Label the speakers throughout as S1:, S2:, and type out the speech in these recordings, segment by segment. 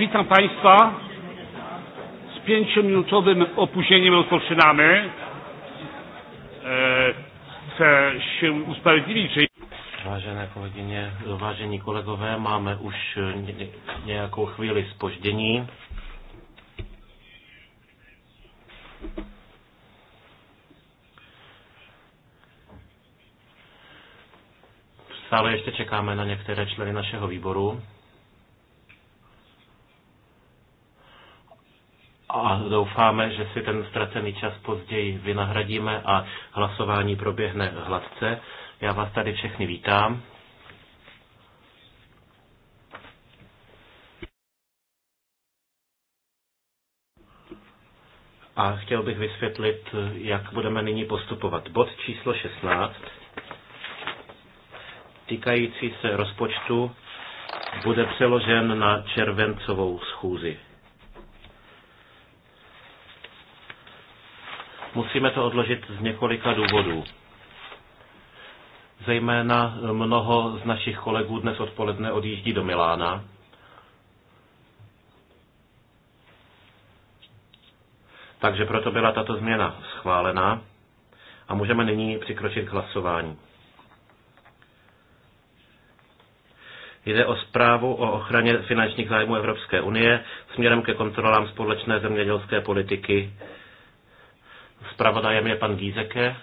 S1: Witam Państwa. Z pięciominutowym opóźnieniem rozpoczynamy. E, chcę się usprawiedliwić, że...
S2: Vážené kolegyně, vážení kolegové, máme už nějakou chvíli spoždění. Stále ještě čekáme na některé členy našeho výboru. a doufáme, že si ten ztracený čas později vynahradíme a hlasování proběhne hladce. Já vás tady všechny vítám. A chtěl bych vysvětlit, jak budeme nyní postupovat. Bod číslo 16, týkající se rozpočtu, bude přeložen na červencovou schůzi. Musíme to odložit z několika důvodů. Zejména mnoho z našich kolegů dnes odpoledne odjíždí do Milána. Takže proto byla tato změna schválena a můžeme nyní přikročit k hlasování. Jde o zprávu o ochraně finančních zájmů Evropské unie směrem ke kontrolám společné zemědělské politiky Spravodajem je pan Gízeke.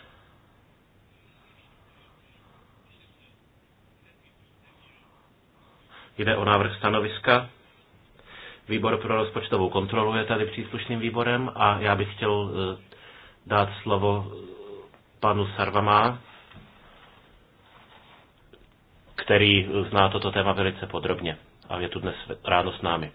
S2: Jde o návrh stanoviska. Výbor pro rozpočtovou kontrolu je tady příslušným výborem a já bych chtěl eh, dát slovo eh, panu Sarvama, který zná toto téma velice podrobně a je tu dnes ráno s námi.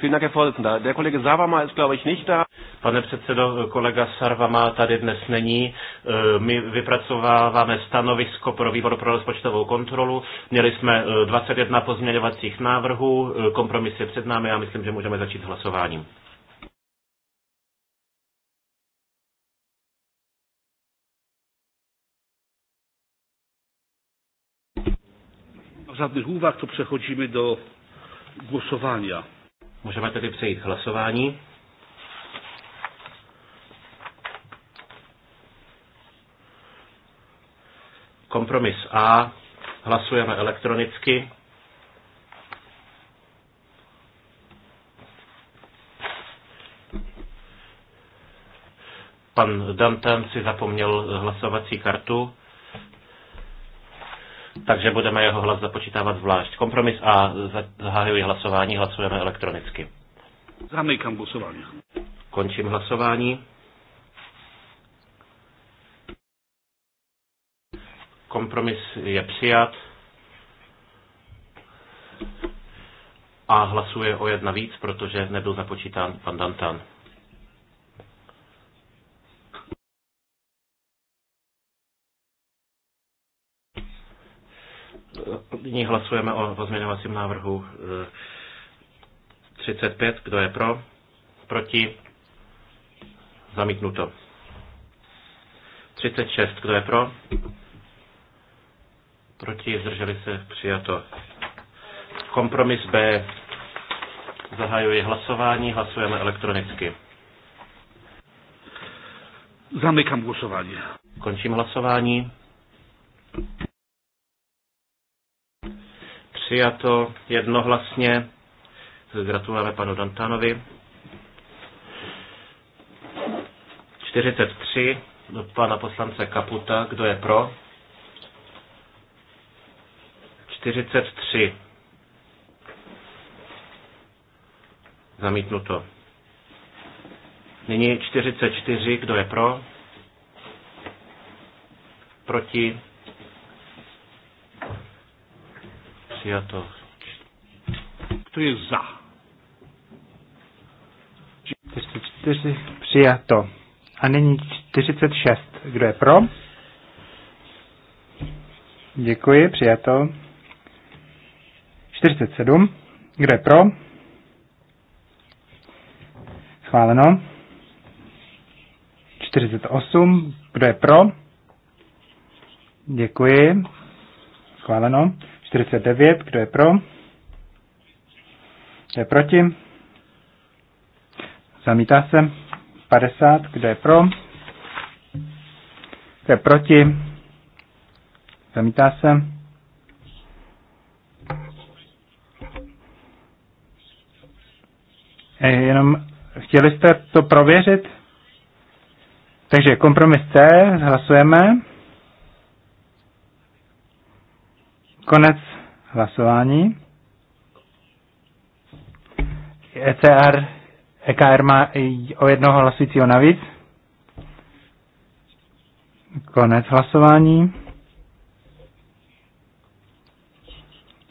S2: Vielen Dank, Herr Vorsitzender. Der Kollege Savama ist, glaube ich, nicht da. Pane předsedo, kolega Sarvama tady dnes není. Eh, my vypracováváme stanovisko pro výbor pro rozpočtovou kontrolu. Měli jsme 21 eh, pozměňovacích návrhů, eh, kompromis je před námi a myslím, že můžeme začít
S3: hlasováním.
S1: žádných úvah, to přechodíme do głosowania. Můžeme tedy přejít k hlasování.
S2: Kompromis A. Hlasujeme elektronicky. Pan Dantan si zapomněl hlasovací kartu takže budeme jeho hlas započítávat zvlášť. Kompromis A, zahajuji hlasování, hlasujeme elektronicky.
S1: Zamykám hlasování.
S2: Končím hlasování. Kompromis je přijat. A hlasuje o jedna víc, protože nebyl započítán pan Dantan. Nyní hlasujeme o pozměňovacím návrhu 35. Eh, Kdo je pro? Proti? Zamítnuto. 36. Kdo je pro? Proti? Zdrželi se? Přijato. Kompromis B. Zahajuji hlasování. Hlasujeme
S1: elektronicky. Zamykám
S2: hlasování. Končím hlasování. Přijato jednohlasně. Gratulujeme panu Dantanovi. 43 do pana poslance Kaputa. Kdo je pro? 43. Zamítnuto. Nyní 44. Kdo je pro? Proti?
S1: Přijato. Kdo je za? 44
S4: přijato. A nyní 46. Kdo je pro? Děkuji, přijato. 47. Kdo je pro? Schváleno. 48. Kdo je pro? Děkuji. Schváleno. 49, kdo je pro? Kdo je proti? Zamítá se. 50, kdo je pro? Kdo je proti? Zamítá se. Eh, jenom chtěli jste to prověřit? Takže kompromis C, hlasujeme. Konec hlasování. ECR, EKR má o jednoho hlasujícího navíc. Konec hlasování.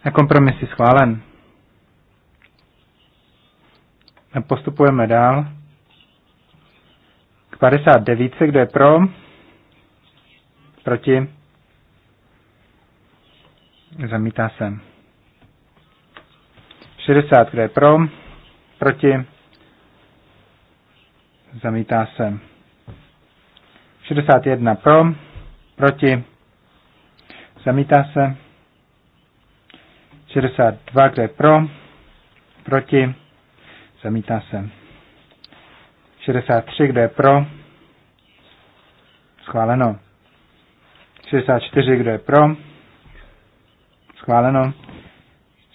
S4: A kompromis je schválen. A postupujeme dál. K 59, kdo je pro? Proti? Zamítá se. 60, kdo je pro? Proti? Zamítá se. 61 pro? Proti? Zamítá se. 62, kdo je pro? Proti? Zamítá se. 63, kdo je pro? Schváleno. 64, kdo je pro? Schváleno.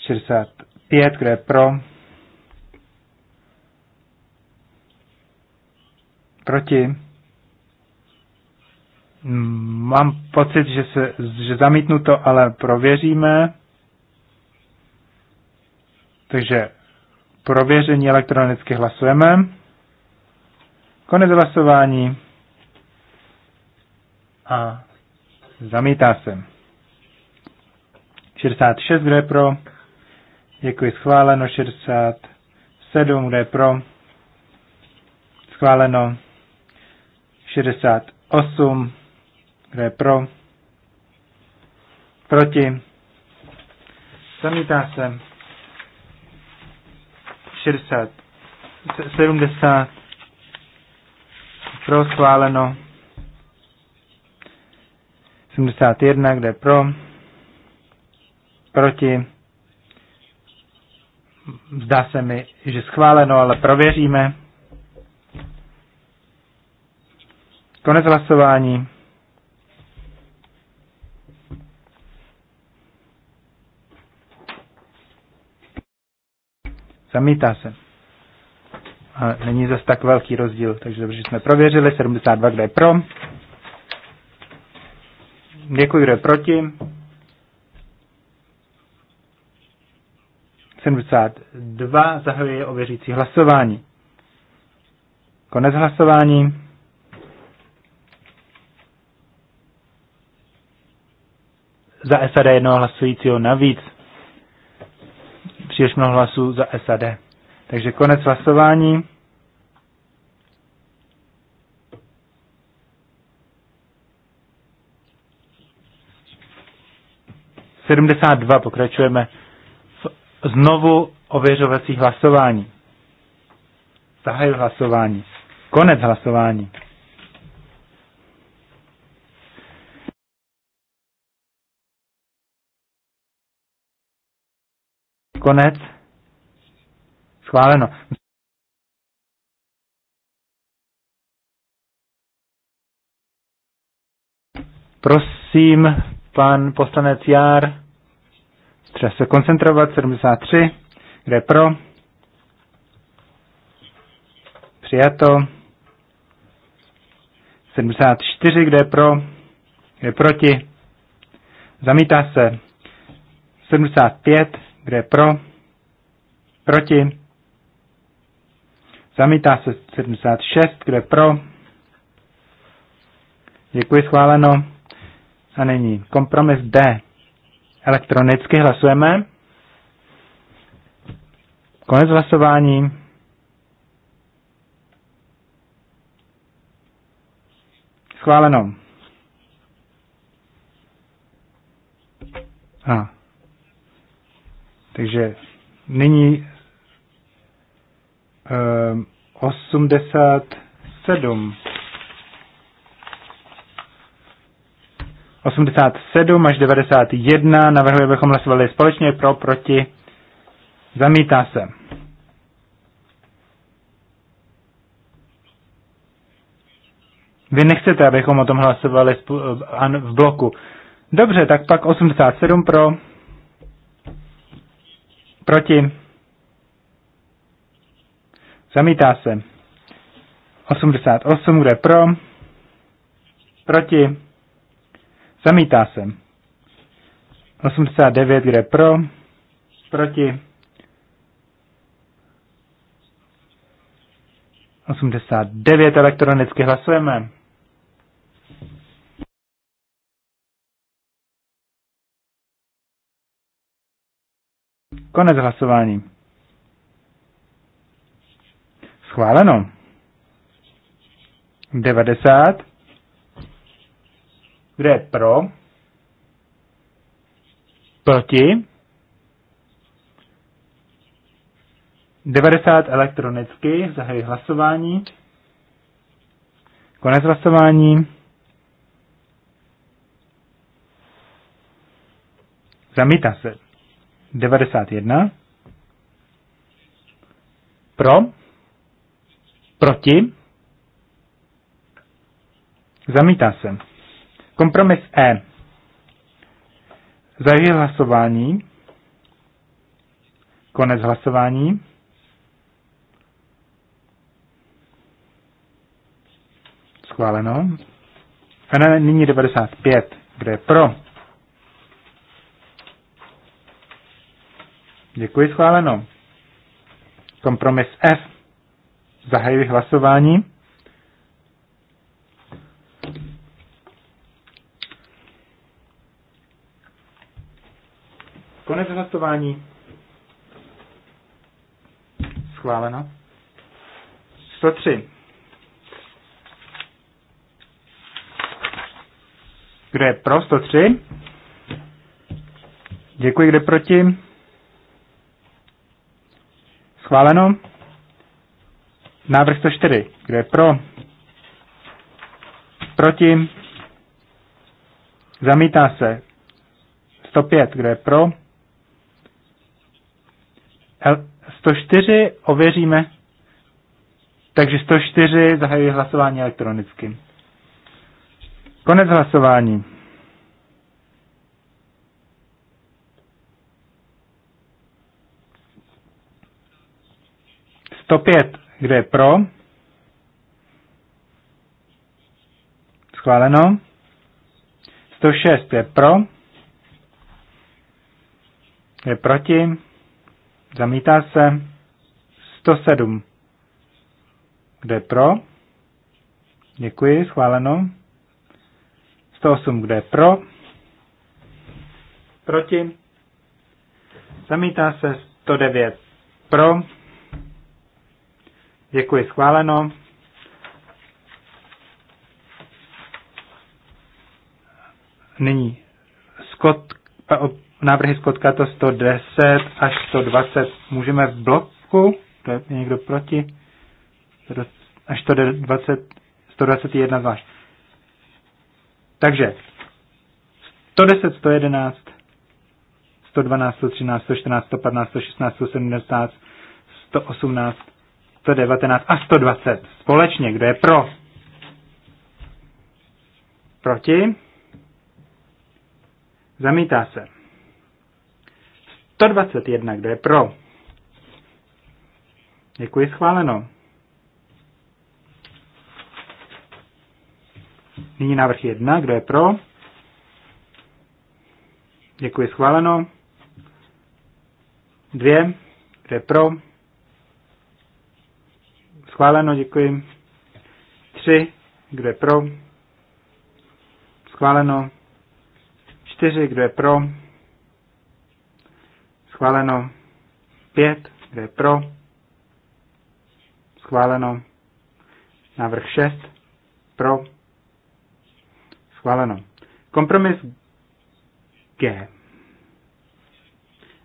S4: 65, kdo je pro? Proti? Mm, mám pocit, že se že zamítnu to, ale prověříme. Takže prověření elektronicky hlasujeme. Konec hlasování. A zamítá se. 66, kdo je pro? Děkuji, schváleno. 67, kdo je pro? Schváleno. 68, kdo je pro? Proti? Zamítá se. 60, 70, pro schváleno. 71, kde pro? proti. Zdá se mi, že schváleno, ale prověříme. Konec hlasování. Zamítá se. A není zase tak velký rozdíl, takže dobře, že jsme prověřili. 72, kdo je pro. Děkuji, kdo je proti. 72 zahajuje věřící hlasování. Konec hlasování. Za SAD jednoho hlasujícího navíc. Příliš mnoho hlasů za SAD. Takže konec hlasování. Sedmdesát dva, pokračujeme znovu ověřovací hlasování. Zahajil hlasování. Konec hlasování. Konec. Schváleno. Prosím, pan poslanec Jár. Třeba se koncentrovat. 73. Kde pro? Přijato. 74. Kde pro? Kde proti? Zamítá se. 75. Kde pro? Proti? Zamítá se 76. Kde pro? Děkuji, schváleno. A není kompromis D. Elektronicky hlasujeme. Konec hlasování. Schváleno. A. Takže nyní um, eh, 87. 87 až 91 navrhuji, abychom hlasovali společně pro, proti, zamítá se. Vy nechcete, abychom o tom hlasovali eh, v bloku. Dobře, tak pak 87 pro, proti, zamítá se. 88, kde pro, proti, Zamítá se. 89, kde pro, proti. 89 elektronicky hlasujeme. Konec hlasování. Schváleno. 90. Kdo je pro? Proti? 90 elektronicky, zahají hlasování. Konec hlasování. Zamítá se. 91. Pro. Proti. Zamítá se. Kompromis E. Zahajuji hlasování. Konec hlasování. Schváleno. A ne, nyní 95. Kde je pro? Děkuji, schváleno. Kompromis F. Zahajuji hlasování. Konec hlasování. Schváleno. 103. Kdo je pro 103? Děkuji, kde proti? Schváleno. Návrh 104. Kdo je pro? Proti? Zamítá se. 105. Kdo je pro? 104 ověříme. Takže 104 zahajuji hlasování elektronicky. Konec hlasování. Sto kde je pro? Schváleno. 106 je pro. Je proti. Zamítá se 107. Kde je pro? Děkuji, schváleno. 108, Kde je pro? Proti? Zamítá se 109 pro. Děkuji, schváleno. Nyní Scott návrhy Skotka to 110 až 120 můžeme v bloku, to je někdo proti, až 120, 121 zvlášť. Takže 110, 111, 112, 113, 114, 115, 116, 117, 118, 119 a 120 společně. Kdo je pro? Proti? Zamítá se. 121, kdo je pro? Děkuji, schváleno. Nyní návrh 1, kdo je pro? Děkuji, schváleno. Dvě, kdo je pro? Schváleno, děkuji. Tři, kdo je pro? Schváleno. Čtyři, kdo je pro? Schváleno. pět kde je pro? Schváleno. Návrh šest Pro. Schváleno. Kompromis G.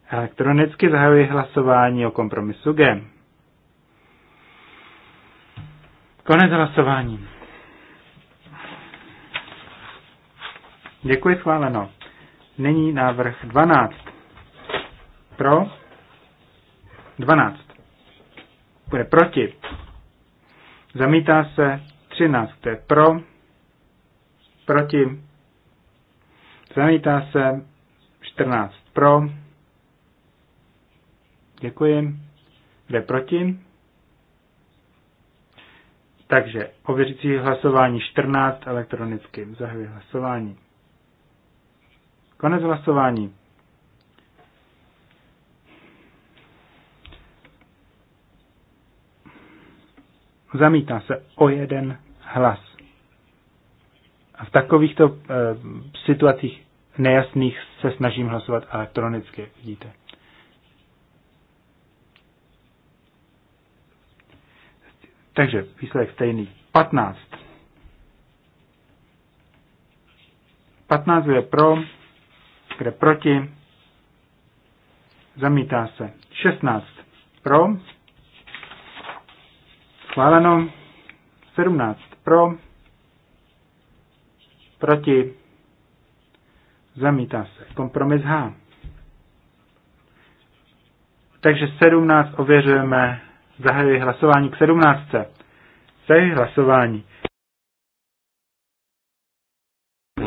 S4: Elektronicky zahajuji hlasování o kompromisu G. Konec hlasování. Děkuji, schváleno. Nyní návrh 12. Pro. 12. Bude proti? Zamítá se. 13. To je pro? Proti. Zamítá se. 14. Pro. Děkuji. jde proti? Takže ověřící hlasování 14 elektronicky. Zahajuji hlasování. Konec hlasování. Zamítá se o jeden hlas. A v takovýchto e, situacích nejasných se snažím hlasovat elektronicky, vidíte. Takže výsledek stejný. 15. 15 je pro, kde proti, zamítá se. 16 pro, Schváleno. 17 pro. Proti. Zamítá se. Kompromis H. Takže 17 ověřujeme. Zahajuji hlasování k 17. Zahajuji hlasování.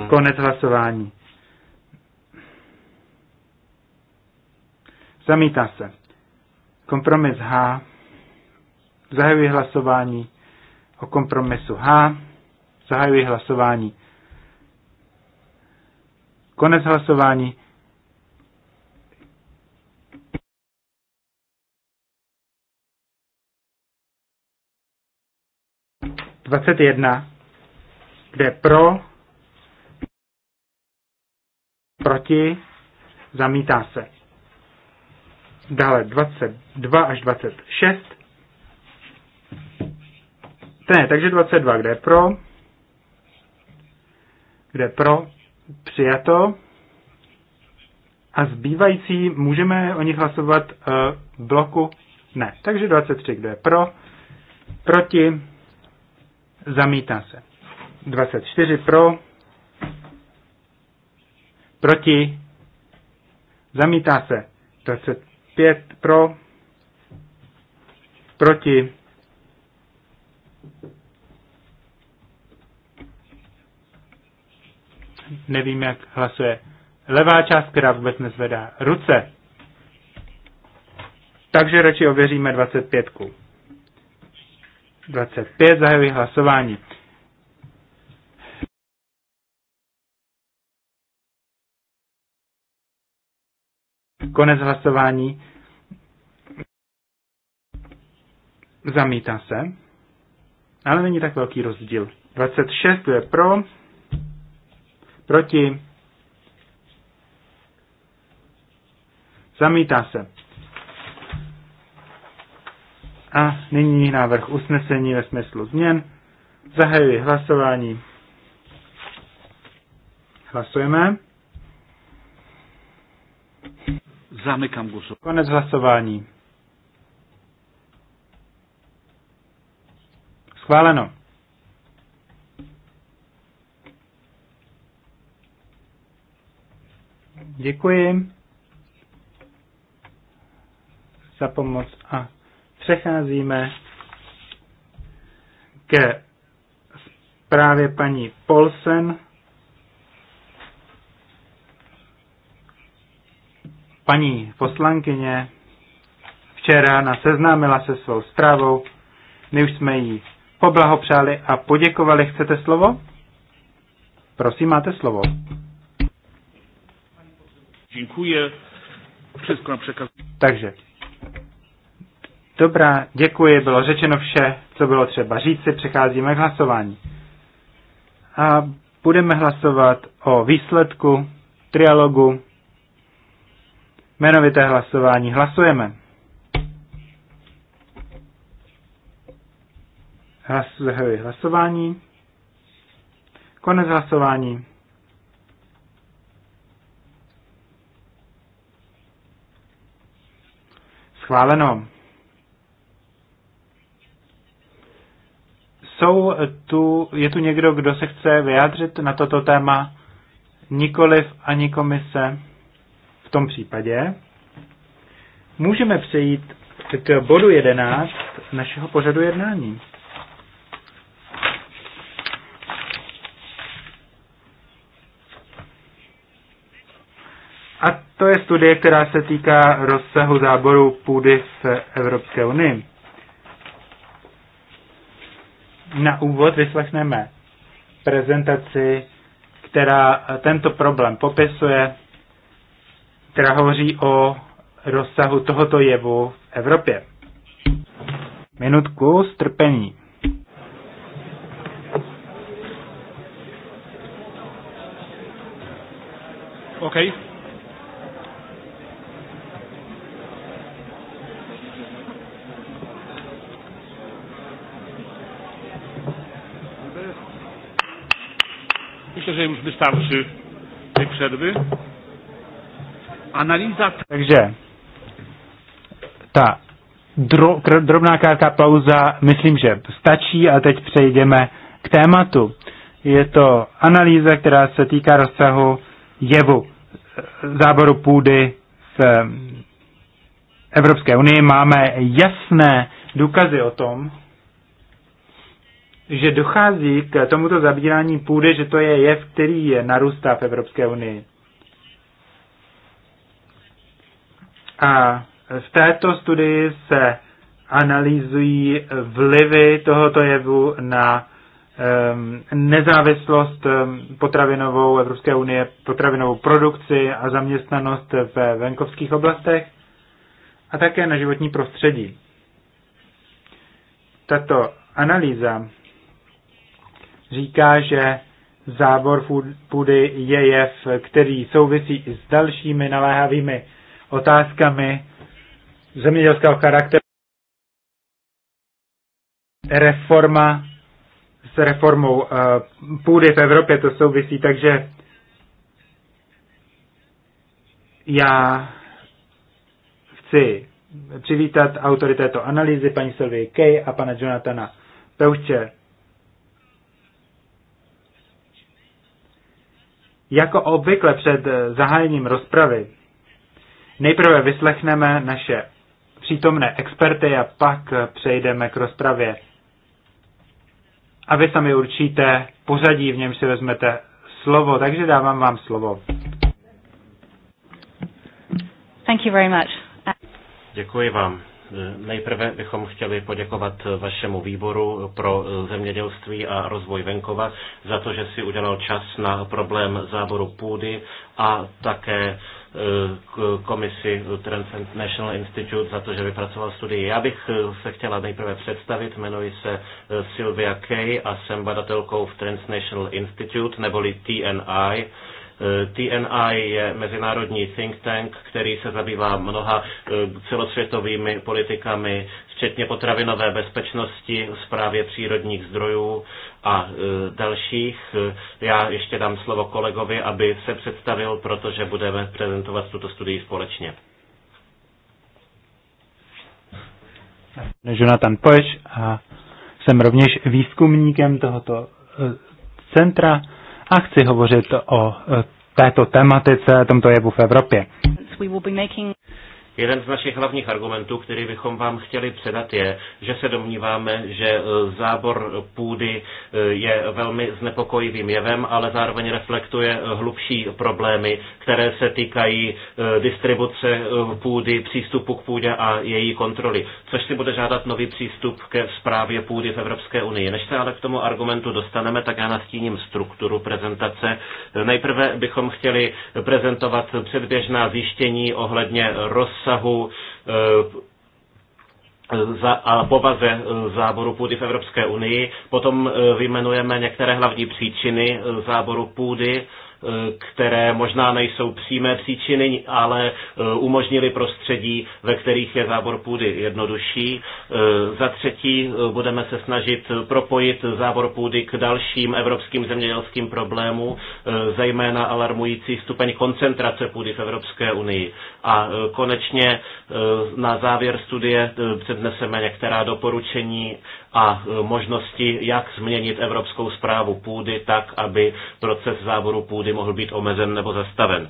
S4: Konec hlasování. Zamítá se. Kompromis H Zahajuji hlasování o kompromisu H. Zahajuji hlasování. Konec hlasování. Dvacet jedna, kde pro, proti, zamítá se. Dále 22 až 26 ne, takže 22, kde je pro? Kde je pro? Přijato. A zbývající můžeme o nich hlasovat uh, bloku? Ne. Takže 23, kde je pro? Proti? Zamítá se. 24 pro? Proti? Zamítá se. 25 pro? Proti? Nevím, jak hlasuje levá část, která vůbec nezvedá ruce. Takže radši ověříme 25. 25 zahajuji hlasování. Konec hlasování. Zamítá se. Ale není tak velký rozdíl. 26 je pro, proti, zamítá se. A nyní návrh usnesení ve smyslu změn. Zahajuji hlasování. Hlasujeme. Zamykám gusu. Konec hlasování. Schváleno. Děkuji za pomoc a přecházíme ke zprávě paní Polsen. Paní poslankyně včera nás seznámila se svou zprávou, my už jsme ji poblahopřáli a poděkovali. Chcete slovo? Prosím, máte slovo.
S1: Děkuji. Všechno překaz.
S4: Takže. Dobrá, děkuji, bylo řečeno vše, co bylo třeba říci, přecházíme k hlasování. A budeme hlasovat o výsledku trialogu. Jmenovité hlasování hlasujeme. Hlas, zahajuji hlasování. Konec hlasování. Schváleno. Jsou tu, je tu někdo, kdo se chce vyjádřit na toto téma? Nikoliv ani komise. V tom případě můžeme přejít k bodu 11 našeho pořadu jednání. A to je studie, která se týká rozsahu záboru půdy v Evropské unii. Na úvod vyslechneme prezentaci, která tento problém popisuje, která hovoří o rozsahu tohoto jevu v Evropě. Minutku strpení.
S1: Okay. już wystarczy tej przerwy. Analiza...
S4: Takže ta dro, drobná krátká pauza, myslím, že stačí a teď přejdeme k tématu. Je to analýza, která se týká rozsahu jevu eh, záboru půdy v eh, Evropské unii. Máme jasné důkazy o tom, že dochází k tomuto zabírání půdy, že to je jev, který je narůstá v Evropské unii. A v této studii se analýzují vlivy tohoto jevu na um, nezávislost ehm, potravinovou Evropské unie, potravinovou produkci a zaměstnanost ve venkovských oblastech a také na životní prostředí. Tato analýza říká, že zábor půdy je jev, který souvisí i s dalšími naléhavými otázkami zemědělského charakteru. Reforma s reformou eh, půdy v Evropě to souvisí, takže já chci přivítat autory této analýzy, paní Sylvie Kay a pana Jonathana Peuště Jako obvykle před eh, zahájením rozpravy nejprve vyslechneme naše přítomné experty a pak eh, přejdeme k rozpravě. A vy sami určíte pořadí, v něm si vezmete slovo, takže dávám vám slovo.
S5: Thank you very much.
S2: Děkuji vám. Nejprve bychom chtěli poděkovat vašemu výboru pro zemědělství a rozvoj venkova za to, že si udělal čas na problém záboru půdy a také e, komisi Transnational Institute za to, že vypracoval studii. Já bych e, se chtěla nejprve představit, jmenuji se e, Sylvia Kay a jsem badatelkou v Transnational Institute, neboli TNI TNI je mezinárodní think tank, který se zabývá mnoha eh, celosvětovými politikami, včetně potravinové bezpečnosti, zprávě přírodních zdrojů a eh, dalších. Eh, já ještě dám slovo kolegovi, aby se představil, protože budeme prezentovat tuto studii společně.
S4: Jonathan Poeš a jsem rovněž výzkumníkem tohoto centra a chci hovořit o e, této tematice, tomto jevu v Evropě.
S2: Jeden z našich hlavních argumentů, který bychom vám chtěli předat, je, že se domníváme, že e, zábor půdy e, je velmi znepokojivým jevem, ale zároveň reflektuje e, hlubší problémy, které se týkají distribuce půdy, přístupu k půdě a její kontroly, což si bude žádat nový přístup ke zprávě půdy v Evropské unii. Než se ale k tomu argumentu dostaneme, tak já nastíním strukturu prezentace. Nejprve bychom chtěli prezentovat předběžná zjištění ohledně roz obsahu eh, a povaze záboru půdy v Evropské unii. Potom eh, vyjmenujeme některé hlavní příčiny eh, záboru půdy Eh, které možná nejsou přímé příčiny, ale eh, umožnili prostředí, ve kterých je zábor půdy jednodušší. Eh, za třetí budeme se snažit propojit zábor půdy k dalším evropským zemědělským problémům, zejména alarmující stupeň koncentrace půdy v Evropské unii. A konečně na závěr studie předneseme některá doporučení a e, možnosti, jak změnit evropskou zprávu půdy tak, aby proces záboru půdy mohl být omezen nebo zastaven.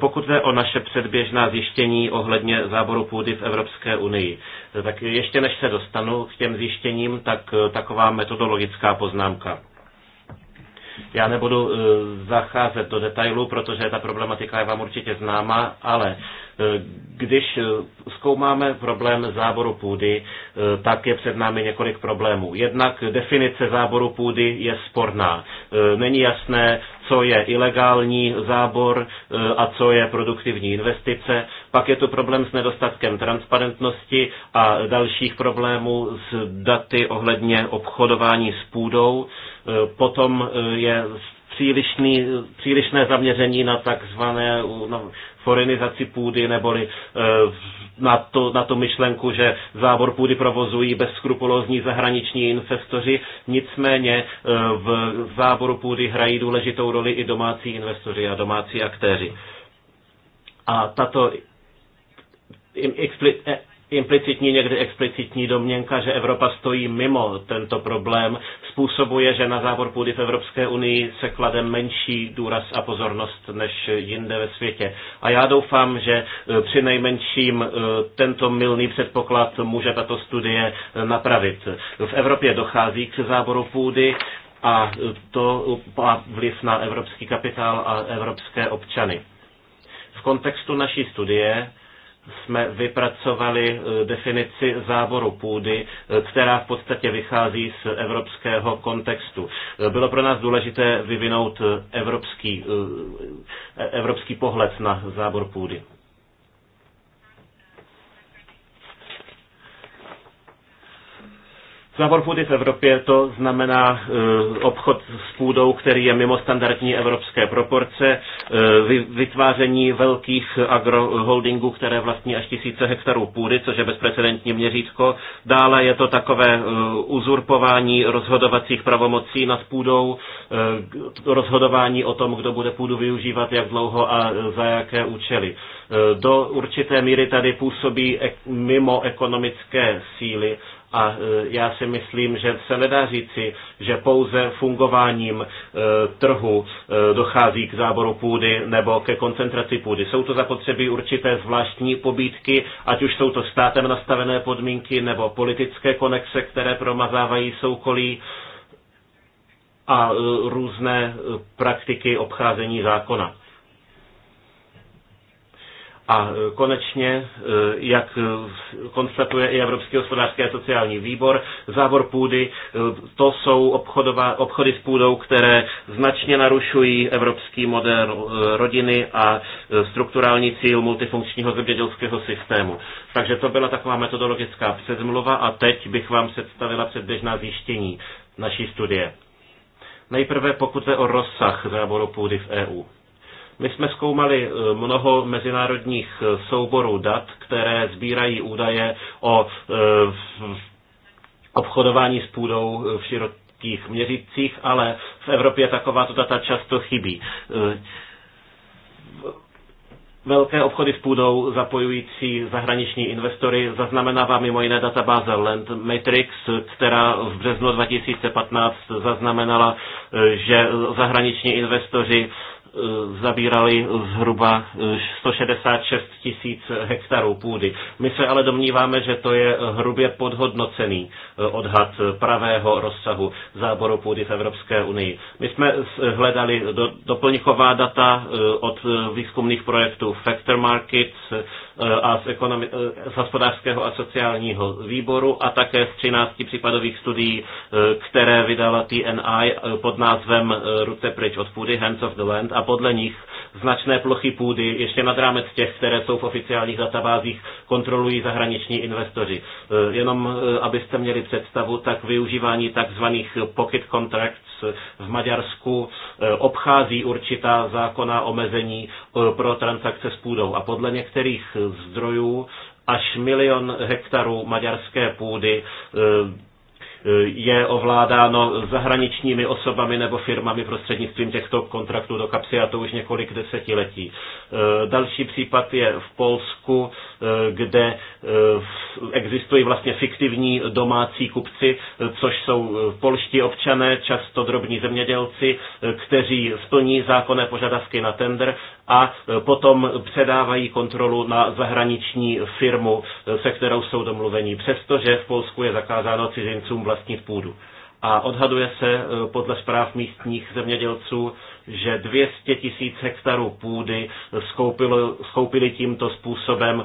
S2: Pokud jde o naše předběžná zjištění ohledně záboru půdy v Evropské unii, e, tak ještě než se dostanu k těm zjištěním, tak e, taková metodologická poznámka. Já nebudu eh, zacházet do detailů, protože ta problematika je vám určitě známa, ale eh, když eh, zkoumáme problém záboru půdy, tak je před námi několik problémů. Jednak definice záboru půdy je sporná. Není jasné, co je ilegální zábor a co je produktivní investice. Pak je tu problém s nedostatkem transparentnosti a dalších problémů s daty ohledně obchodování s půdou. Eh, potom eh, je přílišný, přílišné zaměření na takzvané na forenizaci půdy neboli eh, na, to, na to myšlenku, že zábor půdy provozují bezskrupulózní zahraniční investoři. Nicméně v záboru půdy hrají důležitou roli i domácí investoři a domácí aktéři. A tato e, implicitní, někdy explicitní domněnka, že Evropa stojí mimo tento problém, způsobuje, že na závor půdy v Evropské unii se klade menší důraz a pozornost než jinde ve světě. A já doufám, že eh, při nejmenším eh, tento milný předpoklad může tato studie eh, napravit. V Evropě dochází k záboru půdy, a to má vliv na evropský kapitál a evropské občany. V kontextu naší studie jsme vypracovali eh, definici záboru půdy, eh, která v podstatě vychází z evropského kontextu. Eh, bylo pro nás důležité vyvinout evropský, evropský pohled na zábor půdy. food je v Evropě to znamená e, obchod s půdou, který je mimo standardní evropské proporce, e, vytváření velkých agroholdingů, které vlastní až tisíce hektarů půdy, což je bezprecedentní měřítko. Dále je to takové e, uzurpování rozhodovacích pravomocí nad půdou, rozhodování o tom, kdo bude půdu využívat, jak dlouho a za jaké účely. Do určité míry tady působí mimo ekonomické síly, a e, já si myslím, že se nedá říci, že pouze fungováním e, trhu e, dochází k záboru půdy nebo ke koncentraci půdy. Jsou to zapotřebí určité zvláštní pobídky, ať už jsou to státem nastavené podmínky nebo politické konexe, které promazávají soukolí a různé praktiky obcházení zákona. A e, konečně, e, jak e, konstatuje i Evropský hospodářský a sociální výbor, závor půdy, to jsou obchodová, obchody s půdou, které značně narušují evropský model rodiny a strukturální cíl multifunkčního zemědělského systému. Takže to byla taková metodologická předmluva a teď bych vám představila předběžná zjištění naší studie. Nejprve pokud je o rozsah záboru půdy v EU. My jsme zkoumali eh, mnoho mezinárodních eh, souborů dat, které sbírají údaje o eh, obchodování s půdou v širokých měřících, ale v Evropě takováto data často chybí velké obchody s půdou zapojující zahraniční investory zaznamenává mimo jiné databáze Land Matrix, která v březnu 2015 zaznamenala, že zahraniční investoři Eh, zabírali zhruba 166 eh, tisíc hektarů půdy. My se ale domníváme, že to je hrubě podhodnocený eh, odhad pravého rozsahu záboru půdy v Evropské unii. My jsme hledali do, doplňková data od výzkumných projektů Factor Markets, a z, ekonomi- e, z hospodářského a sociálního výboru a také z 13 případových studií, e, které vydala TNI e, pod názvem Ruce pryč od půdy, Hands of the Land a podle nich značné plochy půdy ještě nad rámec těch, které jsou v oficiálních databázích, kontrolují zahraniční investoři. E, jenom e, abyste měli představu, tak využívání takzvaných pocket contracts v Maďarsku e, obchází určitá zákona omezení pro transakce s půdou. A podle některých zdrojů až milion hektarů maďarské půdy Eh, je ovládáno zahraničními osobami nebo firmami prostřednictvím těchto kontraktů do kapsy a to už několik desetiletí. Eh, další případ je v Polsku, Eh, kde eh, existují vlastně fiktivní domácí kupci, eh, což jsou polští občané, často drobní zemědělci, kteří splní zákonné požadavky na tender a potom předávají kontrolu na zahraniční firmu, se kterou jsou domluveni, přestože v Polsku je zakázáno cizincům vlastnit půdu. A odhaduje se podle zpráv místních zemědělců, že 200 tisíc hektarů půdy skoupili, skoupili tímto způsobem e,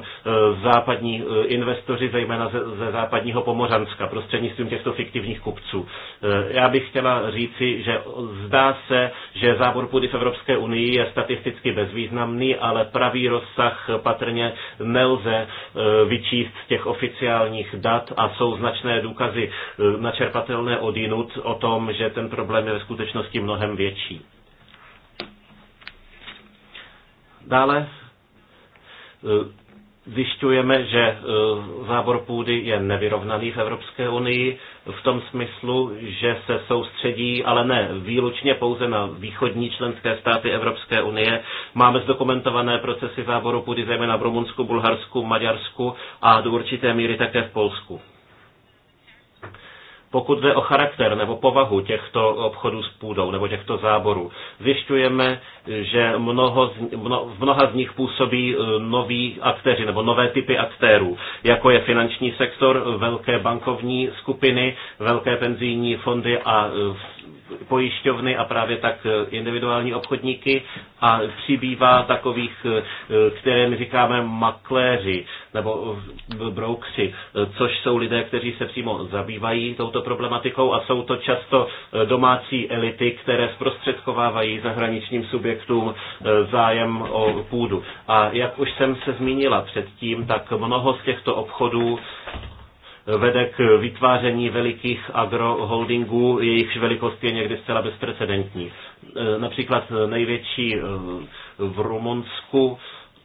S2: západní e, investoři, zejména ze, ze západního Pomořanska, prostřednictvím těchto fiktivních kupců. E, já bych chtěla říci, že zdá se, že zábor půdy v Evropské unii je statisticky bezvýznamný, ale pravý rozsah patrně nelze vyčíst z těch oficiálních dat a jsou značné důkazy načerpatelné odinut o tom, že ten problém je ve skutečnosti mnohem větší. Dále eh, zjišťujeme, že eh, zábor půdy je nevyrovnaný v Evropské unii v tom smyslu, že se soustředí, ale ne výlučně pouze na východní členské státy Evropské unie. Máme zdokumentované procesy záboru půdy zejména v Rumunsku, Bulharsku, Maďarsku a do určité míry také v Polsku. Pokud jde o charakter nebo povahu těchto obchodů s půdou nebo těchto záborů, zjišťujeme, že mnoho z, mno, v mnoha z nich působí e, noví aktéři nebo nové typy aktérů, jako je finanční sektor, velké bankovní skupiny, velké penzijní fondy a e, pojišťovny a právě tak e, individuální obchodníky a přibývá takových, eh, které my říkáme makléři nebo eh, broukři, eh, což jsou lidé, kteří se přímo zabývají touto problematikou a jsou to často domácí elity, které zprostředkovávají zahraničním subjektům zájem o půdu. A jak už jsem se zmínila předtím, tak mnoho z těchto obchodů vede k vytváření velikých agroholdingů, jejichž velikost je někdy zcela bezprecedentní. E, například největší e, v Rumunsku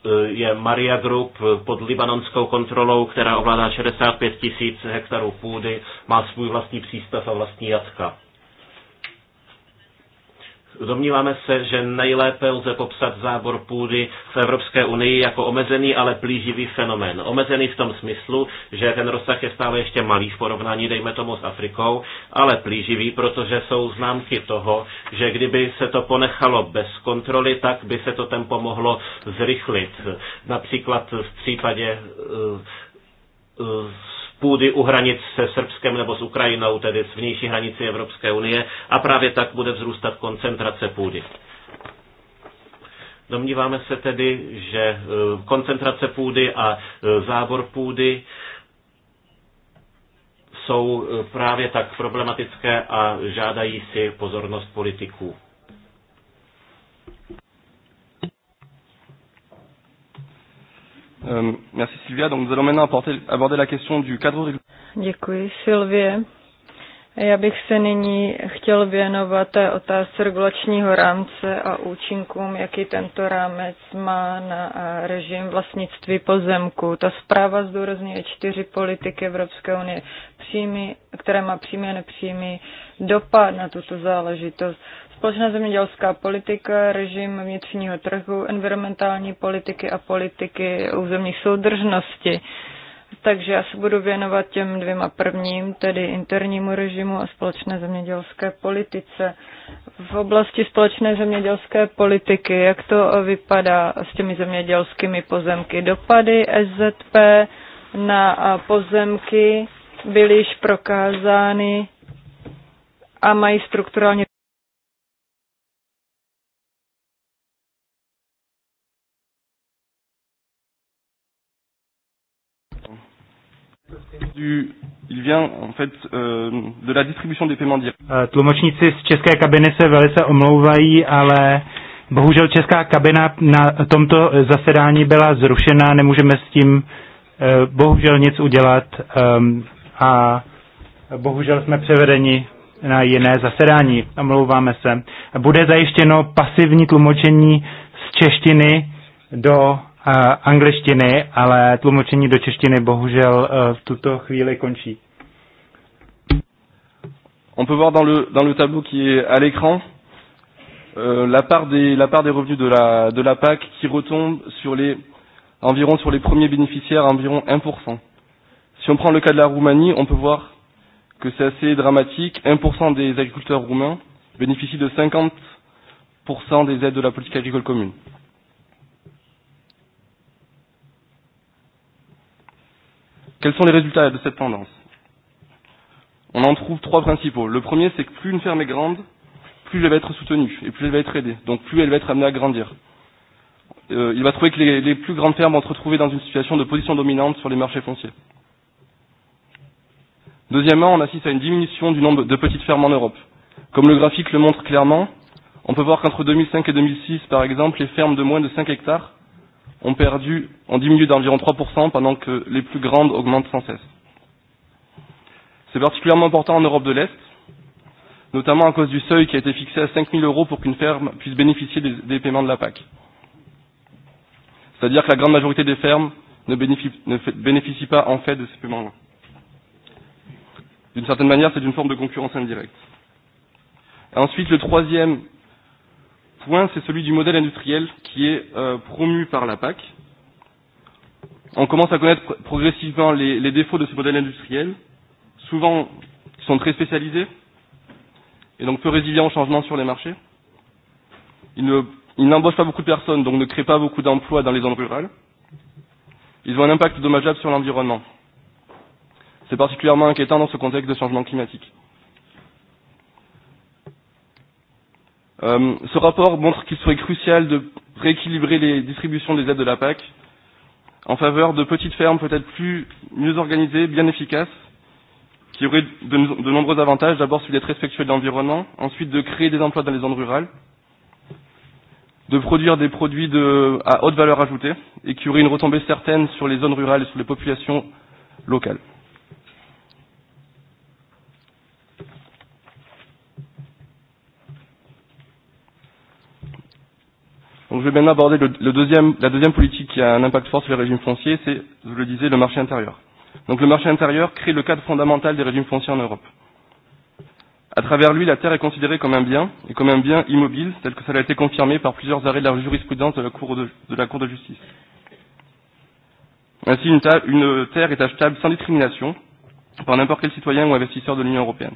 S2: e, je Maria Group pod libanonskou kontrolou, která ovládá 65 tisíc hektarů půdy, má svůj vlastní přístav a vlastní jatka. Domníváme se, že nejlépe lze popsat zábor půdy v Evropské unii jako omezený, ale plíživý fenomén. Omezený v tom smyslu, že ten rozsah je stále ještě malý v porovnání, dejme tomu, s Afrikou, ale plíživý, protože jsou známky toho, že kdyby se to ponechalo bez kontroly, tak by se to tempo mohlo zrychlit. Například v případě eh, eh, půdy u hranic se Srbskem nebo s Ukrajinou, tedy s vnější hranici Evropské unie a právě tak bude vzrůstat koncentrace půdy. Domníváme se tedy, že e, koncentrace půdy a e, zábor půdy jsou e, právě tak problematické a žádají si pozornost politiků.
S6: Euh, merci Sylvia. Donc nous allons maintenant aborder, aborder la question du cadre réglementaire.
S7: Děkuji Sylvie. Já bych se nyní chtěl věnovat té otázce regulačního rámce a účinkům, jaký tento rámec má na eh, režim vlastnictví pozemku. Ta zpráva zdůrazňuje čtyři politiky Evropské unie, přímý, které má přímý a nepřímý dopad na tuto záležitost. Společná zemědělská politika, režim vnitřního trhu, environmentální politiky a politiky územní soudržnosti. Takže já se budu věnovat těm dvěma prvním, tedy internímu režimu a společné zemědělské politice. V oblasti společné zemědělské politiky, jak to vypadá s těmi zemědělskými pozemky? Dopady SZP na pozemky byly již prokázány a mají strukturálně
S4: Tlumočníci z české kabiny se velice omlouvají, ale bohužel česká kabina na tomto zasedání byla zrušena, nemůžeme s tím eh, bohužel nic udělat ehm, a bohužel jsme převedeni na jiné zasedání. Omlouváme se. Bude zajištěno pasivní tlumočení z češtiny do angličtiny, ale tlumočení do češtiny bohužel eh, v tuto chvíli končí.
S6: On peut voir dans le, dans le tableau qui est à l'écran euh, la, part des, la part des revenus de la, de la PAC qui retombe sur les, environ sur les premiers bénéficiaires, environ 1%. Si on prend le cas de la Roumanie, on peut voir que c'est assez dramatique. 1% des agriculteurs roumains bénéficient de 50% des aides de la politique agricole commune. Quels sont les résultats de cette tendance On en trouve trois principaux. Le premier, c'est que plus une ferme est grande, plus elle va être soutenue et plus elle va être aidée, donc plus elle va être amenée à grandir. Euh, il va trouver que les, les plus grandes fermes vont se retrouver dans une situation de position dominante sur les marchés fonciers. Deuxièmement, on assiste à une diminution du nombre de petites fermes en Europe. Comme le graphique le montre clairement, on peut voir qu'entre 2005 et 2006, par exemple, les fermes de moins de 5 hectares ont perdu, ont diminué d'environ 3% pendant que les plus grandes augmentent sans cesse. C'est particulièrement important en Europe de l'Est, notamment à cause du seuil qui a été fixé à 5 000 euros pour qu'une ferme puisse bénéficier des, des paiements de la PAC. C'est-à-dire que la grande majorité des fermes ne bénéficient, ne fait, bénéficient pas en fait de ces paiements-là. D'une certaine manière, c'est une forme de concurrence indirecte. Ensuite, le troisième point, c'est celui du modèle industriel qui est euh, promu par la PAC. On commence à connaître progressivement les, les défauts de ce modèle industriel, souvent qui sont très spécialisés et donc peu résilients aux changements sur les marchés. Ils ne ils n'embauchent pas beaucoup de personnes, donc ne créent pas beaucoup d'emplois dans les zones rurales. Ils ont un impact dommageable sur l'environnement. C'est particulièrement inquiétant dans ce contexte de changement climatique. Euh, ce rapport montre qu'il serait crucial de rééquilibrer les distributions des aides de la PAC en faveur de petites fermes peut-être plus mieux organisées, bien efficaces, qui auraient de, de nombreux avantages. D'abord celui d'être respectueux de l'environnement, ensuite de créer des emplois dans les zones rurales, de produire des produits de, à haute valeur ajoutée et qui auraient une retombée certaine sur les zones rurales et sur les populations locales. Donc je vais maintenant aborder le, le deuxième, la deuxième politique qui a un impact fort sur les régimes fonciers, c'est, je le disais, le marché intérieur. Donc le marché intérieur crée le cadre fondamental des régimes fonciers en Europe. À travers lui, la terre est considérée comme un bien, et comme un bien immobile, tel que cela a été confirmé par plusieurs arrêts de la jurisprudence de la Cour de, de, la cour de justice. Ainsi, une, ta, une terre est achetable sans discrimination par n'importe quel citoyen ou investisseur de l'Union européenne.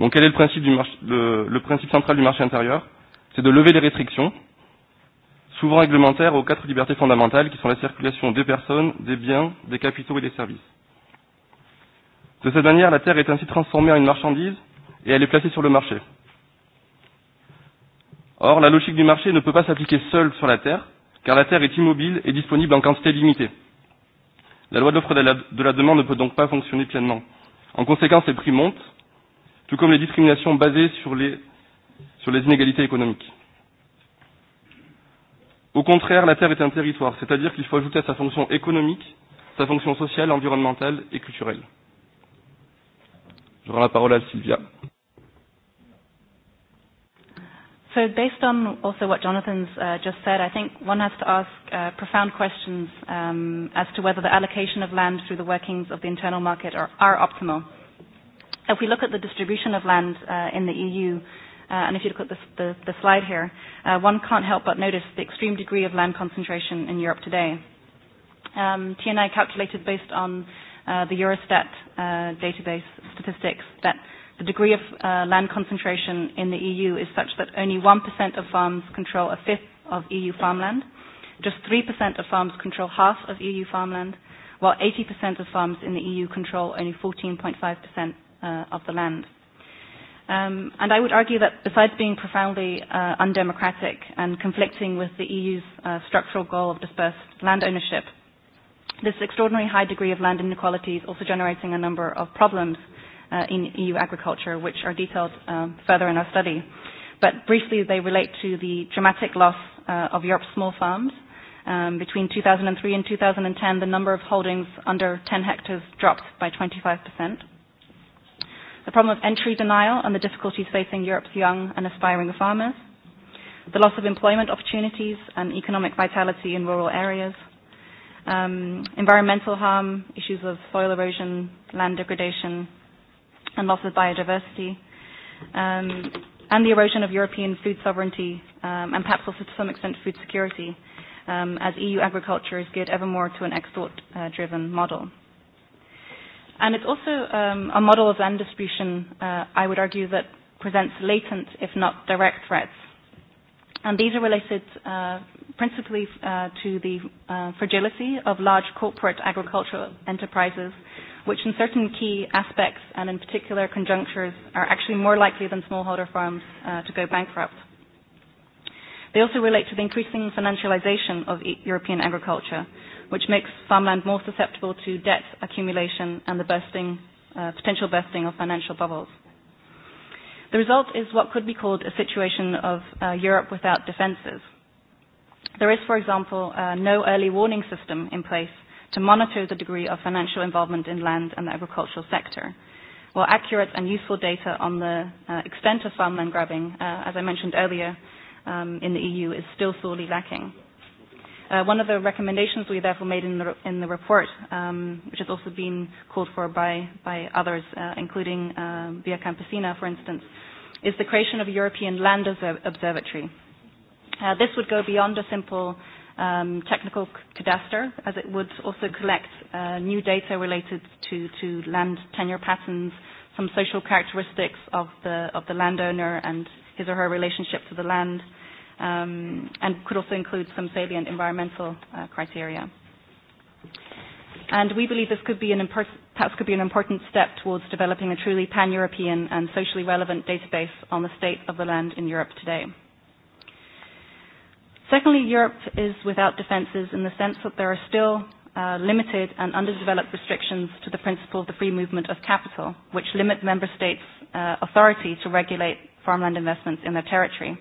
S6: Donc quel est le principe, du marché, le, le principe central du marché intérieur C'est de lever les restrictions souvent réglementaires aux quatre libertés fondamentales qui sont la circulation des personnes, des biens, des capitaux et des services. De cette manière, la terre est ainsi transformée en une marchandise et elle est placée sur le marché. Or, la logique du marché ne peut pas s'appliquer seule sur la terre, car la terre est immobile et disponible en quantité limitée. La loi de l'offre de la demande ne peut donc pas fonctionner pleinement. En conséquence, les prix montent, tout comme les discriminations basées sur les, sur les inégalités économiques. Au contraire, la terre est un territoire, c'est-à-dire qu'il faut ajouter à sa fonction économique, sa fonction sociale, environnementale et culturelle. Je rends la parole à Sylvia.
S5: So based on also what Jonathan's uh, just said, I think one has to ask uh, profound questions um, as to whether the allocation of land through the workings of the internal market are, are optimal. If we look at the distribution of land uh, in the EU, Uh, and if you look at the, the, the slide here, uh, one can't help but notice the extreme degree of land concentration in Europe today. Um, TNI calculated based on uh, the Eurostat uh, database statistics that the degree of uh, land concentration in the EU is such that only 1% of farms control a fifth of EU farmland, just 3% of farms control half of EU farmland, while 80% of farms in the EU control only 14.5% uh, of the land. Um, and I would argue that besides being profoundly uh, undemocratic and conflicting with the EU's uh, structural goal of dispersed land ownership, this extraordinary high degree of land inequality is also generating a number of problems uh, in EU agriculture, which are detailed um, further in our study. But briefly, they relate to the dramatic loss uh, of Europe's small farms. Um, between 2003 and 2010, the number of holdings under 10 hectares dropped by 25 percent the problem of entry denial and the difficulties facing Europe's young and aspiring farmers, the loss of employment opportunities and economic vitality in rural areas, um, environmental harm, issues of soil erosion, land degradation, and loss of biodiversity, um, and the erosion of European food sovereignty, um, and perhaps also to some extent food security, um, as EU agriculture is geared ever more to an export-driven uh, model. And it's also um, a model of land distribution, uh, I would argue, that presents latent, if not direct threats. And these are related uh, principally uh, to the uh, fragility of large corporate agricultural enterprises, which in certain key aspects and in particular conjunctures are actually more likely than smallholder farms uh, to go bankrupt. They also relate to the increasing financialization of e-, European agriculture, which makes farmland more susceptible to debt accumulation and the bursting, uh, potential bursting of financial bubbles. The result is what could be called a situation of uh, Europe without defenses. There is, for example, uh, no early warning system in place to monitor the degree of financial involvement in land and the agricultural sector, while accurate and useful data on the uh, extent of farmland grabbing, uh, as I mentioned earlier, um, in the EU is still sorely lacking. Uh, one of the recommendations we therefore made in the, in the report, um, which has also been called for by, by others, uh, including uh, Via Campesina, for instance, is the creation of a European Land Observatory. Uh, this would go beyond a simple um, technical cadaster, as it would also collect uh, new data related to, to land tenure patterns, some social characteristics of the, of the landowner and his or her relationship to the land, uh, um, and could also include some salient environmental uh, criteria. And we believe this could be an important, perhaps could be an important step towards developing a truly pan-European and socially relevant database on the state of the land in Europe today. Secondly, Europe is without defences in the sense that there are still uh, limited and underdeveloped restrictions to the principle of the free movement of capital, which limit member states' uh, authority to regulate farmland investments in their territory.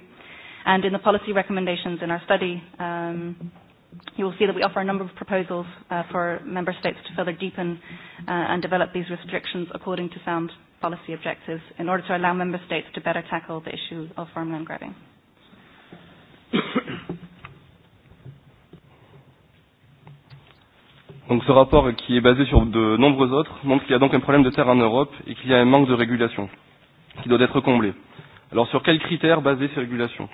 S5: And in the policy recommendations in our study, um, you will see that we offer a number of proposals uh, for member states to further deepen uh, and develop these restrictions according to sound policy objectives in order to allow member states to better tackle the issue of farmland grabbing.
S6: Donc ce rapport qui est basé sur de nombreux autres montre qu'il y a donc un problème de terre en Europe et qu'il y a un manque de régulation qui doit être comblé. Alors sur quels critères baser ces régulations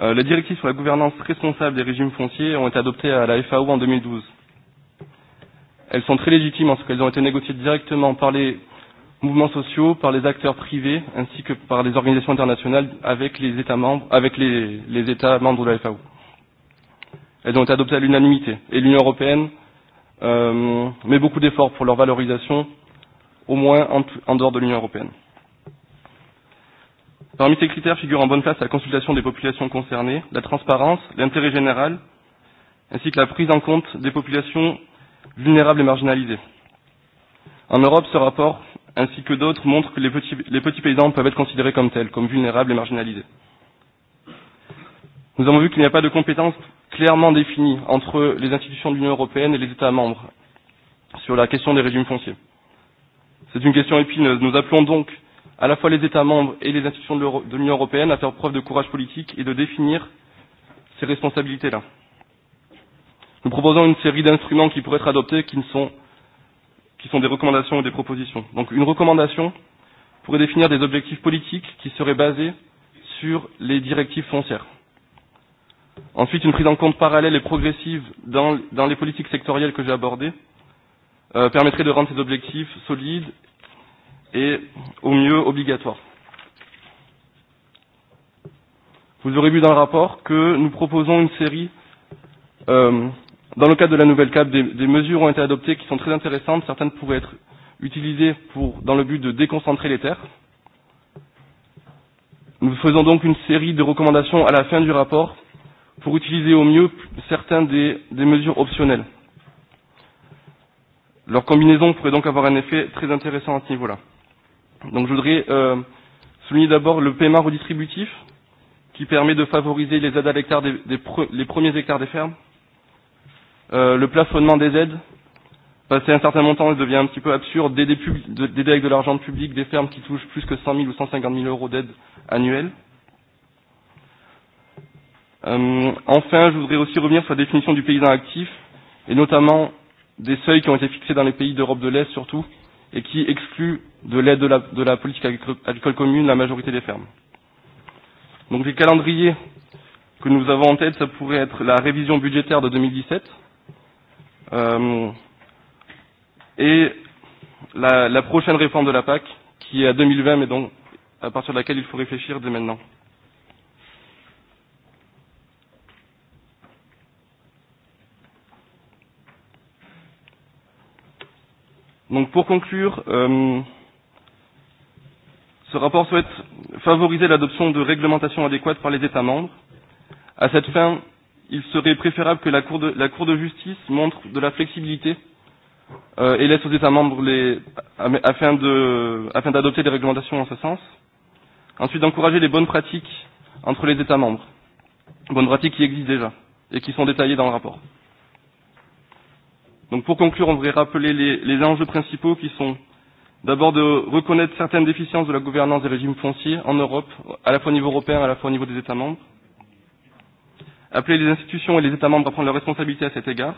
S6: Euh, les directives sur la gouvernance responsable des régimes fonciers ont été adoptées à la FAO en 2012. Elles sont très légitimes en ce qu'elles ont été négociées directement par les mouvements sociaux, par les acteurs privés, ainsi que par les organisations internationales avec les États membres, avec les, les États membres de la FAO. Elles ont été adoptées à l'unanimité et l'Union européenne euh, met beaucoup d'efforts pour leur valorisation, au moins en, en dehors de l'Union européenne. Parmi ces critères figurent en bonne place la consultation des populations concernées, la transparence, l'intérêt général, ainsi que la prise en compte des populations vulnérables et marginalisées. En Europe, ce rapport, ainsi que d'autres, montre que les petits, les petits paysans peuvent être considérés comme tels, comme vulnérables et marginalisés. Nous avons vu qu'il n'y a pas de compétences clairement définies entre les institutions de l'Union européenne et les États membres sur la question des régimes fonciers. C'est une question épineuse. Nous appelons donc euh, à la fois les États membres et les institutions de l'Union européenne à faire preuve de courage politique et de définir ces responsabilités-là. Nous proposons une série d'instruments qui pourraient être adoptés, qui, ne sont, qui sont des recommandations ou des propositions. Donc une recommandation pourrait définir des objectifs politiques qui seraient basés sur les directives foncières. Ensuite, une prise en compte parallèle et progressive dans, dans les politiques sectorielles que j'ai abordées euh, permettrait de rendre ces objectifs solides et au mieux obligatoire. Vous aurez vu dans le rapport que nous proposons une série, euh, dans le cadre de la nouvelle CAP, des, des mesures ont été adoptées qui sont très intéressantes. Certaines pourraient être utilisées pour, dans le but de déconcentrer les terres. Nous faisons donc une série de recommandations à la fin du rapport pour utiliser au mieux certaines des, des mesures optionnelles. Leur combinaison pourrait donc avoir un effet très intéressant à ce niveau-là. Donc je voudrais euh, souligner d'abord le paiement redistributif qui permet de favoriser les aides à l'hectare des, des pre, les premiers hectares des fermes. Euh, le plafonnement des aides, passé un certain montant, il devient un petit peu absurde d'aider avec de l'argent public des fermes qui touchent plus que 100 000 ou 150 000 euros d'aide annuelle. Euh, enfin, je voudrais aussi revenir sur la définition du paysan actif et notamment des seuils qui ont été fixés dans les pays d'Europe de l'Est surtout, et qui exclut de l'aide de la, de la politique agricole commune la majorité des fermes. Donc les calendriers que nous avons en tête, ça pourrait être la révision budgétaire de 2017 euh, et la, la prochaine réforme de la PAC qui est à 2020 mais donc à partir de laquelle il faut réfléchir dès maintenant. Donc pour conclure, euh, ce rapport souhaite favoriser l'adoption de réglementations adéquates par les États membres. À cette fin, il serait préférable que la Cour de, la Cour de justice montre de la flexibilité euh, et laisse aux États membres les, afin d'adopter afin des réglementations en ce sens. Ensuite, d'encourager les bonnes pratiques entre les États membres, bonnes pratiques qui existent déjà et qui sont détaillées dans le rapport. Donc pour conclure, on voudrait rappeler les, les enjeux principaux qui sont d'abord de reconnaître certaines déficiences de la gouvernance des régimes fonciers en Europe, à la fois au niveau européen, à la fois au niveau des États membres, appeler les institutions et les États membres à prendre leurs responsabilités à cet égard,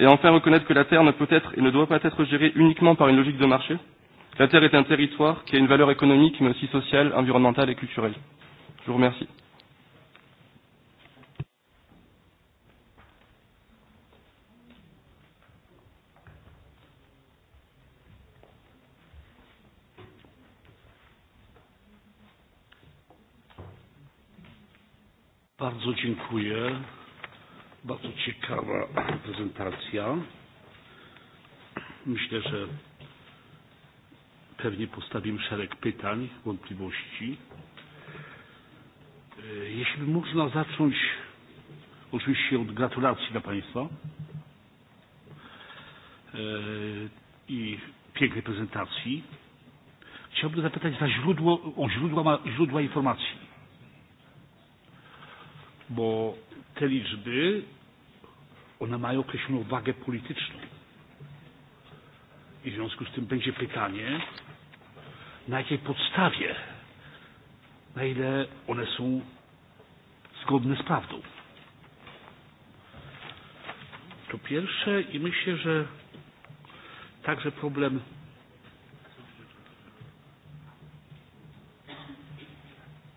S6: et enfin reconnaître que la terre ne peut être et ne doit pas être gérée uniquement par une logique de marché. La terre est un territoire qui a une valeur économique, mais aussi sociale, environnementale et culturelle. Je vous remercie.
S1: Bardzo dziękuję. Bardzo ciekawa prezentacja. Myślę, że pewnie postawimy szereg pytań, wątpliwości. E, jeśli by można zacząć oczywiście od gratulacji dla Państwa e, i pięknej prezentacji. Chciałbym zapytać za źródło, o źródła, źródła informacji bo te liczby, one mają określoną wagę polityczną. I w związku z tym będzie pytanie, na jakiej podstawie, na ile one są zgodne z prawdą. To pierwsze i myślę, że także problem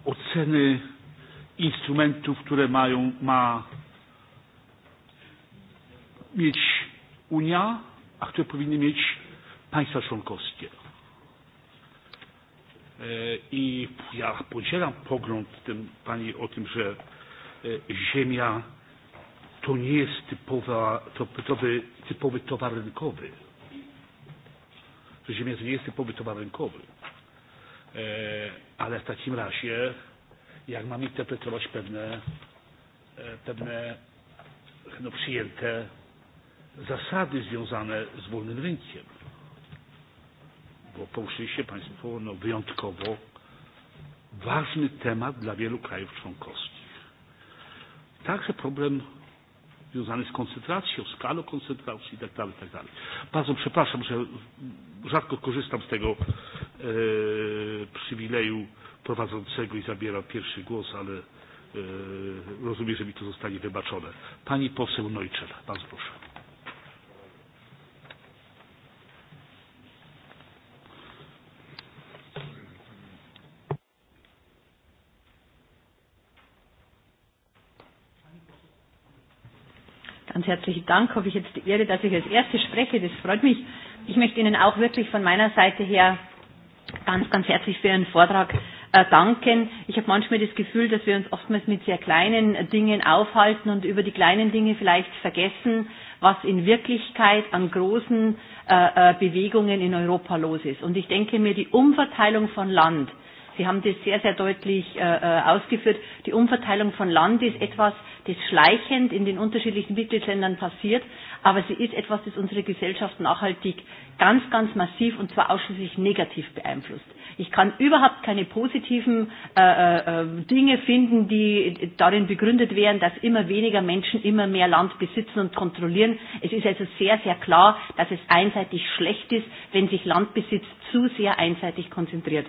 S1: oceny instrumentów, które mają, ma mieć Unia, a które powinny mieć państwa członkowskie. E, I ja podzielam pogląd tym, Pani o tym, że e, ziemia to nie jest typowa, to, to by, typowy towar rynkowy. Że ziemia to nie jest typowy towar rynkowy. E, ale w takim razie jak mám interpretować pewne, eh, pewne no, przyjęte zasady związane z wolnym rynkiem. Bo poruszyli się Państwo no, wyjątkowo ważny temat dla wielu krajów członkowskich. Także problem związany z koncentracją, skalą koncentracji itd. dalej. Bardzo przepraszam, że rzadko korzystam z tego e, przywileju prowadzącego i zabierał pierwszy głos, ale yy, e, rozumiem, że mi to zostanie wybaczone. Pani poseł Neuchel, bardzo proszę.
S8: Ganz
S9: herzlichen Dank. Habe ich jetzt die Ehre, dass ich als Erste spreche. Das freut mich. Ich möchte Ihnen auch wirklich von meiner Seite her ganz, ganz herzlich für Ihren Vortrag danken. Ich habe manchmal das Gefühl, dass wir uns oftmals mit sehr kleinen Dingen aufhalten und über die kleinen Dinge vielleicht vergessen, was in Wirklichkeit an großen äh, äh, Bewegungen in Europa los ist. Und ich denke mir, die Umverteilung von Land, Sie haben das sehr, sehr deutlich äh, äh, ausgeführt. Die Umverteilung von Land ist etwas, das schleichend in den unterschiedlichen Mitgliedsländern passiert, aber sie ist etwas, das unsere Gesellschaft nachhaltig ganz, ganz massiv und zwar ausschließlich negativ beeinflusst. Ich kann überhaupt keine positiven äh, äh, äh, Dinge finden, die darin begründet wären, dass immer weniger Menschen immer mehr Land besitzen und kontrollieren. Es ist also sehr, sehr klar, dass es einseitig schlecht ist, wenn sich Landbesitz zu sehr einseitig konzentriert.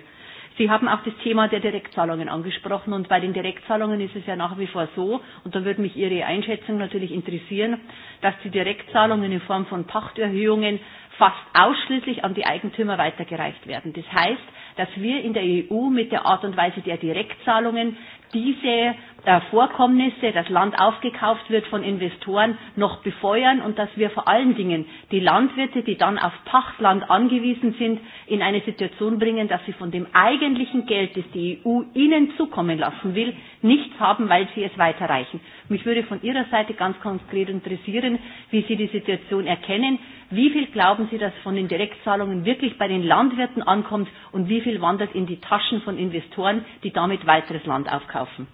S9: Sie haben auch das Thema der Direktzahlungen angesprochen und bei den Direktzahlungen ist es ja nach wie vor so, und da würde mich Ihre Einschätzung natürlich interessieren, dass die Direktzahlungen in Form von Pachterhöhungen fast ausschließlich an die Eigentümer weitergereicht werden. Das heißt, dass wir in der EU mit der Art und Weise der Direktzahlungen diese äh, Vorkommnisse, dass Land aufgekauft wird von Investoren, noch befeuern und dass wir vor allen Dingen die Landwirte, die dann auf Pachtland angewiesen sind, in eine Situation bringen, dass sie von dem eigentlichen Geld, das die EU ihnen zukommen lassen will, nichts haben, weil sie es weiterreichen. Mich würde von Ihrer Seite ganz konkret interessieren, wie Sie die Situation erkennen. Wie viel glauben Sie, dass von den Direktzahlungen wirklich bei den Landwirten ankommt und wie wie viel wandert in die Taschen von Investoren, die damit weiteres Land
S10: aufkaufen.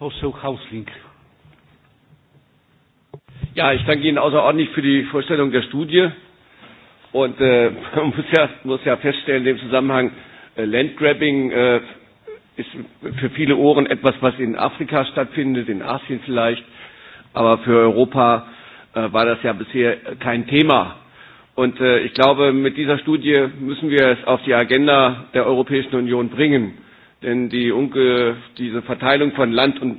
S1: Hausling.
S10: Ja, ich danke Ihnen außerordentlich für die Vorstellung der Studie. Und äh, man muss ja, muss ja feststellen, in dem Zusammenhang, äh, Landgrabbing äh, ist für viele Ohren etwas, was in Afrika stattfindet, in Asien vielleicht, aber für Europa äh, war das ja bisher kein Thema. Und äh, ich glaube, mit dieser Studie müssen wir es auf die Agenda der Europäischen Union bringen. Denn die Unke, diese Verteilung von Land und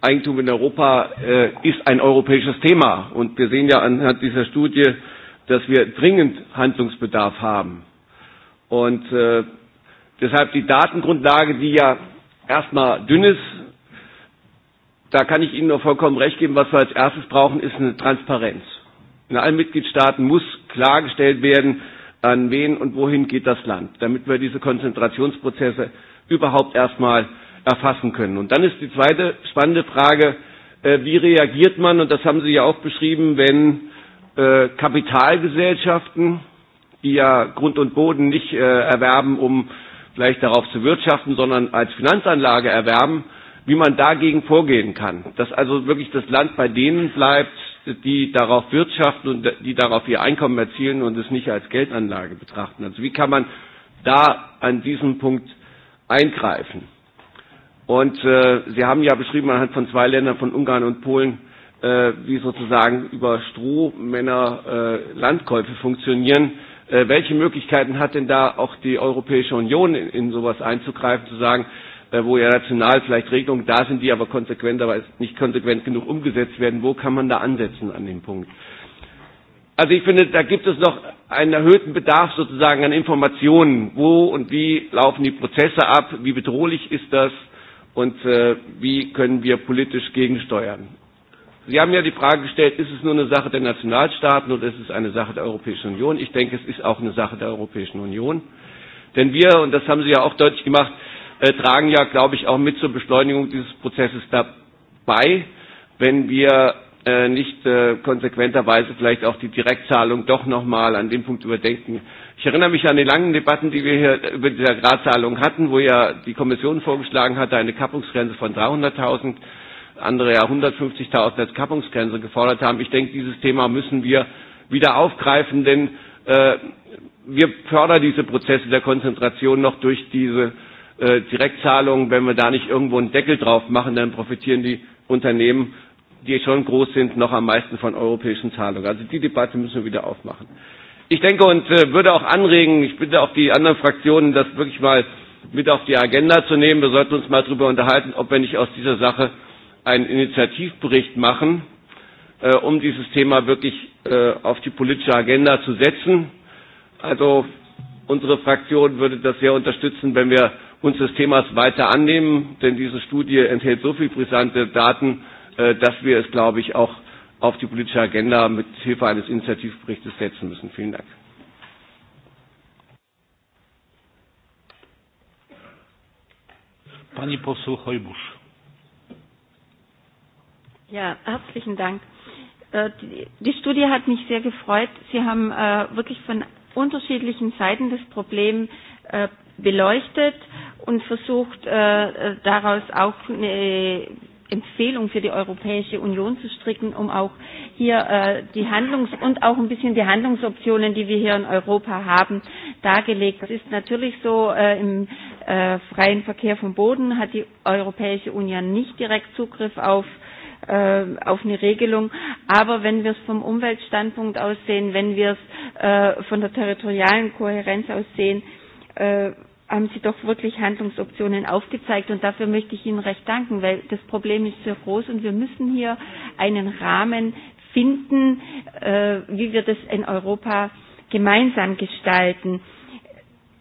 S10: Eigentum in Europa äh, ist ein europäisches Thema. Und wir sehen ja anhand dieser Studie, dass wir dringend Handlungsbedarf haben. Und äh, deshalb die Datengrundlage, die ja erstmal dünn ist, da kann ich Ihnen nur vollkommen recht geben, was wir als erstes brauchen, ist eine Transparenz. In allen Mitgliedstaaten muss klargestellt werden, an wen und wohin geht das Land, damit wir diese Konzentrationsprozesse überhaupt erstmal erfassen können. Und dann ist die zweite spannende Frage, äh, wie reagiert man, und das haben Sie ja auch beschrieben, wenn äh, Kapitalgesellschaften, die ja Grund und Boden nicht äh, erwerben, um vielleicht darauf zu wirtschaften, sondern als Finanzanlage erwerben, wie man dagegen vorgehen kann. Dass also wirklich das Land bei denen bleibt, die darauf wirtschaften und die darauf ihr Einkommen erzielen und es nicht als Geldanlage betrachten. Also wie kann man da an diesem Punkt eingreifen? Und äh, Sie haben ja beschrieben anhand von zwei Ländern, von Ungarn und Polen, äh, wie sozusagen über Strohmänner äh, Landkäufe funktionieren. Äh, welche Möglichkeiten hat denn da auch die Europäische Union in, in sowas einzugreifen, zu sagen, Äh, wo ja national vielleicht Regelungen da sind, die aber konsequent, aber nicht konsequent genug umgesetzt werden. Wo kann man da ansetzen an dem Punkt? Also ich finde, da gibt es noch einen erhöhten Bedarf sozusagen an Informationen. Wo und wie laufen die Prozesse ab? Wie bedrohlich ist das? Und äh, wie können wir politisch gegensteuern? Sie haben ja die Frage gestellt, ist es nur eine Sache der Nationalstaaten oder ist es eine Sache der Europäischen Union? Ich denke, es ist auch eine Sache der Europäischen Union. Denn wir, und das haben Sie ja auch deutlich gemacht, äh, äh, tragen ja, glaube ich, auch mit zur Beschleunigung dieses Prozesses dabei, wenn wir äh, nicht äh, konsequenterweise vielleicht auch die Direktzahlung doch nochmal an dem Punkt überdenken. Ich erinnere mich an die langen Debatten, die wir hier über die Agrarzahlung hatten, wo ja die Kommission vorgeschlagen hatte, eine Kappungsgrenze von 300.000, andere ja 150.000 als Kappungsgrenze gefordert haben. Ich denke, dieses Thema müssen wir wieder aufgreifen, denn äh, wir fördern diese Prozesse der Konzentration noch durch diese äh, Äh, Direktzahlungen, wenn wir da nicht irgendwo einen Deckel drauf machen, dann profitieren die Unternehmen, die schon groß sind, noch am meisten von europäischen Zahlungen. Also die Debatte müssen wir wieder aufmachen. Ich denke und äh, würde auch anregen, ich bitte auch die anderen Fraktionen, das wirklich mal mit auf die Agenda zu nehmen. Wir sollten uns mal darüber unterhalten, ob wir nicht aus dieser Sache einen Initiativbericht machen, äh, um dieses Thema wirklich äh, auf die politische Agenda zu setzen. Also unsere Fraktion würde das sehr unterstützen, wenn wir uns des Themas weiter annehmen, denn diese Studie enthält so viele brisante Daten, äh, dass wir es, glaube ich, auch auf die politische Agenda mit Hilfe eines Initiativberichtes setzen müssen. Vielen Dank.
S1: Pani poseł Hojbusz.
S11: Ja, herzlichen Dank. Äh, die Studie hat mich sehr gefreut. Sie haben äh, wirklich von unterschiedlichen Seiten das Problem Äh, beleuchtet und versucht, äh, daraus auch eine Empfehlung für die Europäische Union zu stricken, um auch hier äh, die Handlungs- und auch ein bisschen die Handlungsoptionen, die wir hier in Europa haben, dargelegt. Das ist natürlich so, äh, im äh, freien Verkehr vom Boden hat die Europäische Union nicht direkt Zugriff auf äh, auf eine Regelung. Aber wenn wir es vom Umweltstandpunkt aus sehen, wenn wir es äh, von der territorialen Kohärenz aus sehen, äh, äh, haben Sie doch wirklich Handlungsoptionen aufgezeigt und dafür möchte ich Ihnen recht danken, weil das Problem ist sehr groß und wir müssen hier einen Rahmen finden, äh, wie wir das in Europa gemeinsam gestalten.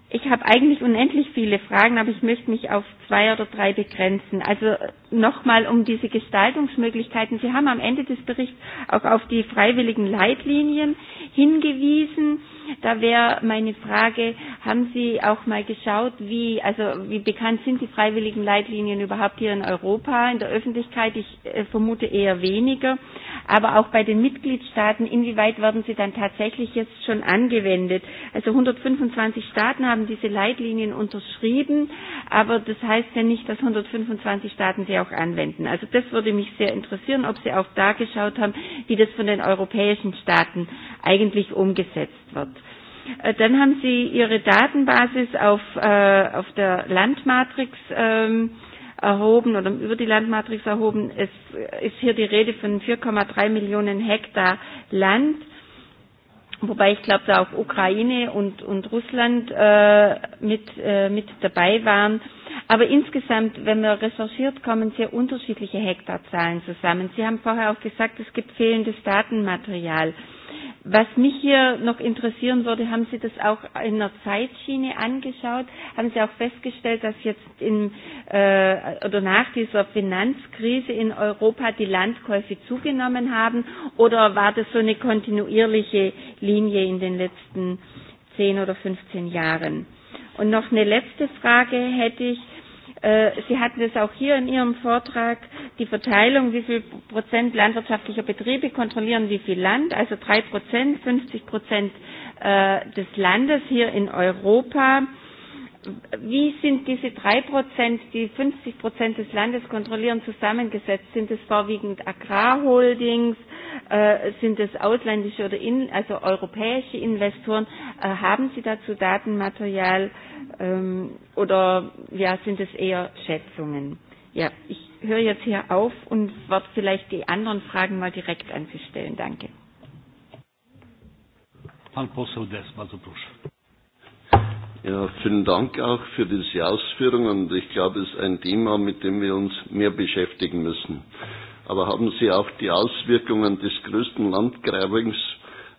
S11: Ich habe eigentlich unendlich viele Fragen, aber ich möchte mich auf zwei oder drei begrenzen. Also nochmal um diese Gestaltungsmöglichkeiten. Sie haben am Ende des Berichts auch auf die freiwilligen Leitlinien hingewiesen. Da wäre meine Frage, haben Sie auch mal geschaut, wie, also wie bekannt sind die freiwilligen Leitlinien überhaupt hier in Europa, in der Öffentlichkeit? Ich äh, vermute eher weniger. Aber auch bei den Mitgliedstaaten, inwieweit werden sie dann tatsächlich jetzt schon angewendet? Also 125 Staaten haben diese Leitlinien unterschrieben, aber das heißt, heißt ja nicht, dass 125 Staaten sie auch anwenden. Also das würde mich sehr interessieren, ob Sie auch da geschaut haben, wie das von den europäischen Staaten eigentlich umgesetzt wird. Äh, dann haben Sie Ihre Datenbasis auf, äh, auf der Landmatrix ähm, erhoben oder über die Landmatrix erhoben. Es ist hier die Rede von 4,3 Millionen Hektar Land. Wobei ich glaube, da auch Ukraine und, und Russland äh, mit, äh, mit dabei waren. Aber insgesamt, wenn man recherchiert, kommen sehr unterschiedliche Hektarzahlen zusammen. Sie haben vorher auch gesagt, es gibt fehlendes Datenmaterial. Äh, Was mich hier noch interessieren würde, haben Sie das auch in der Zeitschiene angeschaut? Haben Sie auch festgestellt, dass jetzt in, äh, oder nach dieser Finanzkrise in Europa die Landkäufe zugenommen haben? Oder war das so eine kontinuierliche Linie in den letzten 10 oder 15 Jahren? Und noch eine letzte Frage hätte ich Äh, Sie hatten es auch hier in Ihrem Vortrag, die Verteilung, wie viel Prozent landwirtschaftlicher Betriebe kontrollieren wie viel Land, also drei Prozent, 50 Prozent äh, des Landes hier in Europa wie sind diese drei Prozent, die 50 Prozent des Landes kontrollieren, zusammengesetzt? Sind es vorwiegend Agrarholdings? Äh, sind es ausländische oder in, also europäische Investoren? Äh, haben Sie dazu Datenmaterial? Ähm, oder ja, sind es eher Schätzungen? Ja, ich höre jetzt hier auf und werde vielleicht die anderen Fragen mal direkt an Sie stellen. Danke.
S1: Pan poseł Des, bardzo proszę.
S12: Ja, vielen Dank auch für diese Ausführungen. Ich glaube, es ist ein Thema, mit dem wir uns mehr beschäftigen müssen. Aber haben Sie auch die Auswirkungen des größten Landgrabings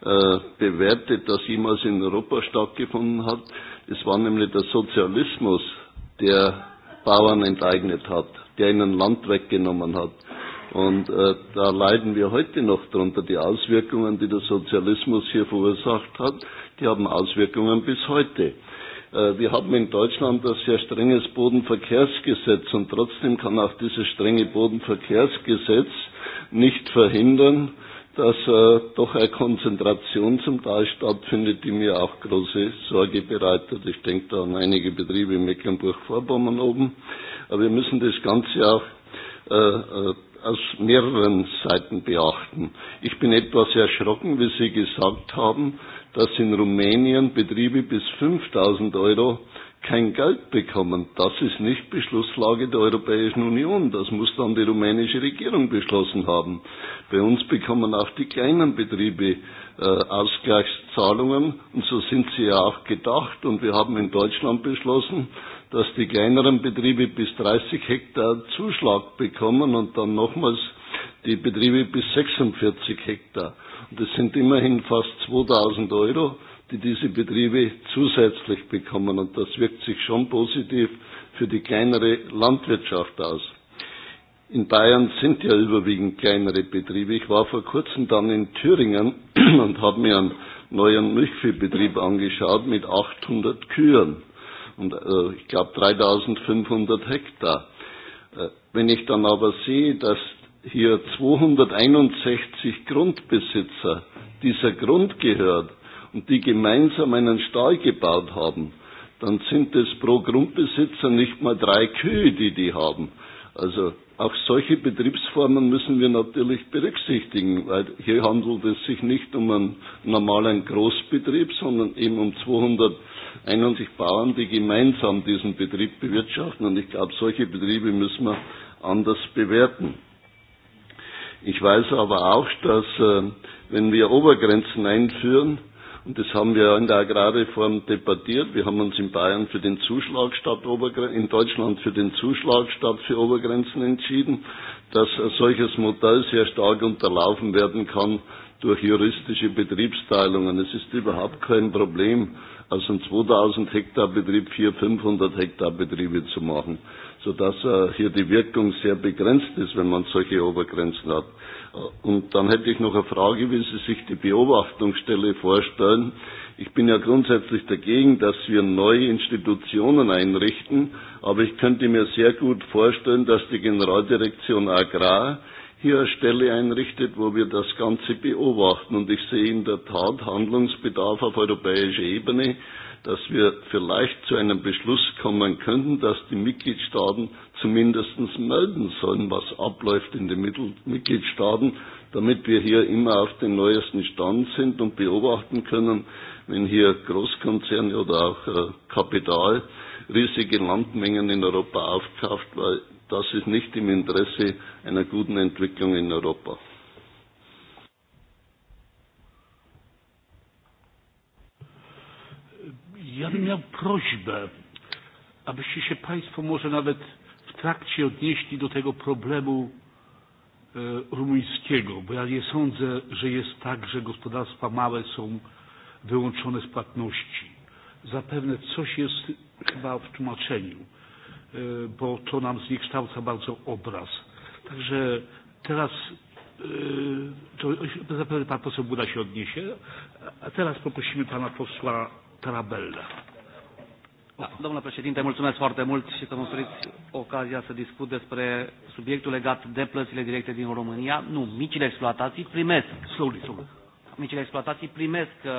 S12: äh, bewertet, das jemals in Europa stattgefunden hat? Es war nämlich der Sozialismus, der Bauern enteignet hat, der ihnen Land weggenommen hat. Und äh, da leiden wir heute noch darunter. Die Auswirkungen, die der Sozialismus hier verursacht hat, die haben Auswirkungen bis heute. Äh, wir haben in Deutschland ein sehr strenges Bodenverkehrsgesetz und trotzdem kann auch dieses strenge Bodenverkehrsgesetz nicht verhindern, dass äh, doch eine Konzentration zum Teil stattfindet, die mir auch große Sorge bereitet. Ich denke da an einige Betriebe in Mecklenburg-Vorpommern oben. Aber wir müssen das Ganze auch äh, äh aus mehreren Seiten beachten. Ich bin etwas erschrocken, wie Sie gesagt haben, dass in Rumänien Betriebe bis 5000 Euro kein Geld bekommen. Das ist nicht Beschlusslage der Europäischen Union. Das muss dann die rumänische Regierung beschlossen haben. Bei uns bekommen auch die kleinen Betriebe äh, Ausgleichszahlungen und so sind sie ja auch gedacht. Und wir haben in Deutschland beschlossen, dass die kleineren Betriebe bis 30 Hektar Zuschlag bekommen und dann nochmals die Betriebe bis 46 Hektar. Und das sind immerhin fast 2000 Euro, die diese Betriebe zusätzlich bekommen. Und das wirkt sich schon positiv für die kleinere Landwirtschaft aus. In Bayern sind ja überwiegend kleinere Betriebe. Ich war vor kurzem dann in Thüringen und habe mir einen neuen Milchviehbetrieb angeschaut mit 800 Kühen und äh, ich glaube 3500 Hektar. Äh, wenn ich dann aber sehe, dass hier 261 Grundbesitzer dieser Grund gehört und die gemeinsam einen Stall gebaut haben, dann sind es pro Grundbesitzer nicht mal drei Kühe, die die haben. Also auch solche Betriebsformen müssen wir natürlich berücksichtigen, weil hier handelt es sich nicht um einen normalen Großbetrieb, sondern eben um 291 Bauern, die gemeinsam diesen Betrieb bewirtschaften. Und ich glaube, solche Betriebe müssen wir anders bewerten. Ich weiß aber auch, dass äh, wenn wir Obergrenzen einführen, und das haben wir in der Agrarreform debattiert, wir haben uns in Bayern für den Zuschlag statt Obergrenzen, in Deutschland für den Zuschlag statt für Obergrenzen entschieden, dass ein solches Modell sehr stark unterlaufen werden kann durch juristische Betriebsteilungen. Es ist überhaupt kein Problem, aus einem 2000 Hektar Betrieb 400, 500 Hektar Betriebe zu machen sodass äh, hier die Wirkung sehr begrenzt ist, wenn man solche Obergrenzen hat. Äh, und dann hätte ich noch eine Frage, wie Sie sich die Beobachtungsstelle vorstellen. Ich bin ja grundsätzlich dagegen, dass wir neue Institutionen einrichten, aber ich könnte mir sehr gut vorstellen, dass die Generaldirektion Agrar hier eine Stelle einrichtet, wo wir das Ganze beobachten. Und ich sehe in der Tat Handlungsbedarf auf europäischer Ebene dass wir vielleicht zu einem Beschluss kommen könnten, dass die Mitgliedstaaten zumindest melden sollen, was abläuft in den Mitgliedstaaten, damit wir hier immer auf dem neuesten Stand sind und beobachten können, wenn hier Großkonzerne oder auch äh, Kapital riesige Landmengen in Europa aufkauft, weil das ist nicht im Interesse einer guten Entwicklung in Europa.
S1: Ja bym miał prośbę, abyście się Państwo może nawet w trakcie odnieśli do tego problemu e, rumuńskiego, bo ja nie sądzę, że jest tak, że gospodarstwa małe są wyłączone z płatności. Zapewne coś jest chyba w tłumaczeniu, e, bo to nam zniekształca bardzo obraz. Także teraz e, to zapewne pan poseł Buda się odniesie, a teraz poprosimy pana posła Tarabella.
S13: Domnule președinte, mulțumesc foarte mult și că mă oferiți ocazia să discut despre subiectul legat de plățile directe din România. Nu, micile exploatații primesc. Slowly, slowly. Micile exploatații primesc uh,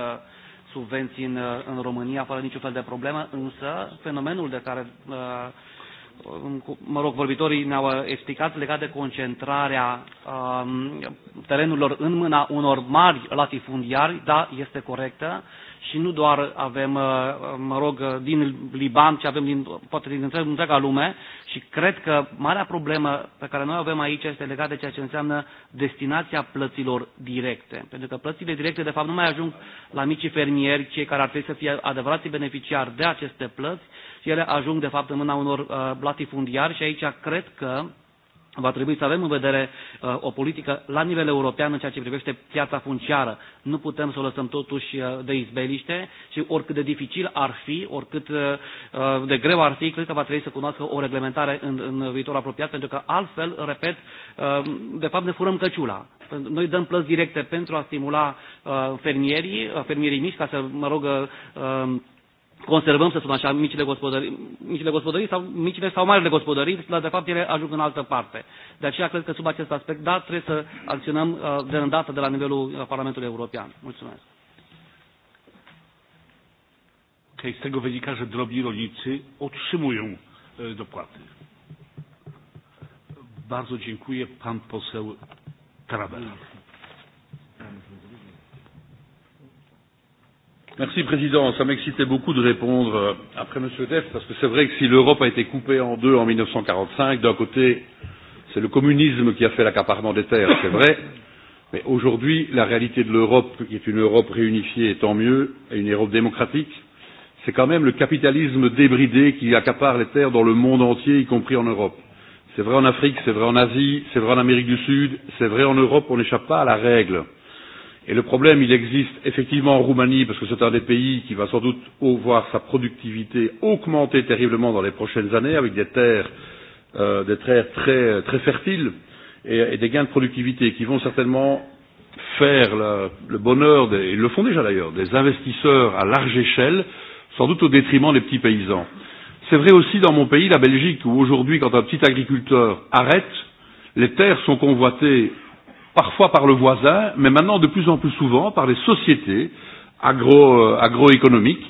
S13: subvenții în, uh, în România fără niciun fel de problemă, însă fenomenul de care, uh, mă rog, vorbitorii ne-au explicat legat de concentrarea um, terenurilor în mâna unor mari latifundiari, da, este corectă, și nu doar avem, uh, mă rog, uh, din Liban, ci avem din, poate din întreaga lume și cred că marea problemă pe care noi o avem aici este legată de ceea ce înseamnă destinația plăților directe. Pentru că plățile directe, de fapt, nu mai ajung la micii fermieri, cei care ar trebui să fie adevărații beneficiari de aceste plăți, și ele ajung, de fapt, în mâna unor uh, latifundiari și aici cred că uh, va trebui să avem în vedere uh, o politică la nivel european în ceea ce privește piața funciară. Nu putem să o lăsăm totuși uh, de izbeliște și oricât de dificil ar fi, oricât uh, uh, de greu ar fi, cred că va trebui să cunoască o reglementare în, în viitor apropiat, pentru că altfel, repet, uh, de fapt ne furăm căciula. Noi dăm plăți directe pentru a stimula uh, fermierii, uh, fermierii mici, ca să, mă rogă uh, uh conservăm, să spun așa, micile gospodării, micile gospodării sau micile sau marile gospodării, dar de fapt ele ajung în altă parte. De aceea cred că sub acest aspect, da, trebuie să acționăm uh, de îndată de la nivelul uh, Parlamentului European. Mulțumesc.
S1: Ok, z tego wynika, że drobni rolnicy otrzymują e, dopłaty. Bardzo dziękuję. Pan poseł Tarabella.
S14: Merci, Président. Ça m'excitait beaucoup de répondre après M. Deff, parce que c'est vrai que si l'Europe a été coupée en deux en 1945, d'un côté, c'est le communisme qui a fait l'accaparement des terres, c'est vrai. Mais aujourd'hui, la réalité de l'Europe, qui est une Europe réunifiée, tant mieux, et une Europe démocratique, c'est quand même le capitalisme débridé qui accapare les terres dans le monde entier, y compris en Europe. C'est vrai en Afrique, c'est vrai en Asie, c'est vrai en Amérique du Sud, c'est vrai en Europe, on n'échappe pas à la règle. Et le problème, il existe effectivement en Roumanie, parce que c'est un des pays qui va sans doute voir sa productivité augmenter terriblement dans les prochaines années, avec des terres, euh, des terres très, très fertiles et, et des gains de productivité qui vont certainement faire la, le bonheur, des, ils le font déjà d'ailleurs, des investisseurs à large échelle, sans doute au détriment des petits paysans. C'est vrai aussi dans mon pays, la Belgique, où aujourd'hui, quand un petit agriculteur arrête, les terres sont convoitées parfois par le voisin, mais maintenant de plus en plus souvent par les sociétés agro, euh, agroéconomiques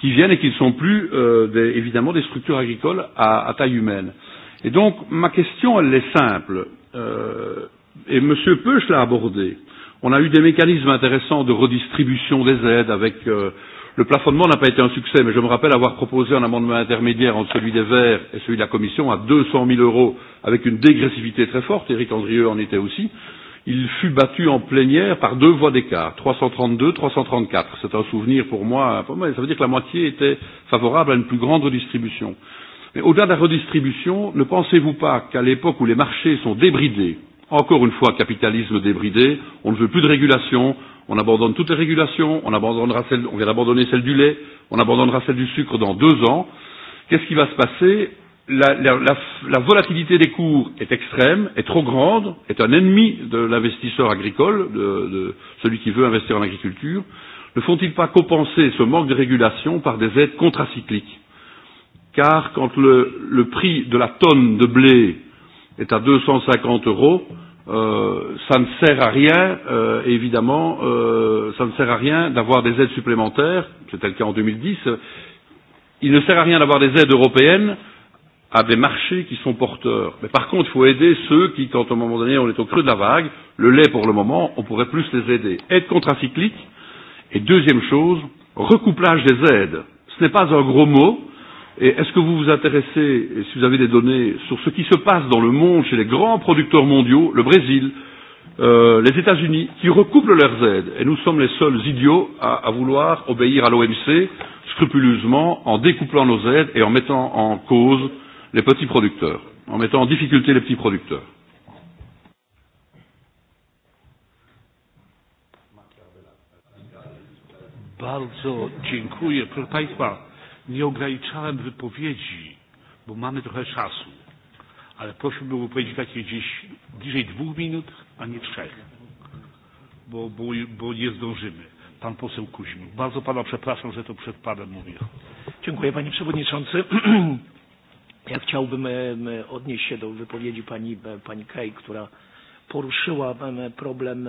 S14: qui viennent et qui ne sont plus euh, des, évidemment des structures agricoles à, à taille humaine. Et donc ma question elle est simple euh, et M. Peuch l'a abordée. On a eu des mécanismes intéressants de redistribution des aides avec euh, le plafonnement n'a pas été un succès, mais je me rappelle avoir proposé un amendement intermédiaire entre celui des Verts et celui de la Commission à 200 000 euros avec une dégressivité très forte. Éric Andrieux en était aussi. Euh, il fut battu en plénière par deux voix d'écart, 332, 334. C'est un souvenir pour moi. Pour moi ça veut dire que la moitié était favorable à une plus grande redistribution. Mais au-delà de la redistribution, ne pensez-vous pas qu'à l'époque où les marchés sont débridés, encore une fois, capitalisme débridé, on ne veut plus de régulation, on abandonne toutes les régulations, on, abandonnera celle, on vient d'abandonner celle du lait, on abandonnera celle du sucre dans deux ans, qu'est-ce qui va se passer la, la, la, la volatilité des cours est extrême, est trop grande, est un ennemi de l'investisseur agricole, de, de celui qui veut investir en agriculture, ne font-ils pas compenser ce manque de régulation par des aides contracycliques Car quand le, le prix de la tonne de blé est à 250 euros, euh, ça ne sert à rien, euh, évidemment, euh, ça ne sert à rien d'avoir des aides supplémentaires, c'était le cas en 2010, il ne sert à rien d'avoir des aides européennes à des marchés qui sont porteurs. Mais par contre, il faut aider ceux qui, quand au moment donné on est au creux de la vague, le lait pour le moment, on pourrait plus les aider. Aide contracyclique. Et deuxième chose, recouplage des aides. Ce n'est pas un gros mot. Et est-ce que vous vous intéressez, et si vous avez des données, sur ce qui se passe dans le monde chez les grands producteurs mondiaux, le Brésil, euh, les États-Unis, qui recouplent leurs aides Et nous sommes les seuls idiots à, à vouloir obéir à l'OMC scrupuleusement en découplant nos aides et en mettant en cause euh, les petits producteurs, en mettant en difficulté les petits producteurs.
S1: Bardzo dziękuję. Proszę Państwa, nie ograniczałem wypowiedzi, bo mamy trochę czasu, ale prosiłbym o powiedzieć takie gdzieś bliżej dwóch minut, a nie trzech, bo, bo, bo nie zdążymy pan poseł Kuźmiuk. Bardzo pana przepraszam, że to przed panem mówię. Dziękuję panie
S8: przewodniczący. Ja chciałbym e, odnieść się do wypowiedzi pani, e, pani Kej, która poruszyła e, problem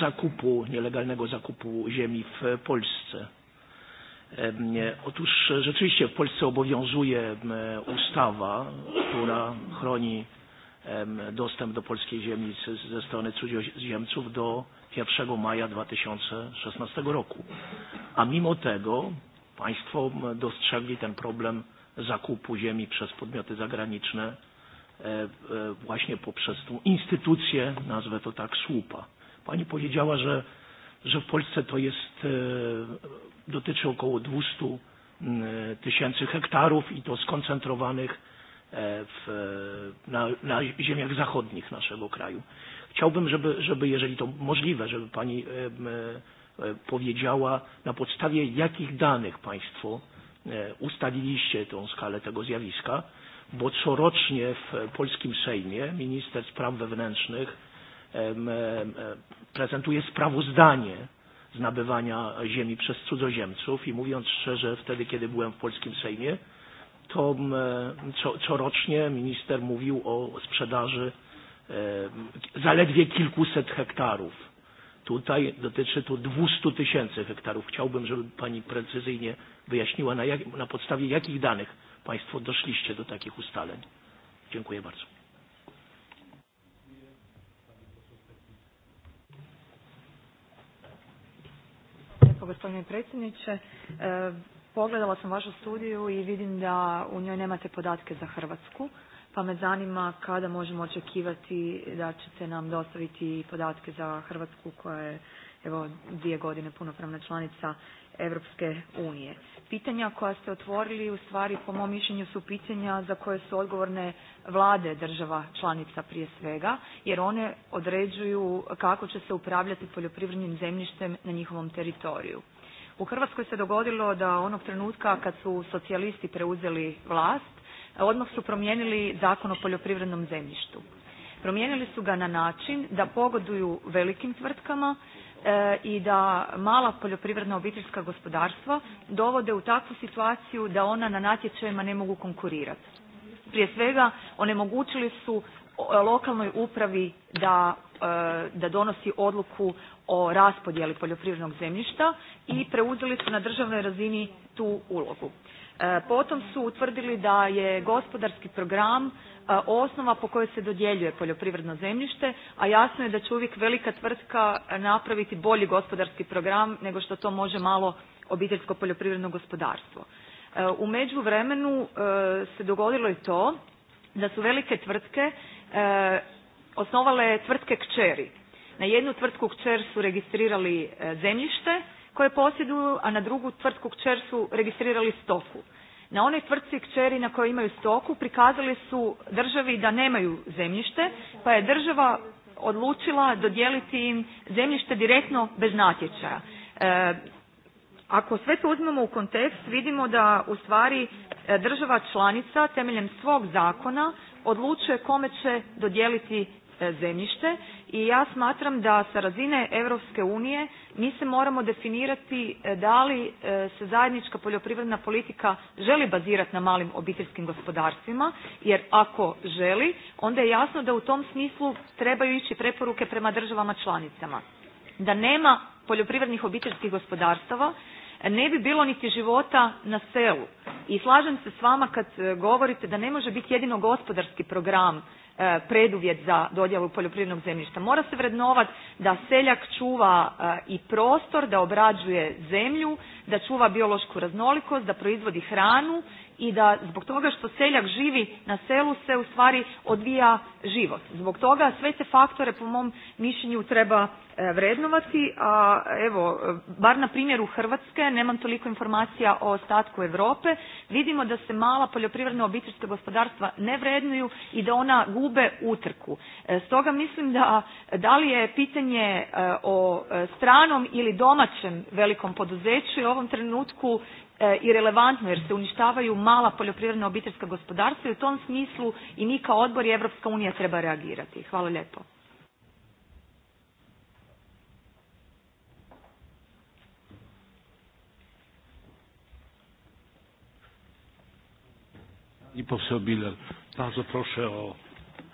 S8: zakupu, nielegalnego zakupu ziemi w Polsce. Otóż rzeczywiście w Polsce obowiązuje ustawa, która chroni dostęp do polskiej ziemi ze strony cudzoziemców do 1 maja 2016 roku. A mimo tego państwo dostrzegli ten problem zakupu ziemi przez podmioty zagraniczne e, e, właśnie poprzez tą instytucję, nazwę to tak, słupa. Pani powiedziała, że, że w Polsce to jest, e, dotyczy około 200 tysięcy hektarów i to skoncentrowanych w, na, na ziemiach zachodnich naszego kraju. Chciałbym, żeby, żeby, jeżeli to możliwe, żeby Pani powiedziała, na podstawie jakich danych Państwo E, ustaliliście tą skalę tego zjawiska, bo corocznie w polskim Sejmie minister spraw wewnętrznych e, prezentuje sprawozdanie z nabywania ziemi przez cudzoziemców i mówiąc szczerze, wtedy kiedy byłem w polskim Sejmie, to e, corocznie minister mówił o sprzedaży zaledwie kilkuset hektarów Tutaj dotyczy to 200 tysięcy hektarów. Chciałbym, żeby Pani precyzyjnie wyjaśniła, na, jak, na podstawie jakich danych Państwo doszliście do takich ustaleń. Dziękuję bardzo.
S15: Jako gospodine predsjedniče. E, pogledala sam vašu studiju i vidim da u njoj nemate podatke za Hrvatsku. E, pa me zanima kada možemo očekivati da ćete nam dostaviti podatke za Hrvatsku koja je evo dvije godine punopravna članica Europske unije. Pitanja koja ste otvorili u stvari po mom mišljenju su pitanja za koje su odgovorne vlade država članica prije svega jer one određuju kako će se upravljati poljoprivrednim zemljištem na njihovom teritoriju. U Hrvatskoj se dogodilo da onog trenutka kad su socijalisti preuzeli vlast odmah su promijenili Zakon o poljoprivrednom zemljištu. Promijenili su ga na način da pogoduju velikim tvrtkama e, i da mala poljoprivredna obiteljska gospodarstva dovode u takvu situaciju da ona na natječajima ne mogu konkurirati. Prije svega onemogućili su lokalnoj upravi da, e, da donosi odluku o raspodjeli poljoprivrednog zemljišta i preuzeli su na državnoj razini tu ulogu. E, potom su utvrdili da je gospodarski program e, osnova po kojoj se dodjeljuje poljoprivredno zemljište, a jasno je da će uvijek velika tvrtka napraviti bolji gospodarski program nego što to može malo obiteljsko poljoprivredno gospodarstvo. E, u međuvremenu se dogodilo i to da su velike tvrtke osnovale tvrtke kćeri. Na jednu tvrtku kćer su registrirali zemljište, koje posjeduju, a na drugu tvrtku kćer su registrirali stoku. Na onoj tvrtci kćeri na kojoj imaju stoku prikazali su državi da nemaju zemljište, pa je država odlučila dodijeliti im zemljište direktno bez natječaja. E, ako sve to uzmemo u kontekst, vidimo da u stvari e, država članica temeljem svog zakona odlučuje kome će dodijeliti E, zemljište i ja smatram da sa razine Europske unije mi se moramo definirati e, da li e, se zajednička poljoprivredna politika želi bazirati na malim obiteljskim gospodarstvima, jer ako želi, onda je jasno da u tom smislu trebaju ići preporuke prema državama članicama. Da nema poljoprivrednih obiteljskih gospodarstava, ne bi bilo niti života na selu. I slažem se s vama kad govorite da ne može biti jedino gospodarski program E, preduvjet za dodjelu poljoprivrednog zemljišta. Mora se vrednovati da seljak čuva e, i prostor, da obrađuje zemlju, da čuva biološku raznolikost, da proizvodi hranu i da zbog toga što seljak živi na selu se u stvari odvija život. Zbog toga sve te faktore po mom mišljenju treba e, vrednovati, a evo, bar na primjeru Hrvatske, nemam toliko informacija o ostatku Europe, vidimo da se mala poljoprivredna obiteljska gospodarstva ne vrednuju i da ona gube utrku. E, stoga mislim da da li je pitanje e, o stranom ili domaćem velikom poduzeću u ovom trenutku E, irelevantno jer se uništavaju mala poljoprivredna obiteljska gospodarstva i u tom smislu i mi kao odbor i Evropska unija treba reagirati. Hvala lijepo.
S1: I poseł Biller, bardzo proszę o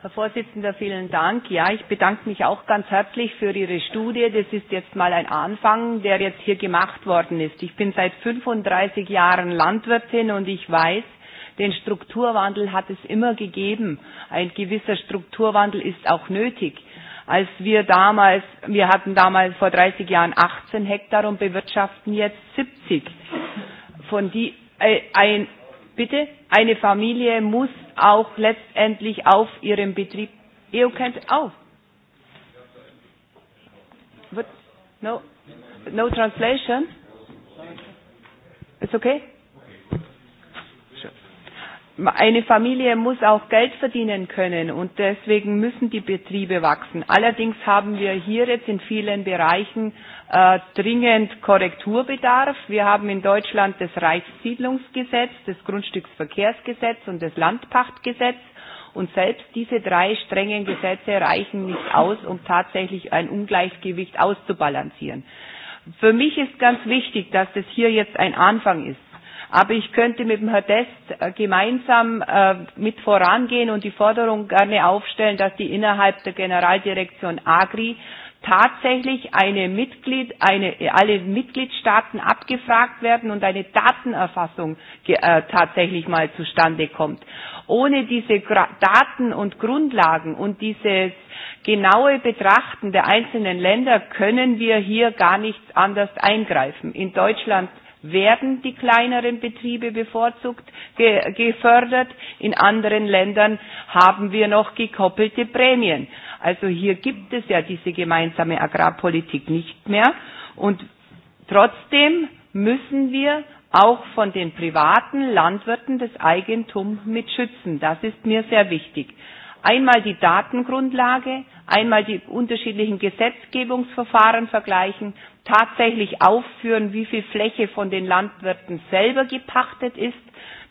S16: Herr Vorsitzender, vielen Dank. Ja, ich bedanke mich auch ganz herzlich für Ihre Studie. Das ist jetzt mal ein Anfang, der jetzt hier gemacht worden ist. Ich bin seit 35 Jahren Landwirtin und ich weiß, den Strukturwandel hat es immer gegeben. Ein gewisser Strukturwandel ist auch nötig. Als wir damals, wir hatten damals vor 30 Jahren 18 Hektar und bewirtschaften jetzt 70. Von die, äh, ein, Bitte, eine Familie muss auch letztendlich auf ihrem Betrieb. EU can't. Oh. But no, no translation. It's okay. Eine Familie muss auch Geld verdienen können und deswegen müssen die Betriebe wachsen. Allerdings haben wir hier jetzt in vielen Bereichen Äh, dringend Korrekturbedarf. Wir haben in Deutschland das Reichssiedlungsgesetz, das Grundstücksverkehrsgesetz und das Landpachtgesetz. Und selbst diese drei strengen Gesetze reichen nicht aus, um tatsächlich ein Ungleichgewicht auszubalancieren. Für mich ist ganz wichtig, dass das hier jetzt ein Anfang ist. Aber ich könnte mit dem Herrn Dest äh, gemeinsam äh, mit vorangehen und die Forderung gerne aufstellen, dass die innerhalb der Generaldirektion Agri tatsächlich eine Mitglied, eine, alle Mitgliedstaaten abgefragt werden und eine Datenerfassung äh, tatsächlich mal zustande kommt. Ohne diese Gra Daten und Grundlagen und dieses genaue Betrachten der einzelnen Länder können wir hier gar nichts anders eingreifen. In Deutschland werden die kleineren Betriebe bevorzugt ge gefördert. In anderen Ländern haben wir noch gekoppelte Prämien. Also hier gibt es ja diese gemeinsame Agrarpolitik nicht mehr. Und trotzdem müssen wir auch von den privaten Landwirten das Eigentum mitschützen. Das ist mir sehr wichtig. Einmal die Datengrundlage, einmal die unterschiedlichen Gesetzgebungsverfahren vergleichen, tatsächlich aufführen, wie viel Fläche von den Landwirten selber gepachtet ist.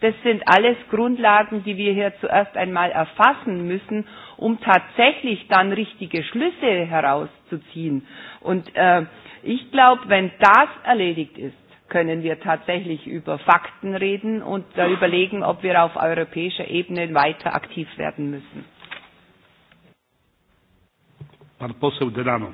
S16: Das sind alles Grundlagen, die wir hier zuerst einmal erfassen müssen, um tatsächlich dann richtige Schlüsse herauszuziehen. Und äh, ich glaube, wenn das erledigt ist, können wir tatsächlich über Fakten reden und darüber überlegen, ob wir auf europäischer Ebene weiter aktiv werden müssen.
S1: Pan poseł Denano.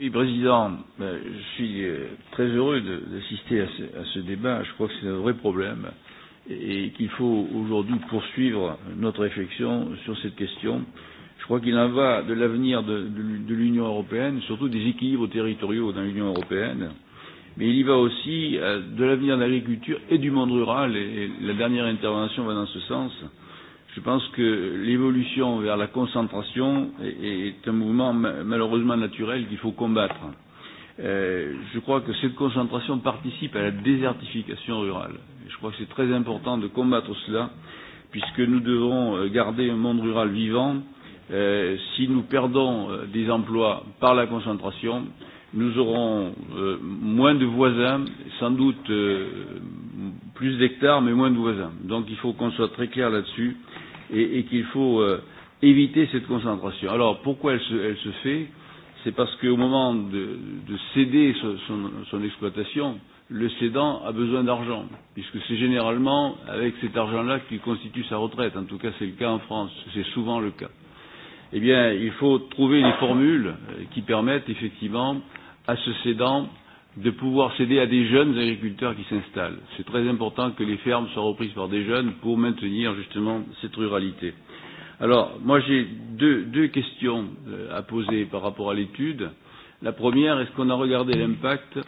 S17: Oui, Président, je suis euh, très heureux d'assister à, à ce débat. Je crois que c'est un vrai problème et qu'il faut aujourd'hui poursuivre notre réflexion sur cette question. Je crois qu'il en va de l'avenir de, de, de l'Union européenne, surtout des équilibres territoriaux dans l'Union européenne, mais il y va aussi euh, de l'avenir de l'agriculture et du monde rural, et, et la dernière intervention va dans ce sens. Euh, je pense que l'évolution vers la concentration est, est un mouvement malheureusement naturel qu'il faut combattre. Euh, je crois que cette concentration participe à la désertification rurale. Je crois que c'est très important de combattre cela, puisque nous devons euh, garder un monde rural vivant. Euh, si nous perdons euh, des emplois par la concentration, nous aurons euh, moins de voisins, sans doute euh, plus d'hectares, mais moins de voisins. Donc il faut qu'on soit très clair là-dessus. Euh, et, et qu'il faut euh, éviter cette concentration. Alors pourquoi elle se, elle se fait C'est parce qu'au moment de, de céder son, son, son exploitation, le cédant a besoin d'argent, puisque c'est généralement avec cet argent-là qu'il constitue sa retraite. En tout cas, c'est le cas en France, c'est souvent le cas. Eh bien, il faut trouver des formules euh, qui permettent effectivement à ce cédant de pouvoir céder à des jeunes agriculteurs qui s'installent. C'est très important que les fermes soient reprises par des jeunes pour maintenir justement cette ruralité. Alors, moi j'ai deux, deux questions euh, à poser par rapport à l'étude. La première, est-ce qu'on a regardé l'impact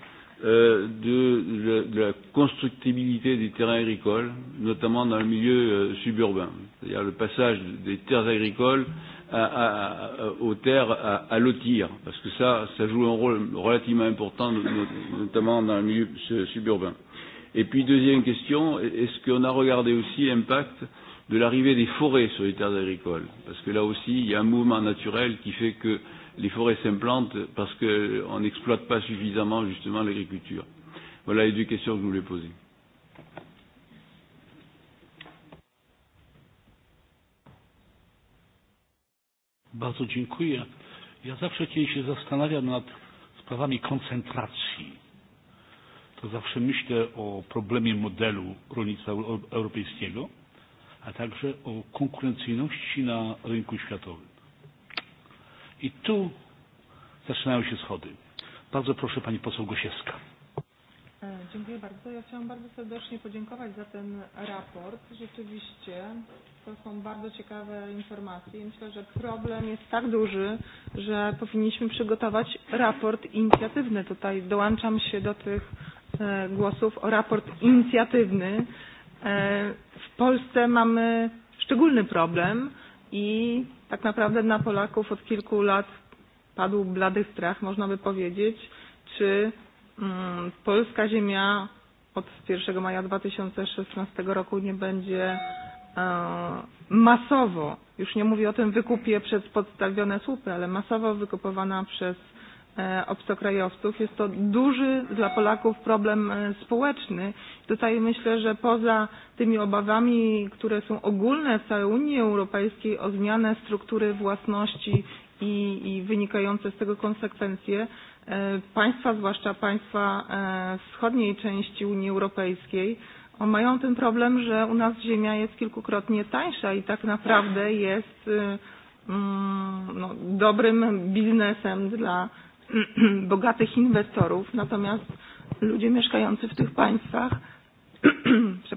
S17: euh, de, de, de la constructibilité des terrains agricoles, notamment dans le milieu euh, suburbain, c'est-à-dire le passage des terres agricoles à, à, aux terres à, à lotir, parce que ça, ça joue un rôle relativement important, no, no, notamment dans le milieu suburbain. Et puis, deuxième question, est-ce qu'on a regardé aussi l'impact de l'arrivée des forêts sur les terres agricoles Parce que là aussi, il y a un mouvement naturel qui fait que les forêts s'implantent parce qu'on n'exploite pas suffisamment justement l'agriculture. Voilà les deux questions que je voulais poser. Bardzo dziękuję.
S1: Ja zawsze, kiedy się zastanawiam nad sprawami koncentracji, to zawsze myślę o problemie modelu rolnictwa europejskiego, a także o konkurencyjności na rynku światowym. I tu zaczynają się schody. Bardzo proszę Pani poseł Gosiewska.
S3: E,
S7: dziękuję bardzo. Ja chciałam bardzo serdecznie podziękować za ten raport. Rzeczywiście to są bardzo ciekawe informacje. Myślę, że problem jest tak duży, że powinniśmy przygotować raport inicjatywny. Tutaj dołączam się do tych e, głosów o raport inicjatywny. E, w Polsce mamy szczególny problem i tak naprawdę na Polaków od kilku lat padł blady strach, można by powiedzieć, czy mm, polska ziemia od 1 maja 2016 roku nie będzie masowo, już nie mówię o tym wykupie przez podstawione słupy, ale masowo wykupowana przez obcokrajowców. Jest to duży dla Polaków problem e, społeczny. Tutaj myślę, że poza tymi obawami, które są ogólne w całej Unii Europejskiej o zmianę struktury własności i, i wynikające z tego konsekwencje, e, państwa, zwłaszcza państwa e, wschodniej części Unii Europejskiej, mają ten problem, że u nas ziemia jest kilkukrotnie tańsza i tak naprawdę jest mm, no, dobrym biznesem dla bogatych inwestorów, natomiast ludzie mieszkający w tych państwach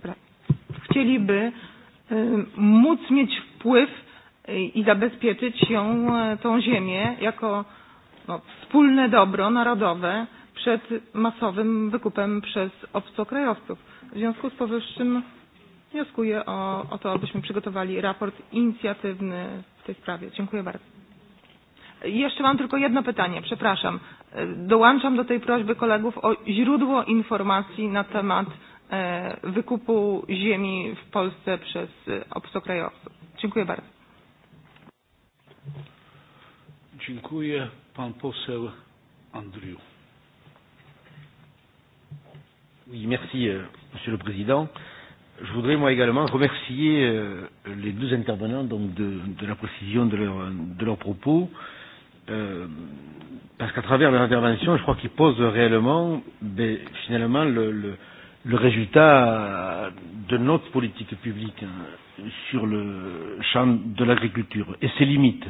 S7: chcieliby móc mieć wpływ i zabezpieczyć ją, e, tą ziemię jako no, wspólne dobro narodowe przed masowym wykupem przez obcokrajowców W związku z powyższym wnioskuję o, o to, abyśmy przygotowali raport inicjatywny w tej sprawie. Dziękuję bardzo. Jeszcze mam tylko jedno pytanie, przepraszam. Dołączam do tej prośby kolegów o źródło informacji na temat e, wykupu ziemi w Polsce przez
S1: obcokrajowców. Dziękuję bardzo. Dziękuję. Pan poseł Andriu.
S18: Oui, merci, e, Monsieur le Président. Je voudrais moi également remercier euh, les deux intervenants donc de, de la précision de, leurs de leur propos, euh, parce qu'à travers leur intervention, je crois qu'ils posent réellement ben, finalement le, le, le résultat de notre politique publique hein, sur le champ de l'agriculture et ses limites.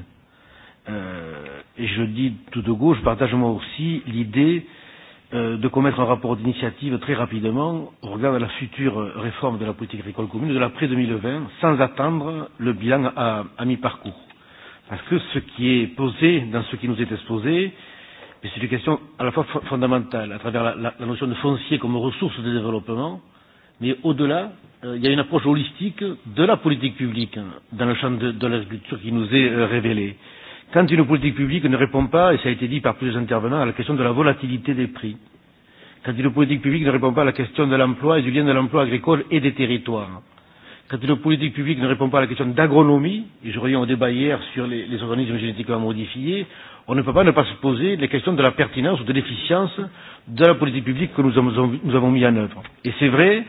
S18: Euh, et je dis tout de gauche, je partage moi aussi l'idée euh, Euh, de commettre un rapport d'initiative très rapidement au regard de la future réforme de la politique agricole commune de l'après 2020 sans attendre le bilan à, à mi-parcours. Parce que ce qui est posé dans ce qui nous est exposé, c'est une question à la fois fondamentale à travers la, la, la notion de foncier comme ressource de développement, mais au-delà, euh, il y a une approche holistique de la politique publique hein, dans le champ de, de l'agriculture qui nous est euh, révélée. Euh, quand une politique publique ne répond pas, et ça a été dit par plusieurs intervenants, à la question de la volatilité des prix, quand une politique publique ne répond pas à la question de l'emploi et du lien de l'emploi agricole et des territoires, quand une politique publique ne répond pas à la question d'agronomie, et je reviens au débat hier sur les, les organismes génétiquement modifiés, on ne peut pas ne pas se poser les questions de la pertinence ou de l'efficience de la politique publique que nous avons, nous avons mis en œuvre. Et c'est vrai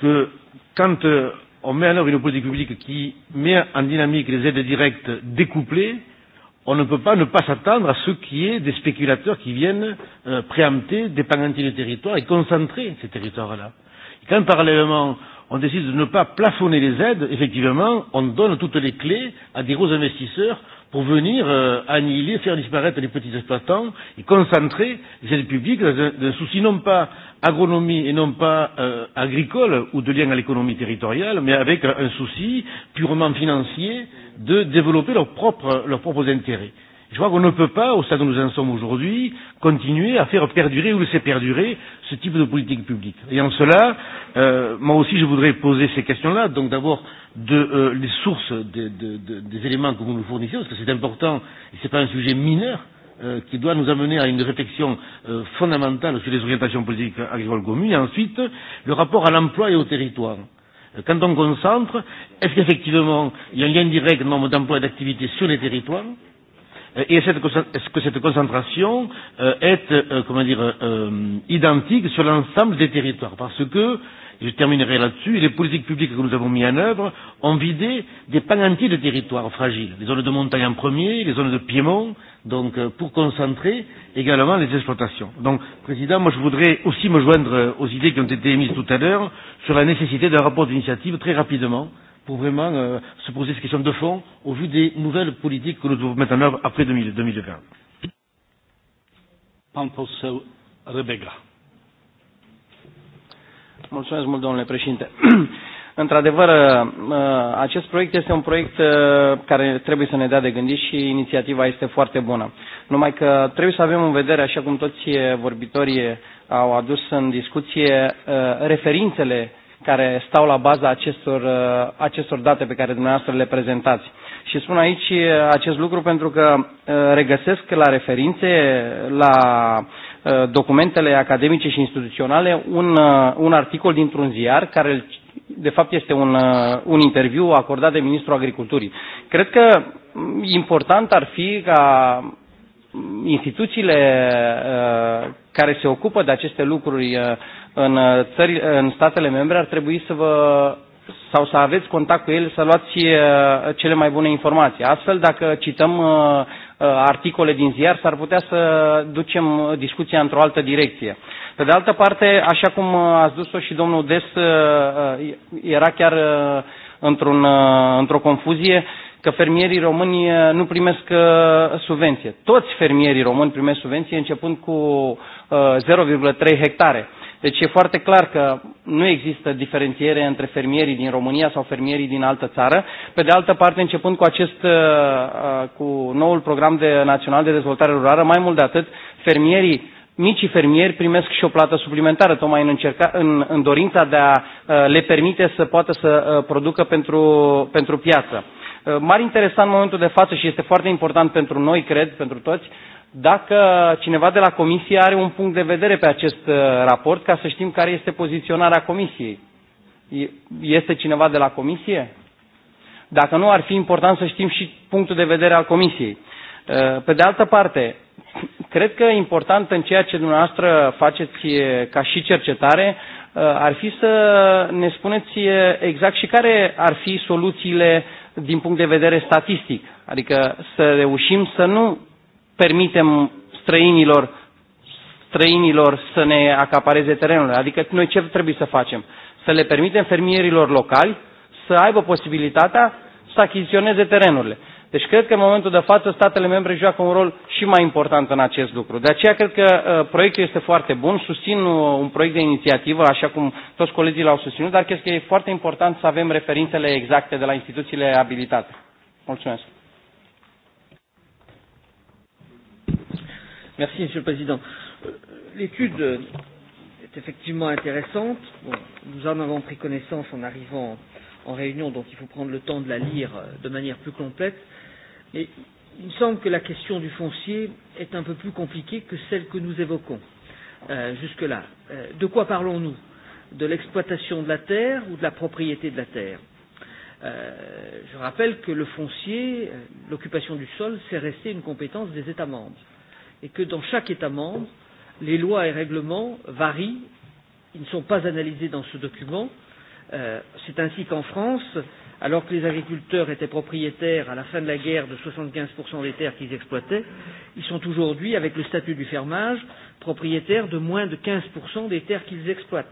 S18: que quand euh, on met en œuvre une politique publique qui met en dynamique les aides directes découplées, on ne peut pas ne pas s'attendre à ce qu'il y ait des spéculateurs qui viennent euh, préempter des pangantines de territoires et concentrer ces territoires-là. Quand parallèlement on décide de ne pas plafonner les aides, effectivement, on donne toutes les clés à des gros investisseurs pour venir euh, annihiler, faire disparaître les petits exploitants et concentrer les aides publiques dans un, dans un souci non pas agronomie et non pas euh, agricole ou de lien à l'économie territoriale, mais avec un souci purement financier de développer leurs propres, leurs propres intérêts. Je crois qu'on ne peut pas, au stade où nous en sommes aujourd'hui, continuer à faire perdurer ou laisser perdurer ce type de politique publique. Et en cela, euh, moi aussi, je voudrais poser ces questions-là. Donc d'abord, de, euh, les sources de, de, de, des éléments que vous nous fournissez, parce que c'est important, et ce n'est pas un sujet mineur, euh, qui doit nous amener à une réflexion euh, fondamentale sur les orientations politiques agricoles communes. Et ensuite, le rapport à l'emploi et au territoire. Euh, quand on concentre, est-ce qu'effectivement, il y a un lien direct nombre d'emplois et d'activités sur les territoires Euh, et cette, est-ce que cette concentration euh, est, euh, euh, comment dire, euh, identique sur l'ensemble des territoires, parce que, je terminerai là-dessus, les politiques publiques que nous avons mises en œuvre ont vidé des pans entiers de territoires fragiles, les zones de montagne en premier, les zones de piémont, donc euh, pour concentrer également les exploitations. Donc, Président, moi je voudrais aussi me joindre euh, aux idées qui ont été émises tout à l'heure sur la nécessité d'un rapport d'initiative très rapidement pour vraiment euh, se poser ces questions de fond au vu des nouvelles politiques que nous devons mettre en œuvre après 2000, 2020.
S19: Pan poseł Rebega. Mulțumesc mult, domnule președinte. Într-adevăr, uh, uh, acest proiect este un proiect uh, care trebuie să ne dea de gândit și inițiativa este foarte bună. Numai că trebuie să avem în vedere, așa cum toți vorbitorii au adus în discuție, referințele care stau la baza acestor, uh, acestor date pe care dumneavoastră le prezentați. Și spun aici uh, acest lucru pentru că uh, regăsesc la referințe, la documentele academice și instituționale, un, un articol dintr-un ziar care de fapt este un, un interviu acordat de Ministrul Agriculturii. Cred că mm, important ar fi ca instituțiile uh, care se ocupă de aceste lucruri uh, în, uh, țări, în statele membre ar trebui să vă sau să aveți contact cu ele, să luați cele mai bune informații. Astfel, dacă cităm articole din ziar, s-ar putea să ducem discuția într-o altă direcție. Pe de altă parte, așa cum a dus-o și domnul Des, era chiar într-un, într-o confuzie, că fermierii români eh, nu primesc eh, subvenție. Toți fermierii români primesc subvenție începând cu 0,3 eh, hectare. Deci e foarte clar că nu există diferențiere între fermierii din România sau fermierii din altă țară. Pe de altă parte, începând cu acest, cu noul program de, național de dezvoltare rurală, mai mult de atât, fermierii micii fermieri primesc și o plată suplimentară, tocmai în, încerca, în, în dorința de a le permite să poată să producă pentru, pentru piață. Eh, m-ar interesa în momentul de față și este foarte important pentru noi, cred, pentru toți, dacă cineva de la Comisie are un punct de vedere pe acest eh, raport, ca să știm care este poziționarea Comisiei. Este cineva de la Comisie? Dacă nu, ar fi important să știm și punctul de vedere al Comisiei. Eh, pe de altă parte, cred că e important în ceea ce dumneavoastră faceți ca și cercetare ar fi să ne spuneți exact și care ar fi soluțiile uh, din punct de vedere statistic, adică să reușim să nu permitem străinilor străinilor să ne acapareze terenul. Adică noi ce trebuie să facem? Să le permitem fermierilor locali să aibă posibilitatea să achiziționeze terenurile. Deci cred că în momentul de față statele membre joacă un rol și mai important în acest lucru. De aceea cred că uh, proiectul este foarte bun, susțin uh, un proiect de inițiativă, așa cum toți colegii l-au susținut, dar cred că e foarte important să avem referințele exacte de la instituțiile abilitate. Mulțumesc.
S20: Merci, Monsieur le Président. Euh, l'étude euh, est effectivement intéressante. Bon, nous en avons pris connaissance en arrivant en réunion, donc il faut prendre le temps de la lire euh, de manière plus complète. Mais il me semble que la question du foncier est un peu plus compliquée que celle que nous évoquons euh, jusque-là. Euh, de quoi parlons-nous De l'exploitation de la terre ou de la propriété de la terre euh, Je rappelle que le foncier, euh, l'occupation du sol, c'est resté une compétence des États membres et que dans chaque État membre, les lois et règlements varient, ils ne sont pas analysés dans ce document. Euh, c'est ainsi qu'en France, euh, alors que les agriculteurs étaient propriétaires à la fin de la guerre de 75% des terres qu'ils exploitaient, ils sont aujourd'hui, avec le statut du fermage, propriétaires de moins de 15% des terres qu'ils exploitent.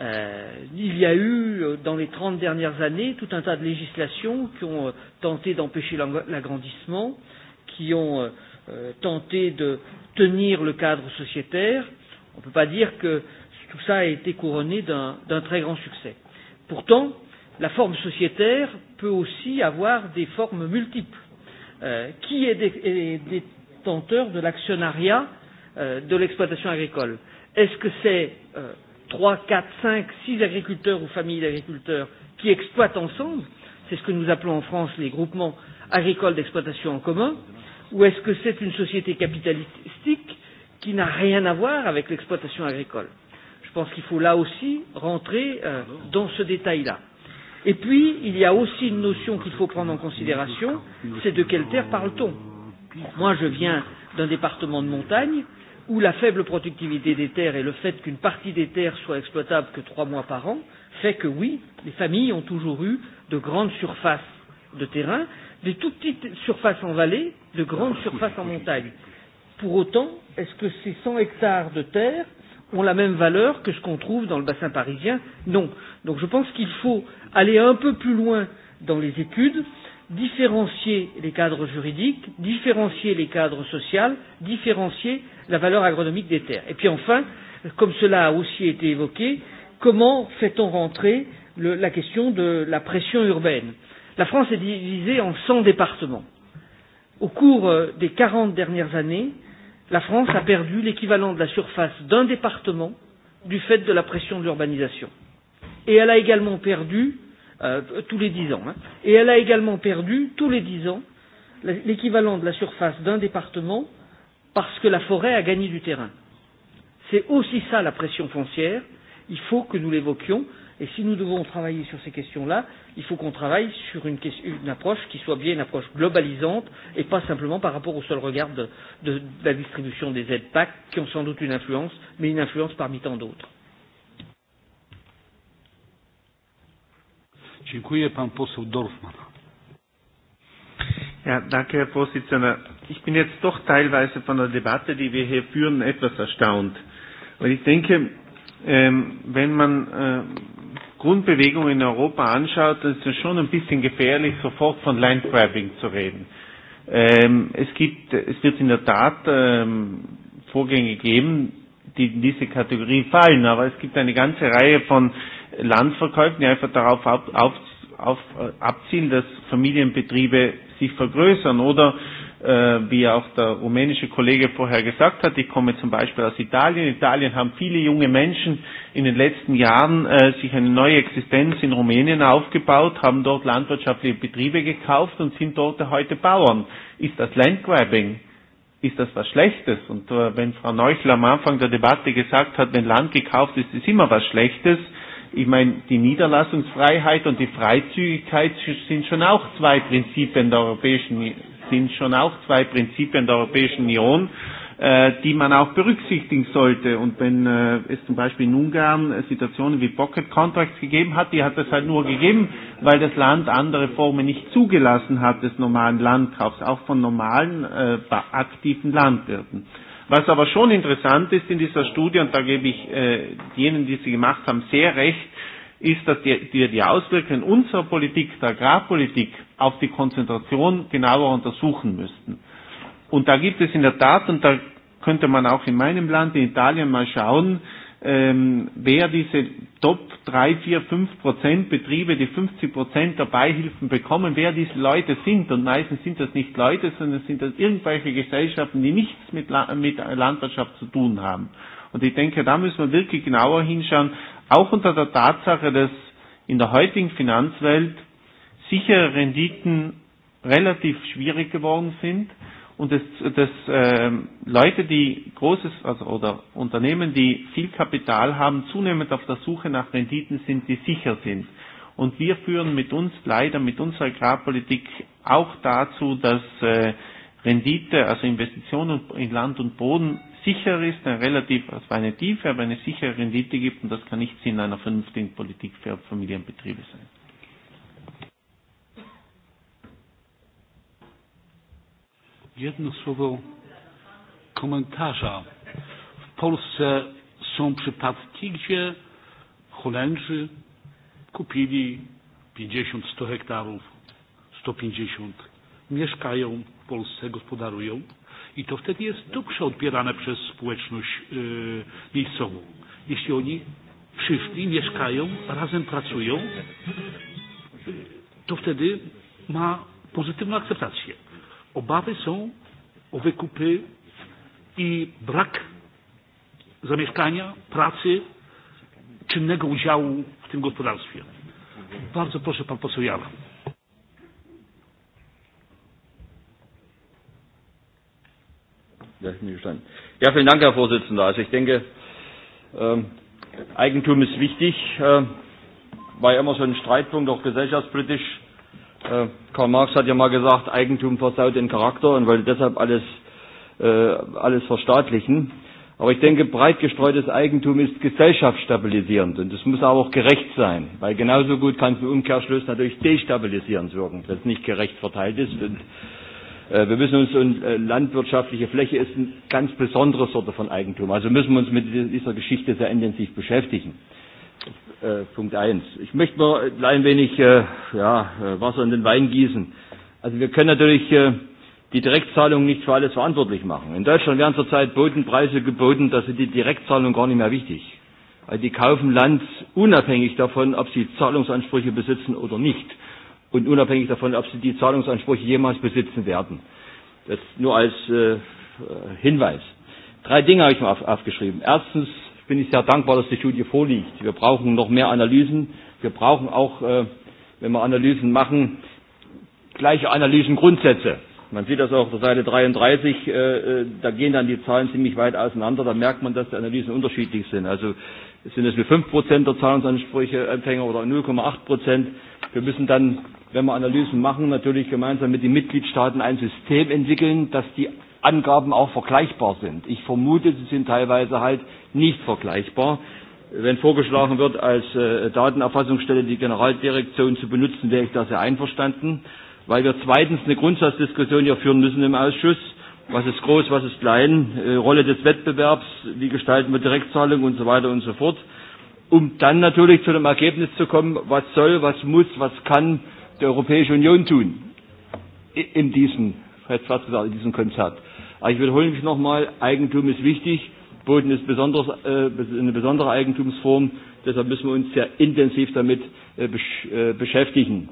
S20: Euh, il y a eu, euh, dans les 30 dernières années, tout un tas de législations qui ont euh, tenté d'empêcher l'agrandissement, qui ont euh, euh, tenté de tenir le cadre sociétaire. On ne peut pas dire que tout ça a été couronné d'un très grand succès. Pourtant, euh, la forme sociétaire peut aussi avoir des formes multiples. Euh, qui est, détenteur de l'actionnariat euh, de l'exploitation agricole Est-ce que c'est euh, quatre, cinq, six agriculteurs ou familles d'agriculteurs qui exploitent ensemble C'est ce que nous appelons en France les groupements agricoles d'exploitation en commun. Ou est-ce que c'est une société capitalistique qui n'a rien à voir avec l'exploitation agricole Je pense qu'il faut là aussi rentrer euh, dans ce détail-là. Et puis, il y a aussi une notion qu'il faut prendre en considération, c'est de quelle terre parle-t-on Moi, je viens d'un département de montagne où la faible productivité des terres et le fait qu'une partie des terres soit exploitable que trois mois par an fait que oui, les familles ont toujours eu de grandes surfaces de terrain, des toutes petites surfaces en vallée, de grandes ah, surfaces en montagne. Pour autant, est-ce que ces 100 hectares de terre ont la même valeur que ce qu'on trouve dans le bassin parisien Non. Donc je pense qu'il faut aller un peu plus loin dans les études, différencier les cadres juridiques, différencier les cadres sociaux, différencier la valeur agronomique des terres. Et puis enfin, comme cela a aussi été évoqué, comment fait-on rentrer le, la question de la pression urbaine La France est divisée en 100 départements. Au cours euh, des 40 dernières années, la France a perdu l'équivalent de la surface d'un département du fait de la pression de l'urbanisation. Et elle a également perdu euh, tous les dix ans. Hein, et elle a également perdu tous les dix ans l'équivalent de la surface d'un département parce que la forêt a gagné du terrain. C'est aussi ça la pression foncière. Il faut que nous l'évoquions. Et si nous devons travailler sur ces questions-là, il faut qu'on travaille sur une, question, une approche qui soit bien une approche globalisante et pas simplement par rapport au seul regard de, de, de la distribution des aides PAC qui ont sans doute une influence, mais une influence parmi tant d'autres. Dziękuję. Pan poseł Dorfman.
S1: Ja, danke, Herr Vorsitzender. Ich bin jetzt doch teilweise von
S21: der Debatte, die wir hier führen, etwas erstaunt. Weil ich denke, ähm, wenn man äh, Grundbewegung in Europa anschaut, dann ist es schon ein bisschen gefährlich, sofort von Landgrabbing zu reden. Ähm, es, gibt, es wird in der Tat ähm, Vorgänge geben, die in diese Kategorie fallen, aber es gibt eine ganze Reihe von Landverkäufen, die einfach darauf auf, auf, auf, äh, abzielen, dass Familienbetriebe sich vergrößern oder äh, Äh, wie auch der rumänische Kollege vorher gesagt hat. Ich komme zum Beispiel aus Italien. In Italien haben viele junge Menschen in den letzten Jahren äh, sich eine neue Existenz in Rumänien aufgebaut, haben dort landwirtschaftliche Betriebe gekauft und sind dort heute Bauern. Ist das Landgrabbing? Ist das was Schlechtes? Und äh, wenn Frau Neuchler am Anfang der Debatte gesagt hat, wenn Land gekauft ist, ist immer was Schlechtes, ich meine, die Niederlassungsfreiheit und die Freizügigkeit sind schon auch zwei Prinzipien der Europäischen sind schon auch zwei Prinzipien der Europäischen Union, äh, die man auch berücksichtigen sollte. Und wenn äh, es zum Beispiel in Ungarn äh, Situationen wie Pocket Contracts gegeben hat, die hat es halt nur gegeben, weil das Land andere Formen nicht zugelassen hat des normalen Landkaufs, auch von normalen äh, aktiven Landwirten. Was aber schon interessant ist in dieser Studie, und da gebe ich äh, jenen, die sie gemacht haben, sehr recht, ist, dass die, die, die Auswirkungen unserer Politik, der Agrarpolitik, auf die Konzentration genauer untersuchen müssten. Und da gibt es in der Tat, und da könnte man auch in meinem Land, in Italien, mal schauen, ähm, wer diese Top 3, 4, 5 Prozent Betriebe, die 50 Prozent der Beihilfen bekommen, wer diese Leute sind. Und meistens sind das nicht Leute, sondern sind das irgendwelche Gesellschaften, die nichts mit, mit Landwirtschaft zu tun haben. Und ich denke, da müssen wir wirklich genauer hinschauen, auch unter der Tatsache, dass in der heutigen Finanzwelt sichere Renditen relativ schwierig geworden sind und dass, dass äh, Leute, die großes also, oder Unternehmen, die viel Kapital haben, zunehmend auf der Suche nach Renditen sind, die sicher sind. Und wir führen mit uns leider, mit unserer Agrarpolitik auch dazu, dass äh, Rendite, also Investitionen in Land und Boden sicher ist, eine relativ, also eine tiefe, aber eine sichere Rendite gibt. Und das kann nicht Sinn einer vernünftigen Politik für Familienbetriebe sein.
S1: jedno słowo komentarza. W Polsce są przypadki, gdzie Holendrzy kupili 50, 100 hektarów, 150, mieszkają w Polsce, gospodarują i to wtedy jest dobrze odbierane przez społeczność yy, miejscową. Jeśli oni przyszli, mieszkają, razem pracują, to wtedy ma pozytywną akceptację Obawy są o wykupy i brak zamieszkania, pracy, czynnego udziału w tym gospodarstwie. Bardzo proszę pan poseł Jara.
S22: Ja, vielen Dank, Herr Vorsitzender. Also ich denke, ähm, Eigentum ist wichtig, äh, war ja immer so ein Streitpunkt, auch gesellschaftspolitisch Äh, Karl Marx hat ja mal gesagt, Eigentum versaut den Charakter und wollte deshalb alles, äh, alles verstaatlichen. Aber ich denke, breit gestreutes Eigentum ist gesellschaftsstabilisierend und es muss auch gerecht sein, weil genauso gut kann es im Umkehrschluss natürlich destabilisierend wirken, wenn es nicht gerecht verteilt ist. Und, äh, wir müssen uns, und äh, landwirtschaftliche Fläche ist eine ganz besondere Sorte von Eigentum, also müssen wir uns mit dieser Geschichte sehr intensiv beschäftigen. Äh, Äh, Punkt 1. Ich möchte mal ein klein wenig äh, ja, äh, Wasser in den Wein gießen. Also wir können natürlich äh, die Direktzahlung nicht für alles verantwortlich machen. In Deutschland werden zurzeit Bodenpreise geboten, da sind die Direktzahlungen gar nicht mehr wichtig. Weil die kaufen Land unabhängig davon, ob sie Zahlungsansprüche besitzen oder nicht. Und unabhängig davon, ob sie die Zahlungsansprüche jemals besitzen werden. Das nur als äh, Hinweis. Drei Dinge habe ich mal auf, aufgeschrieben. Erstens, bin ich sehr dankbar, dass die Studie vorliegt. Wir brauchen noch mehr Analysen. Wir brauchen auch, äh, wenn wir Analysen machen, gleiche Analysengrundsätze. Man sieht das auch auf der Seite 33, äh, äh, da gehen dann die Zahlen ziemlich weit auseinander, da merkt man, dass die Analysen unterschiedlich sind. Also sind es nur 5% der Zahlungsansprüche Empfänger oder 0,8%. Wir müssen dann, wenn wir Analysen machen, natürlich gemeinsam mit den Mitgliedstaaten ein System entwickeln, das die Angaben auch vergleichbar sind. Ich vermute, sie sind teilweise halt nicht vergleichbar. Wenn vorgeschlagen wird, als äh, Datenerfassungsstelle die Generaldirektion zu benutzen, wäre ich da sehr einverstanden, weil wir zweitens eine Grundsatzdiskussion hier führen müssen im Ausschuss. Was ist groß, was ist klein, äh, Rolle des Wettbewerbs, wie gestalten wir Direktzahlungen und so weiter und so fort, um dann natürlich zu dem Ergebnis zu kommen, was soll, was muss, was kann die Europäische Union tun in diesem, jetzt fast gesagt, in diesem Konzert. Aber ich wiederhole mich nochmal, Eigentum ist wichtig, Boden ist besonders, äh, eine besondere Eigentumsform, deshalb müssen wir uns sehr intensiv damit äh, besch äh, beschäftigen.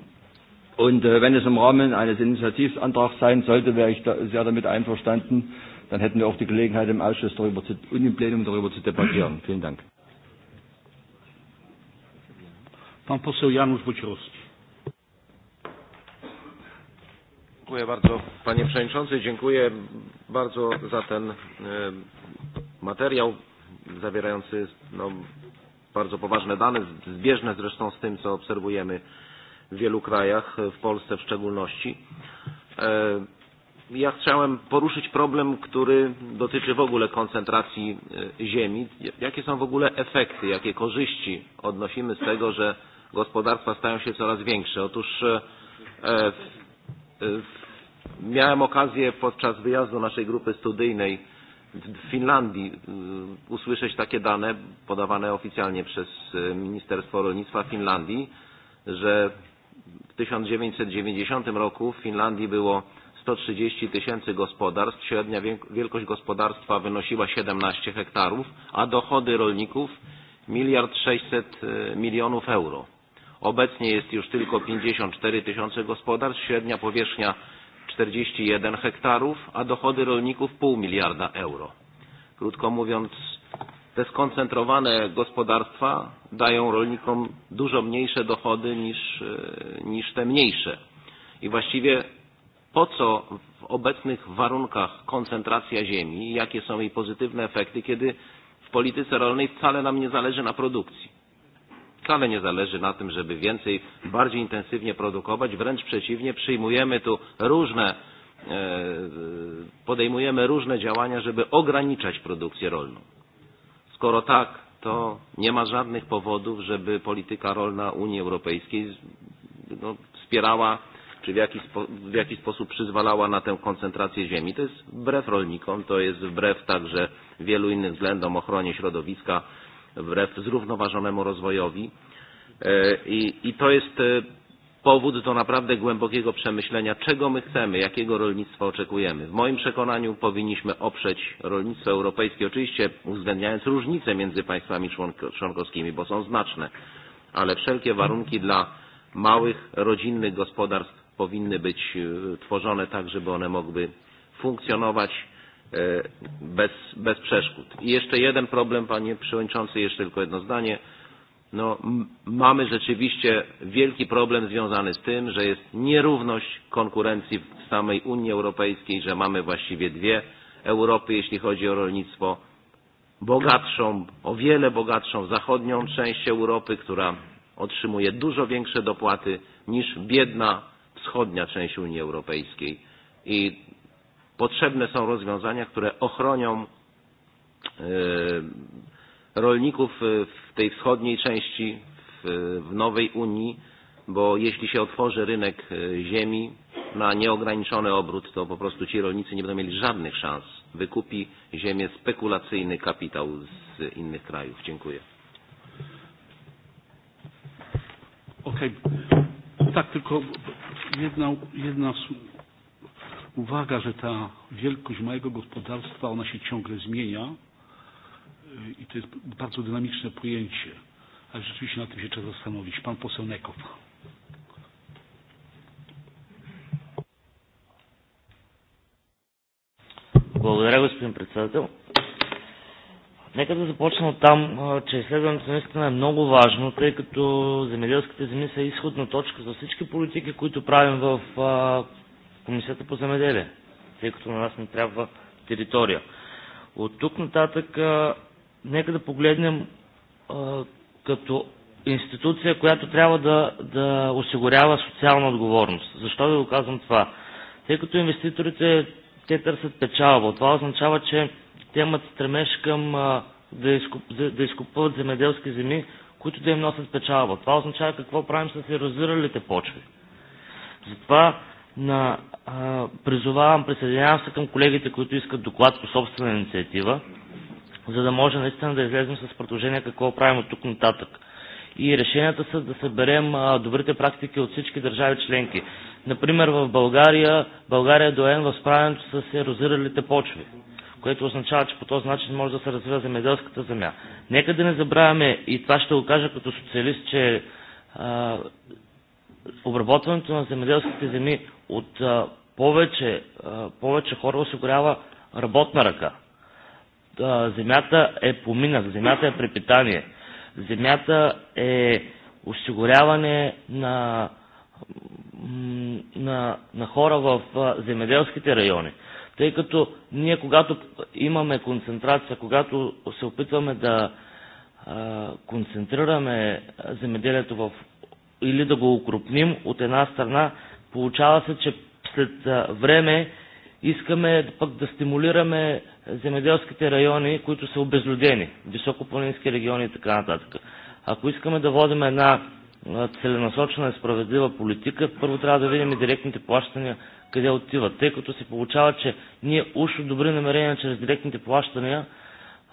S22: Und äh, wenn es im Rahmen eines Initiativantrags sein sollte, wäre ich da sehr damit einverstanden. Dann hätten wir auch die Gelegenheit, im Ausschuss darüber zu, und im Plenum darüber zu debattieren. Vielen Dank.
S1: Pan poseł Janusz Wojciechowski.
S23: Dziękuję bardzo panie przewodniczący, dziękuję bardzo za ten e, materiał zawierający no, bardzo poważne dane, zbieżne zresztą z tym, co obserwujemy w wielu krajach, w Polsce w szczególności. E, ja chciałem poruszyć problem, który dotyczy w ogóle koncentracji e, ziemi. Jakie są w ogóle efekty, jakie korzyści odnosimy z tego, że gospodarstwa stają się coraz większe? Otóż w Miałem okazję podczas wyjazdu naszej grupy studyjnej w Finlandii usłyszeć takie dane podawane oficjalnie przez Ministerstwo Rolnictwa Finlandii, że w 1990 roku w Finlandii było 130 tysięcy gospodarstw, średnia wielkość gospodarstwa wynosiła 17 hektarów, a dochody rolników miliard 600 milionów euro. Obecnie jest już tylko 54 tysiące gospodarstw, średnia powierzchnia 41 hektarów, a dochody rolników pół miliarda euro. Krótko mówiąc, te skoncentrowane gospodarstwa dają rolnikom dużo mniejsze dochody niż, e, niż te mniejsze. I właściwie po co w obecnych warunkach koncentracja ziemi, jakie są jej pozytywne efekty, kiedy w polityce rolnej wcale nam nie zależy na produkcji wcale nie zależy na tym, żeby więcej, bardziej intensywnie produkować. Wręcz przeciwnie, przyjmujemy tu różne, e, podejmujemy różne działania, żeby ograniczać produkcję rolną. Skoro tak, to nie ma żadnych powodów, żeby polityka rolna Unii Europejskiej no, wspierała czy w jaki, spo, w jaki sposób przyzwalała na tę koncentrację ziemi. To jest wbrew rolnikom, to jest wbrew także wielu innym względom ochronie środowiska, wbrew zrównoważonemu rozwojowi. E, I, I to jest e, powód do naprawdę głębokiego przemyślenia, czego my chcemy, jakiego rolnictwa oczekujemy. W moim przekonaniu powinniśmy oprzeć rolnictwo europejskie, oczywiście uwzględniając różnice między państwami członkowskimi, bo są znaczne, ale wszelkie warunki dla małych, rodzinnych gospodarstw powinny być e, tworzone tak, żeby one mogły funkcjonować E, bez, bez przeszkód. I jeszcze jeden problem, panie przewodniczący, jeszcze tylko jedno zdanie. No, mamy rzeczywiście wielki problem związany z tym, że jest nierówność konkurencji w samej Unii Europejskiej, że mamy właściwie dwie Europy, jeśli chodzi o rolnictwo. Bogatszą, o wiele bogatszą zachodnią część Europy, która otrzymuje dużo większe dopłaty niż biedna wschodnia część Unii Europejskiej. I Potrzebne są rozwiązania, które ochronią e, rolników e, w tej wschodniej części, w nowej Unii, bo jeśli się otworzy rynek e, ziemi na nieograniczony obrót, to po prostu ci rolnicy nie będą mieli żadnych szans. Wykupi ziemię spekulacyjny kapitał z innych krajów. Dziękuję.
S1: Okej. Okay. Tak, tylko jedna, jedna uwaga, że ta wielkość mojego gospodarstwa, ona się ciągle zmienia i to jest bardzo dynamiczne pojęcie, ale rzeczywiście na tym się trzeba zastanowić. Pan poseł Nekow.
S3: Благодаря, господин председател. Нека да започна от там, че изследването наистина е много важно, тъй като земеделските земи са изходна точка за всички политики, които правим в Комисията по земеделие, тъй като на нас не трябва територия. От тук нататък а, нека да погледнем а, като институция, която трябва да, да осигурява социална отговорност. Защо да го казвам това? Тъй като инвеститорите те търсят печалба. Това означава, че те имат стремеж към а, да, изкуп, да, да изкупуват земеделски земи, които да им носят печалба. Това означава какво правим с ерозиралите почви. Затова на, а, призовавам, присъединявам се към колегите, които искат доклад по собствена инициатива, за да може наистина да излезем с предложение какво правим от тук нататък. И решенията са да съберем а, добрите практики от всички държави членки. Например, в България, България доен в справянето с ерозиралите почви, което означава, че по този начин може да се развива земеделската земя. Нека да не забравяме, и това ще го кажа като социалист, че а, обработването на земеделските земи от а, повече, а, повече хора осигурява работна ръка. А, земята е поминък, земята е препитание, земята е осигуряване на, на, на хора в а, земеделските райони. Тъй като ние, когато имаме концентрация, когато се опитваме да а, концентрираме земеделието в или да го укрупним от една страна. Получава се, че след време искаме пък да стимулираме земеделските райони, които са обезлюдени, високопланински региони и така нататък. Ако искаме да водим една целенасочена и справедлива политика, първо трябва да видим и директните плащания къде отиват, тъй като се получава, че ние уж от добри намерения чрез директните плащания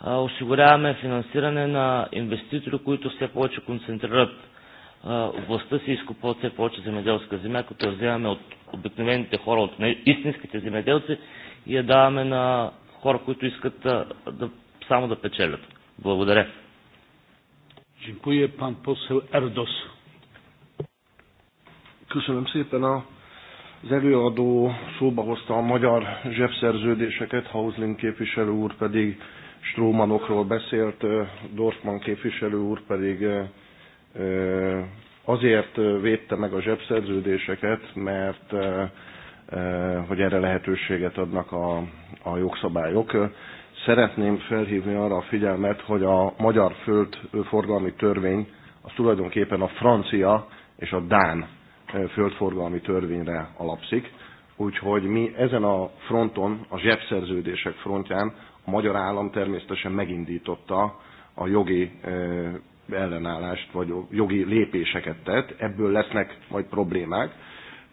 S3: осигуряваме финансиране на инвеститори, които все повече концентрират областта се изкупува все повече земеделска земя, като я вземаме от обикновените хора, от истинските земеделци и я даваме на хора, които искат а, да, само да печелят. Благодаря. Dziękuję. Pan
S1: poseł Erdos.
S24: Köszönöm szépen a, az előadó szóba hozta a magyar zsebszerződéseket, Hauslin képviselő úr pedig Strómanokról beszélt, Dorfman képviselő úr pedig azért védte meg a zsebszerződéseket, mert hogy erre lehetőséget adnak a, a jogszabályok. Szeretném felhívni arra a figyelmet, hogy a magyar földforgalmi törvény az tulajdonképpen a francia és a dán földforgalmi törvényre alapszik. Úgyhogy mi ezen a fronton, a zsebszerződések frontján a magyar állam természetesen megindította a jogi ellenállást vagy jogi lépéseket tett, ebből lesznek majd problémák,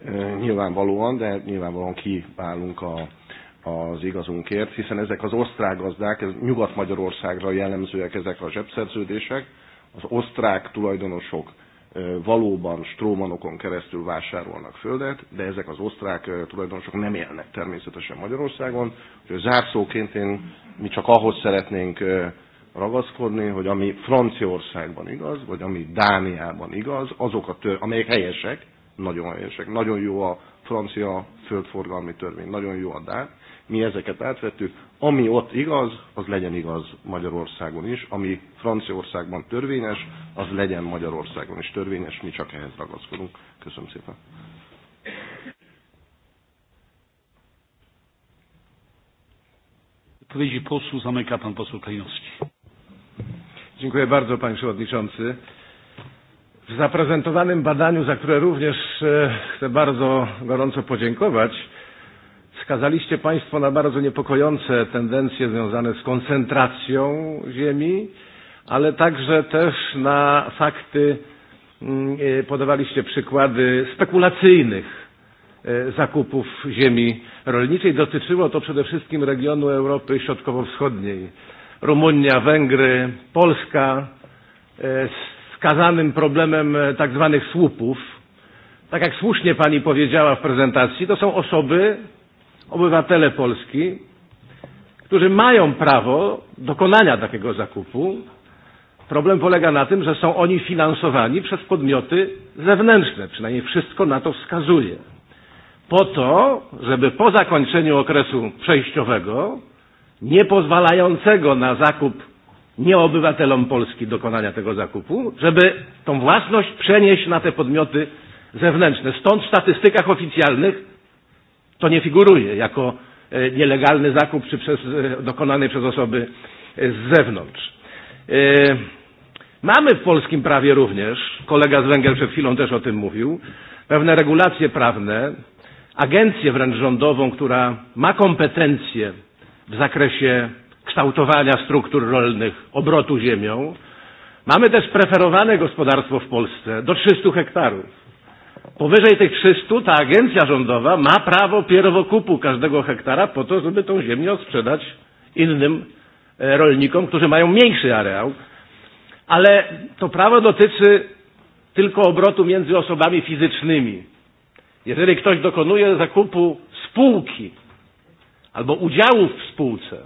S24: e, nyilvánvalóan, de nyilvánvalóan kiválunk a, az igazunkért, hiszen ezek az osztrák gazdák, ez Nyugat-Magyarországra jellemzőek ezek a zsebszerződések, az osztrák tulajdonosok e, valóban strómanokon keresztül vásárolnak földet, de ezek az osztrák e, tulajdonosok nem élnek természetesen Magyarországon. Zárszóként én, mi csak ahhoz szeretnénk ragaszkodni, hogy ami Franciaországban igaz, vagy ami Dániában igaz, azok a tör, amelyek helyesek, nagyon helyesek, nagyon jó a francia földforgalmi törvény, nagyon jó a Dán, mi ezeket átvettük, ami ott igaz, az legyen igaz Magyarországon is, ami Franciaországban törvényes, az legyen Magyarországon is törvényes, mi csak ehhez ragaszkodunk. Köszönöm szépen. Odpowiedzi
S1: posłu
S25: zamyka pan poseł Kalinowski. Dziękuję bardzo, panie przewodniczący. W zaprezentowanym badaniu, za które również e, chcę bardzo gorąco podziękować, wskazaliście Państwo na bardzo niepokojące tendencje związane z koncentracją ziemi, ale także też na fakty, mm, e, podawaliście przykłady spekulacyjnych e, zakupów ziemi rolniczej. Dotyczyło to przede wszystkim regionu Europy Środkowo-Wschodniej Rumunia, Węgry, Polska e, z skazanym problemem e, tak zwanych słupów. Tak jak słusznie pani powiedziała w prezentacji, to są osoby, obywatele Polski, którzy mają prawo dokonania takiego zakupu. Problem polega na tym, że są oni finansowani przez podmioty zewnętrzne, przynajmniej wszystko na to wskazuje. Po to, żeby po zakończeniu okresu przejściowego niepozwalającego na zakup nieobywatelom Polski dokonania tego zakupu, żeby tą własność przenieść na te podmioty zewnętrzne. Stąd w statystykach oficjalnych to nie figuruje jako e, nielegalny zakup czy przez, e, dokonany przez osoby e, z zewnątrz. Mamy w polskim prawie również, kolega z Węgier przed chwilą też o tym mówił, pewne regulacje prawne, agencję wręcz rządową, która ma kompetencje w zakresie kształtowania struktur rolnych, obrotu ziemią. Mamy też preferowane gospodarstwo w Polsce do 300 hektarów. Powyżej tych 300 ta agencja rządowa ma prawo pierwokupu każdego hektara po to, żeby tą ziemię sprzedać innym e, rolnikom, którzy mają mniejszy areał. Ale to prawo dotyczy tylko obrotu między osobami fizycznymi. Jeżeli ktoś dokonuje zakupu spółki albo udziałów w spółce,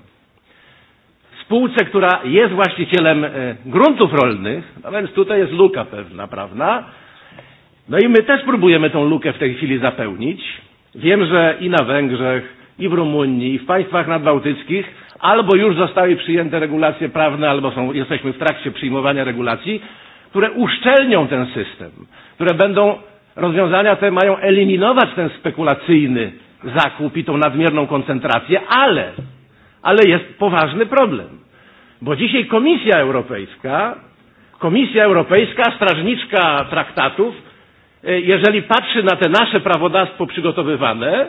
S25: spółce, która jest właścicielem e, gruntów rolnych, no więc tutaj jest luka pewna, prawda? No i my też próbujemy tą lukę w tej chwili zapełnić. Wiem, że i na Węgrzech, i w Rumunii, i w państwach nadbałtyckich albo już zostały przyjęte regulacje prawne, albo są, jesteśmy w trakcie przyjmowania regulacji, które uszczelnią ten system, które będą rozwiązania te mają eliminować ten spekulacyjny zakup i tą nadmierną koncentrację, ale, ale jest poważny problem. Bo dzisiaj Komisja Europejska, Komisja Europejska, strażniczka traktatów, e, jeżeli patrzy na te nasze prawodawstwo przygotowywane,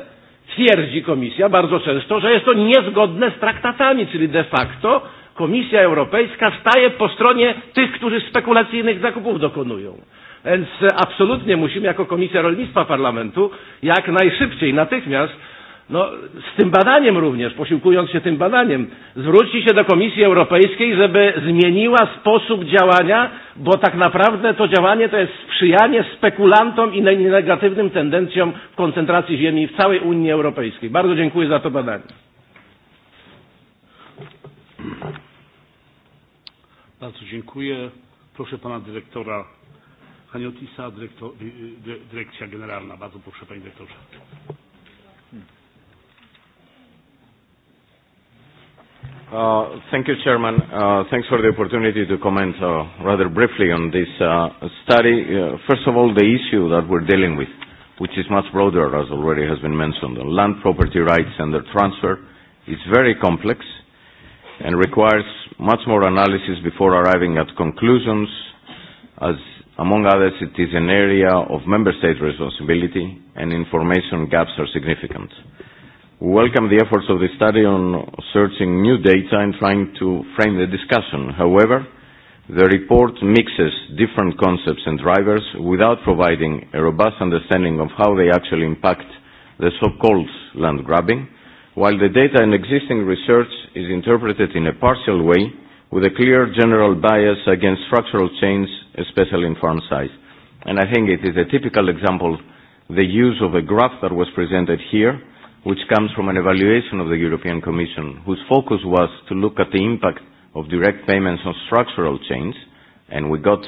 S25: twierdzi Komisja bardzo często, że jest to niezgodne z traktatami, czyli de facto Komisja Europejska staje po stronie tych, którzy spekulacyjnych zakupów dokonują. Więc absolutnie musimy jako Komisja Rolnictwa Parlamentu jak najszybciej, natychmiast no, z tym badaniem również, posiłkując się tym badaniem, zwrócić się do Komisji Europejskiej, żeby zmieniła sposób działania, bo tak naprawdę to działanie to jest sprzyjanie spekulantom i negatywnym tendencjom w koncentracji ziemi w całej Unii Europejskiej. Bardzo dziękuję za to badanie.
S1: Bardzo dziękuję. Proszę pana dyrektora Pani Otisa, dyrektor, dyrekcja generalna. Bardzo proszę, panie dyrektorze. Hmm.
S26: Uh, thank you, Chairman. Uh, thanks for the opportunity to comment uh, rather briefly on this uh, study. Uh, first of all, the issue that we're dealing with, which is much broader, as already has been mentioned, on land property rights and their transfer, is very complex and requires much more analysis before arriving at conclusions as among others it is an area of member state responsibility and information gaps are significant. We welcome the efforts of the study on searching new data and trying to frame the discussion. However, the report mixes different concepts and drivers without providing a robust understanding of how they actually impact the so-called land grabbing, while the data in existing research is interpreted in a partial way with a clear general bias against structural change especially in farm size. And I think it is a typical example, the use of a graph that was presented here, which comes from an evaluation of the European Commission, whose focus was to look at the impact of direct payments on structural change, and we got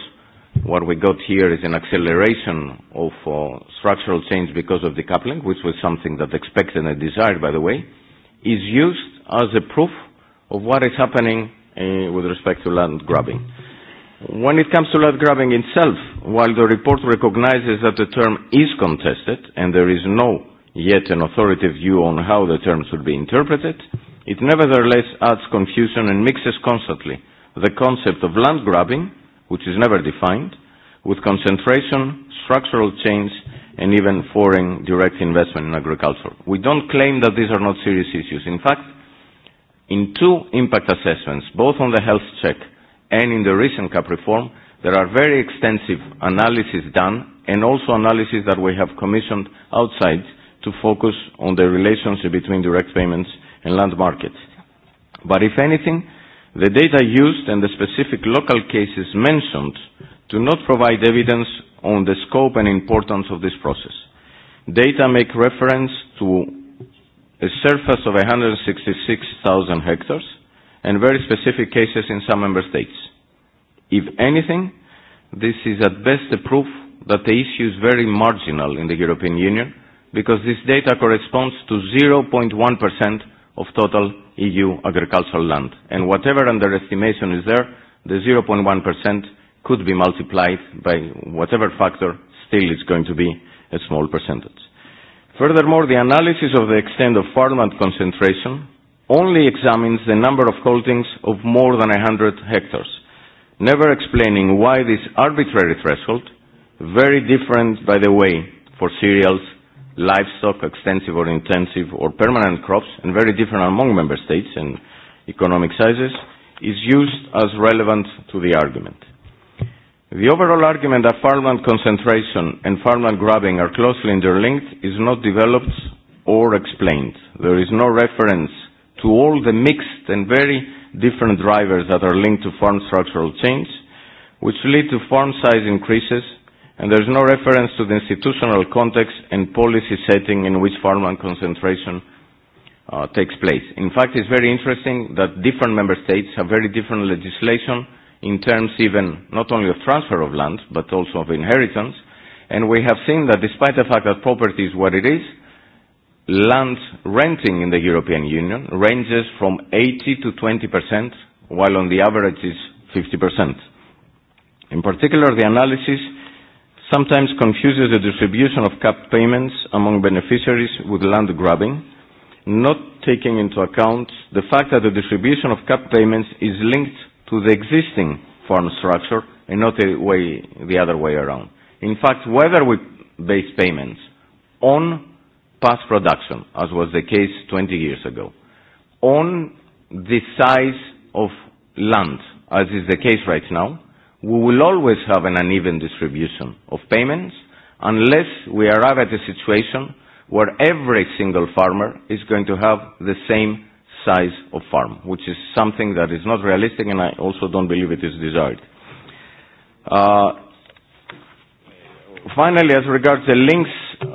S26: what we got here is an acceleration of uh, structural change because of decoupling, which was something that expected and desired, by the way, is used as a proof of what is happening uh, with respect to land grabbing. When it comes to land grabbing itself, while the report recognizes that the term is contested and there is no yet an authoritative view on how the term should be interpreted, it nevertheless adds confusion and mixes constantly the concept of land grabbing, which is never defined, with concentration, structural change, and even foreign direct investment in agriculture. We don't claim that these are not serious issues. In fact, in two impact assessments, both on the health check and in the recent cap reform, there are very extensive analyses done and also analyses that we have commissioned outside to focus on the relationship between direct payments and land markets. But if anything, the data used and the specific local cases mentioned do not provide evidence on the scope and importance of this process. Data make reference to a surface of 166,000 hectares, and very specific cases in some member states. If anything, this is at best a proof that the issue is very marginal in the European Union because this data corresponds to 0.1% of total EU agricultural land. And whatever underestimation is there, the 0.1% could be multiplied by whatever factor, still it's going to be a small percentage. Furthermore, the analysis of the extent of farmland concentration only examines the number of holdings of more than 100 hectares, never explaining why this arbitrary threshold, very different, by the way, for cereals, livestock, extensive or intensive or permanent crops, and very different among member states and economic sizes, is used as relevant to the argument. The overall argument that farmland concentration and farmland grabbing are closely interlinked is not developed or explained. There is no reference to all the mixed and very different drivers that are linked to farm structural change, which lead to farm size increases, and there's no reference to the institutional context and policy setting in which farmland concentration uh, takes place. In fact, it's very interesting that different member states have very different legislation in terms even not only of transfer of land, but also of inheritance. And we have seen that despite the fact that property is what it is, land renting in the European Union ranges from 80 to 20%, percent, while on the average is 50%. percent. In particular, the analysis sometimes confuses the distribution of cap payments among beneficiaries with land grabbing, not taking into account the fact that the distribution of cap payments is linked to the existing farm structure and not the, way, the other way around. In fact, whether we base payments on past production, as was the case 20 years ago, on the size of land, as is the case right now, we will always have an uneven distribution of payments unless we arrive at a situation where every single farmer is going to have the same size of farm, which is something that is not realistic and I also don't believe it is desired. Uh, finally, as regards the links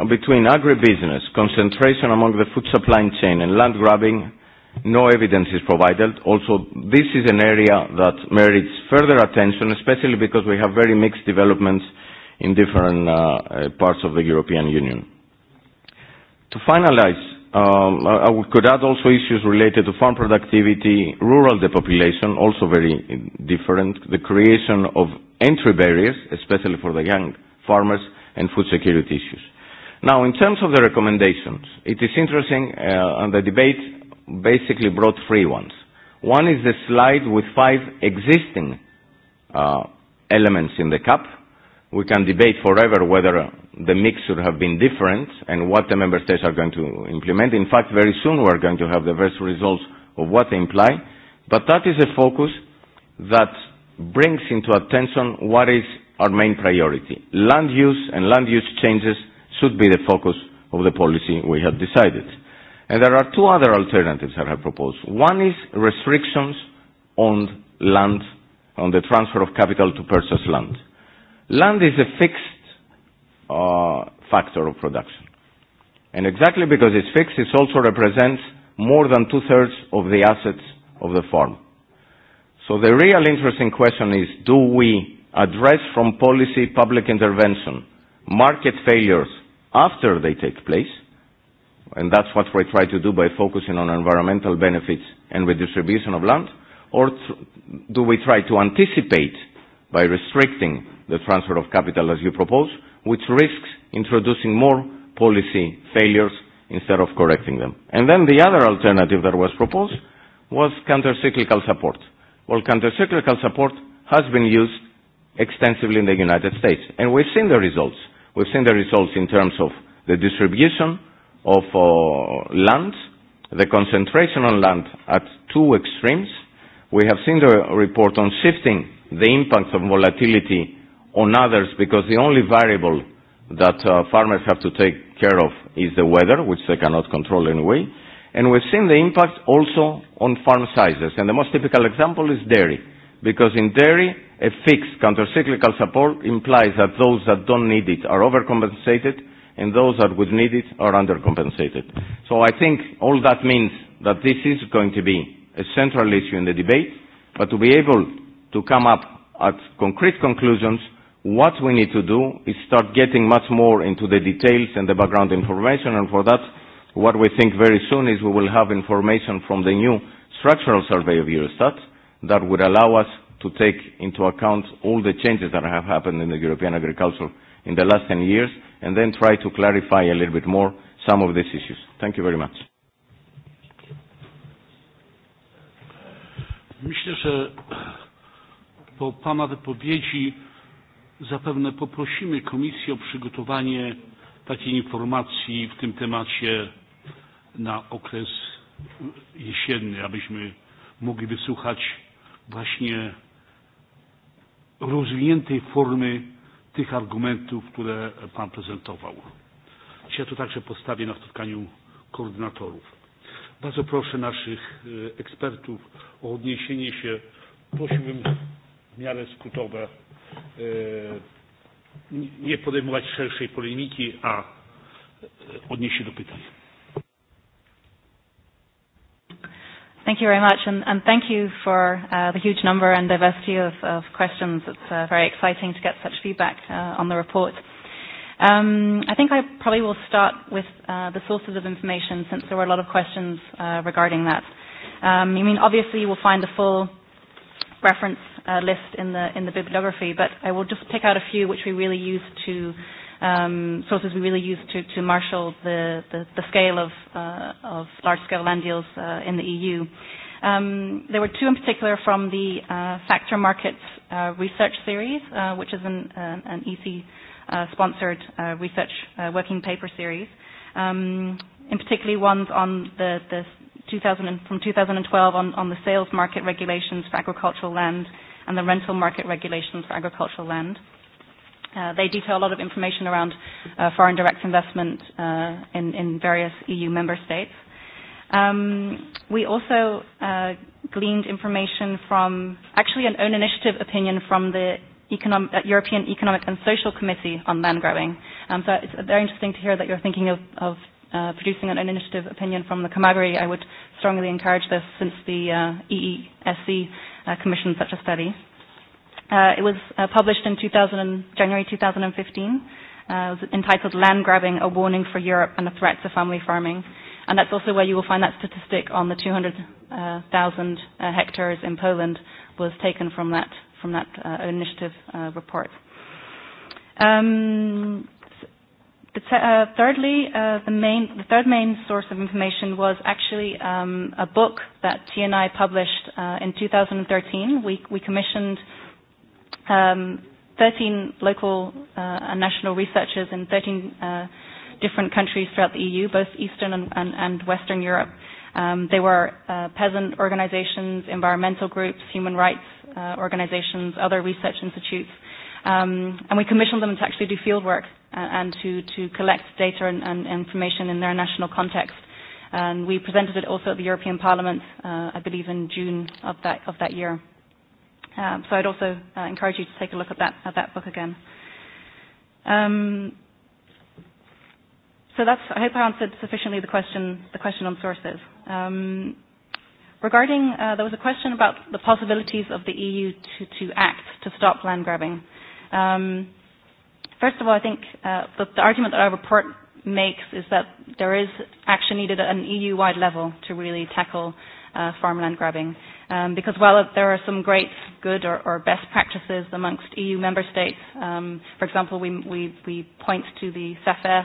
S26: between agribusiness, concentration among the food supply chain, and land grabbing, no evidence is provided. Also, this is an area that merits further attention, especially because we have very mixed developments in different uh, uh parts of the European Union. To finalize, um, I could add also issues related to farm productivity, rural depopulation, also very uh, different, the creation of entry barriers, especially for the young farmers, and food security issues. Now, in terms of the recommendations, it is interesting, uh, and the debate basically brought three ones. One is the slide with five existing uh, elements in the CAP. We can debate forever whether uh, the mix should have been different and what the member states are going to implement. In fact, very soon we are going to have the first results of what they imply. But that is a focus that brings into attention what is our main priority. Land use and land use changes should be the focus of the policy we have decided. And there are two other alternatives that I have proposed. One is restrictions on land, on the transfer of capital to purchase land. Land is a fixed uh, factor of production. And exactly because it's fixed, it also represents more than two-thirds of the assets of the farm. So the real interesting question is, do we address from policy public intervention market failures after they take place, and that's what we try to do by focusing on environmental benefits and redistribution of land, or do we try to anticipate by restricting the transfer of capital as you propose, which risks introducing more policy failures instead of correcting them. And then the other alternative that was proposed was countercyclical support. Well, countercyclical support has been used extensively in the United States, and we've seen the results. We've seen the results in terms of the distribution of uh, land, the concentration on land at two extremes. We have seen the report on shifting the impact of volatility on others because the only variable that uh, farmers have to take care of is the weather, which they cannot control anyway. And we've seen the impact also on farm sizes. And the most typical example is dairy, because in dairy, a fixed countercyclical support implies that those that don't need it are overcompensated, and those that would need it are undercompensated. So I think all that means that this is going to be a central issue in the debate, but to be able to come up at concrete conclusions, what we need to do is start getting much more into the details and the background information, and for that, what we think very soon is we will have information from the new structural survey of Eurostat that would allow us to take into account all the changes that have happened in the European agriculture in the last 10 years, and then try to clarify a little bit more some of these issues. Thank you very much.
S1: Myślę, że po Pana wypowiedzi zapewne poprosimy Komisję o przygotowanie takiej informacji w tym temacie na okres jesienny, abyśmy mogli wysłuchać właśnie rozwiniętej formy tych argumentów, które Pan prezentował. Dzisiaj to także postawię na spotkaniu koordynatorów. Bardzo proszę naszych e, ekspertów o odniesienie się. Prosiłbym w miarę skrótowe e, nie podejmować szerszej polemiki, a e, odnieść się do pytań.
S5: Thank you very much, and, and thank you for uh, the huge number and diversity of, of questions. It's uh, very exciting to get such feedback uh, on the report. Um, I think I probably will start with uh, the sources of information since there were a lot of questions uh, regarding that. Um, I mean, obviously you will find the full reference uh, list in the, in the bibliography, but I will just pick out a few which we really use to um, sources we really use to, to marshal the, the, the scale of, uh, of large-scale land deals uh, in the EU. Um, there were two in particular from the uh, Factor Markets uh, Research Series, uh, which is an, an, an EC-sponsored uh, uh, research uh, working paper series, um, in particularly ones on the, the 2000 and, from 2012 on, on the sales market regulations for agricultural land and the rental market regulations for agricultural land. Uh, they detail a lot of information around uh, foreign direct investment uh, in, in various EU member states. Um, we also uh, gleaned information from actually an own initiative opinion from the economic, uh, European Economic and Social Committee on land Growing. Um, so it's very interesting to hear that you're thinking of, of uh, producing an own initiative opinion from the Camagri. I would strongly encourage this since the uh, EESC e, uh, commissioned such a study. Uh, it was uh, published in 2000, January 2015. Uh, it was entitled Land Grabbing, a Warning for Europe and a Threat to Family Farming. And that's also where you will find that statistic on the 200,000 uh, uh, hectares in Poland was taken from that, from that uh, initiative uh, report. Um, the t- uh, thirdly, uh, the, main, the third main source of information was actually um, a book that TNI published uh, in 2013. We, we commissioned Um, 13 local uh, and national researchers in 13 uh, different countries throughout the EU, both Eastern and, and, and Western Europe. Um, they were uh, peasant organizations, environmental groups, human rights uh, organizations, other research institutes. Um, and we commissioned them to actually do field work uh, and, to, to collect data and, and information in their national context. And we presented it also at the European Parliament, uh, I believe in June of that, of that year. Um, so I'd also uh, encourage you to take a look at that, at that book again. Um, so that's, I hope I answered sufficiently the question, the question on sources. Um, regarding, uh, there was a question about the possibilities of the EU to, to act to stop land grabbing. Um, first of all, I think uh, the, the argument that our report makes is that there is action needed at an EU-wide level to really tackle uh, farmland grabbing. Um, because while there are some great good or, or best practices amongst EU member states, um, for example, we, we, we point to the SAFER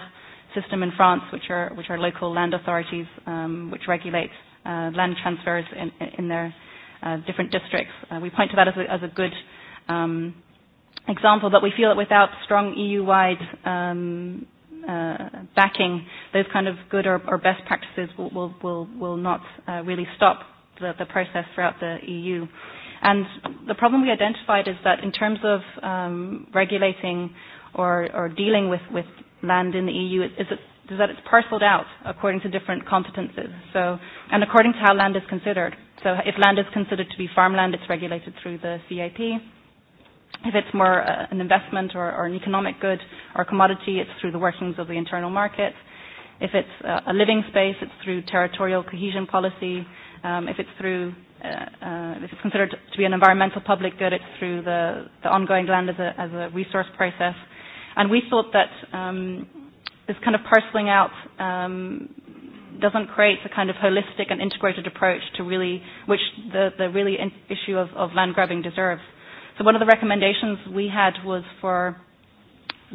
S5: system in France, which are, which are local land authorities um, which regulate uh, land transfers in, in their uh, different districts. Uh, we point to that as a, as a good um, example, but we feel that without strong EU-wide um, uh, backing, those kind of good or, or best practices will, will, will, will not uh, really stop the, the process throughout the EU. And the problem we identified is that in terms of um, regulating or, or dealing with, with land in the EU, is, is, it, is that it's parceled out according to different competences. So, and according to how land is considered. So if land is considered to be farmland, it's regulated through the CAP. If it's more uh, an investment or, or an economic good or commodity, it's through the workings of the internal market. If it's uh, a living space, it's through territorial cohesion policy Um, if it's through, uh, uh, if it's considered to be an environmental public good, it's through the, the ongoing land as a, as a resource process. And we thought that um, this kind of parceling out um, doesn't create a kind of holistic and integrated approach to really, which the, the really in issue of, of land grabbing deserves. So one of the recommendations we had was for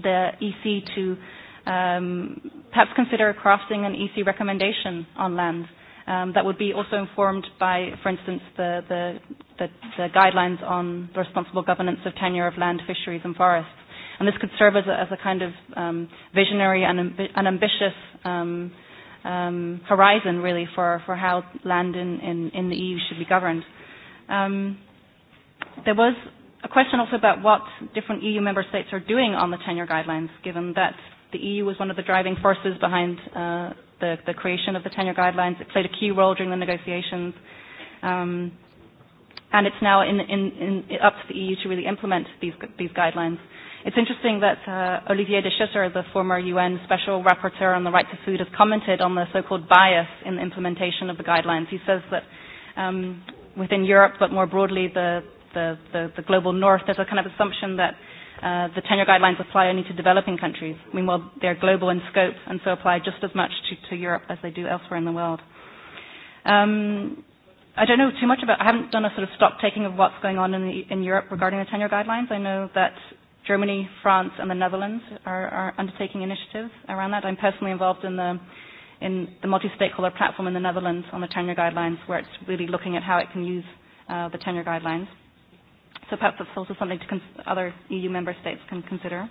S5: the EC to um, perhaps consider crafting an EC recommendation on lands. Uh, um, that would be also informed by, for instance, the, the, the, the guidelines on the responsible governance of tenure of land, fisheries, and forests. And this could serve as a, as a kind of um, visionary and ambi- an ambitious um, um, horizon, really, for, for how land in, in, in the EU should be governed. Um, there was a question also about what different EU member states are doing on the tenure guidelines, given that the EU was one of the driving forces behind uh, the, the creation of the tenure guidelines. It played a key role during the negotiations. Um, and it's now in, in, in, up to the EU to really implement these, these guidelines. It's interesting that uh, Olivier de Schutter, the former UN Special Rapporteur on the Right to Food, has commented on the so-called bias in the implementation of the guidelines. He says that um, within Europe, but more broadly the, the, the, the global north, there's a kind of assumption that Uh, the tenure guidelines apply only to developing countries. Meanwhile, they're global in scope and so apply just as much to, to Europe as they do elsewhere in the world. Um, I don't know too much about. I haven't done a sort of stock taking of what's going on in, the, in Europe regarding the tenure guidelines. I know that Germany, France, and the Netherlands are, are undertaking initiatives around that. I'm personally involved in the in the multi-stakeholder platform in the Netherlands on the tenure guidelines, where it's really looking at how it can use uh, the tenure guidelines. So perhaps that's also something to cons- other EU member states can consider.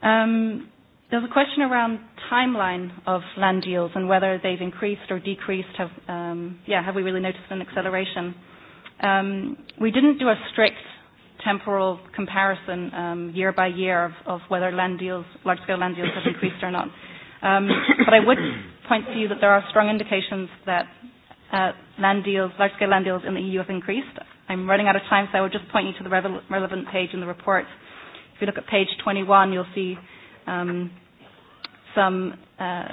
S5: Um, there's a question around timeline of land deals and whether they've increased or decreased. Have, um, yeah, have we really noticed an acceleration? Um, we didn't do a strict temporal comparison um, year by year of, of whether land deals, large-scale land deals have increased or not. Um, but I would point to you that there are strong indications that uh, land deals, large-scale land deals in the EU have increased. I'm running out of time, so I will just point you to the relevant page in the report. If you look at page 21, you'll see um, some uh,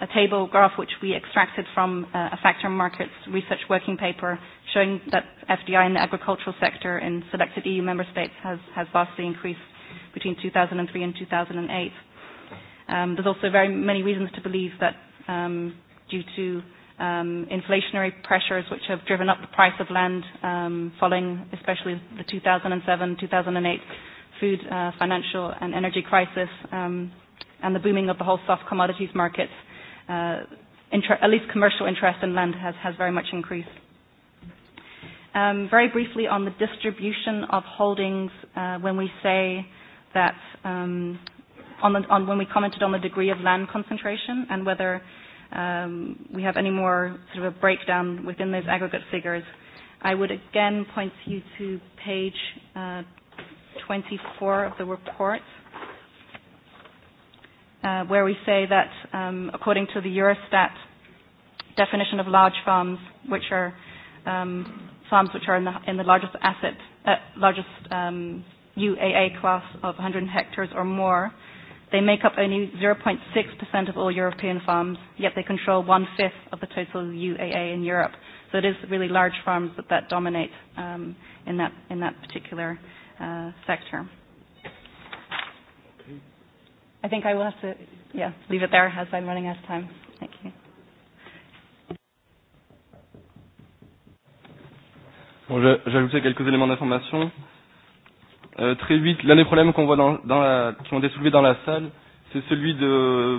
S5: a table graph which we extracted from uh, a factor markets research working paper showing that FDI in the agricultural sector in selected EU member states has, has vastly increased between 2003 and 2008. Um, there's also very many reasons to believe that um, due to um, inflationary pressures which have driven up the price of land um, following especially the 2007-2008 food, uh, financial and energy crisis um, and the booming of the whole soft commodities markets, uh, at least commercial interest in land has, has very much increased. Um, very briefly on the distribution of holdings, uh, when we say that um, on, the, on when we commented on the degree of land concentration and whether um, we have any more sort of a breakdown within those aggregate figures. I would again point you to page uh, 24 of the report, uh, where we say that um, according to the Eurostat definition of large farms, which are um, farms which are in the, in the largest asset, uh, largest um, UAA class of 100 hectares or more, They make up only 0.6% of all European farms, yet they control one-fifth of the total UAA in Europe. So it is really large farms that, that dominate um, in, that, in that particular uh, sector. I think I will have to yeah, leave it there as I'm running out of time. Thank you.
S6: Bon, J'ajoutais quelques éléments d'information. Euh, très vite, l'un des problèmes qu'on voit dans, dans la, qui ont été soulevés dans la salle, c'est celui de,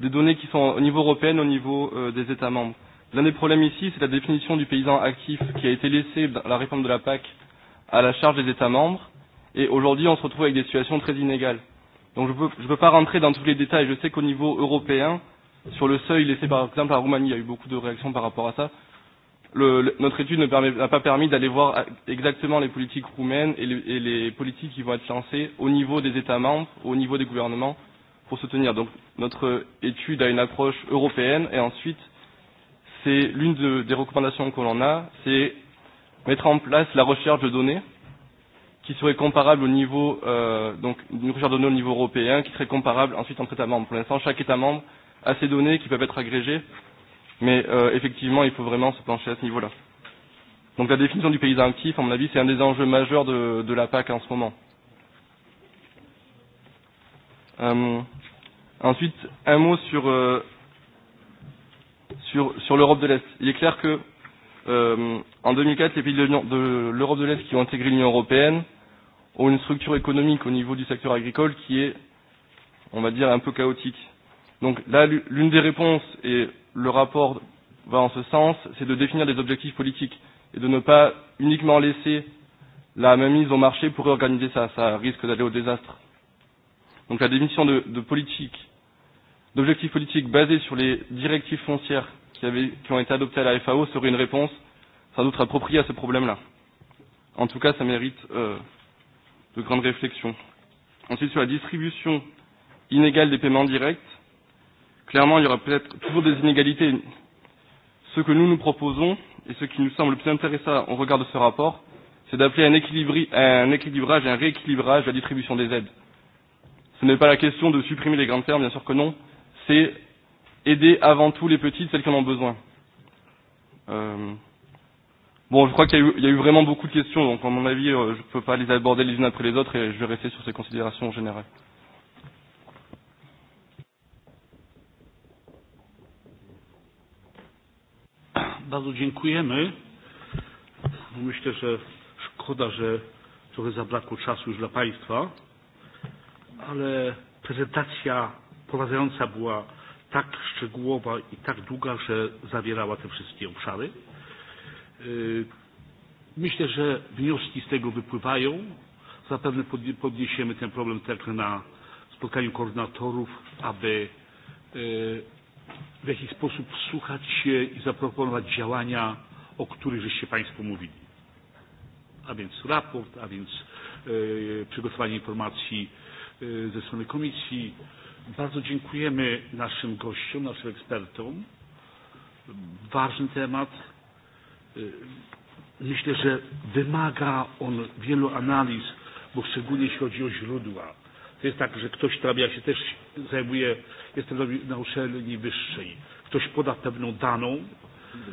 S6: des données qui sont au niveau européen, au niveau euh, des États membres. L'un des problèmes ici, c'est la définition du paysan actif qui a été laissée dans la réforme de la PAC à la charge des États membres. Et aujourd'hui, on se retrouve avec des situations très inégales. Donc je ne peux, je peux pas rentrer dans tous les détails. Je sais qu'au niveau européen, sur le seuil laissé par exemple à la Roumanie, il y a eu beaucoup de réactions par rapport à ça le, le, notre étude n'a pas permis d'aller voir exactement les politiques roumaines et les, et les politiques qui vont être lancées au niveau des États membres, au niveau des gouvernements, pour soutenir. Donc notre étude a une approche européenne et ensuite, c'est l'une de, des recommandations que l'on a, c'est mettre en place la recherche de données qui serait comparable au niveau, euh, donc une recherche de données au niveau européen qui serait comparable ensuite entre États membres. Pour l'instant, chaque État membre a ses données qui peuvent être agrégées Mais euh, effectivement, il faut vraiment se pencher à ce niveau-là. Donc la définition du paysan actif, à mon avis, c'est un des enjeux majeurs de, de la PAC en ce moment. Euh, ensuite, un mot sur, euh, sur, sur l'Europe de l'Est. Il est clair que euh, en 2004, les pays de l'Europe de l'Est qui ont intégré l'Union européenne ont une structure économique au niveau du secteur agricole qui est, on va dire, un peu chaotique. Donc là, l'une des réponses, et le rapport va en ce sens, c'est de définir des objectifs politiques et de ne pas uniquement laisser la mainmise au marché pour réorganiser ça. Ça risque d'aller au désastre. Donc la définition de, de politique, d'objectifs politiques basés sur les directives foncières qui, avaient, qui ont été adoptées à la FAO serait une réponse sans doute appropriée à ce problème-là. En tout cas, ça mérite euh, de grandes réflexions. Ensuite, sur la distribution inégale des paiements directs, Clairement, il y aura peut-être toujours des inégalités. Ce que nous nous proposons et ce qui nous semble le plus intéressant au regard de ce rapport, c'est d'appeler un, un équilibrage et un rééquilibrage à la distribution des aides. Ce n'est pas la question de supprimer les grandes fermes, bien sûr que non, c'est aider avant tout les petites, celles qui en ont besoin. Euh, bon, je crois qu'il y, y a eu vraiment beaucoup de questions, donc à mon avis, euh, je ne peux pas les aborder les unes après les autres et je vais rester sur ces considérations générales.
S1: Bardzo dziękujemy. Myślę, że szkoda, że trochę zabrakło czasu już dla Państwa, ale prezentacja porażająca była tak szczegółowa i tak długa, że zawierała te wszystkie obszary. Myślę, że wnioski z tego wypływają. Zapewne podniesiemy ten problem także na spotkaniu koordynatorów, aby w jaki sposób wsłuchać się i zaproponować działania, o których żeście Państwo mówili. A więc raport, a więc yy, e, przygotowanie informacji yy, e, ze strony komisji. Bardzo dziękujemy naszym gościom, naszym ekspertom. Ważny temat. Yy, e, myślę, że wymaga on wielu analiz, bo szczególnie jeśli chodzi o źródła to jest tak, że ktoś tam, ja się też zajmuję, jestem na uczelni wyższej, ktoś poda pewną daną,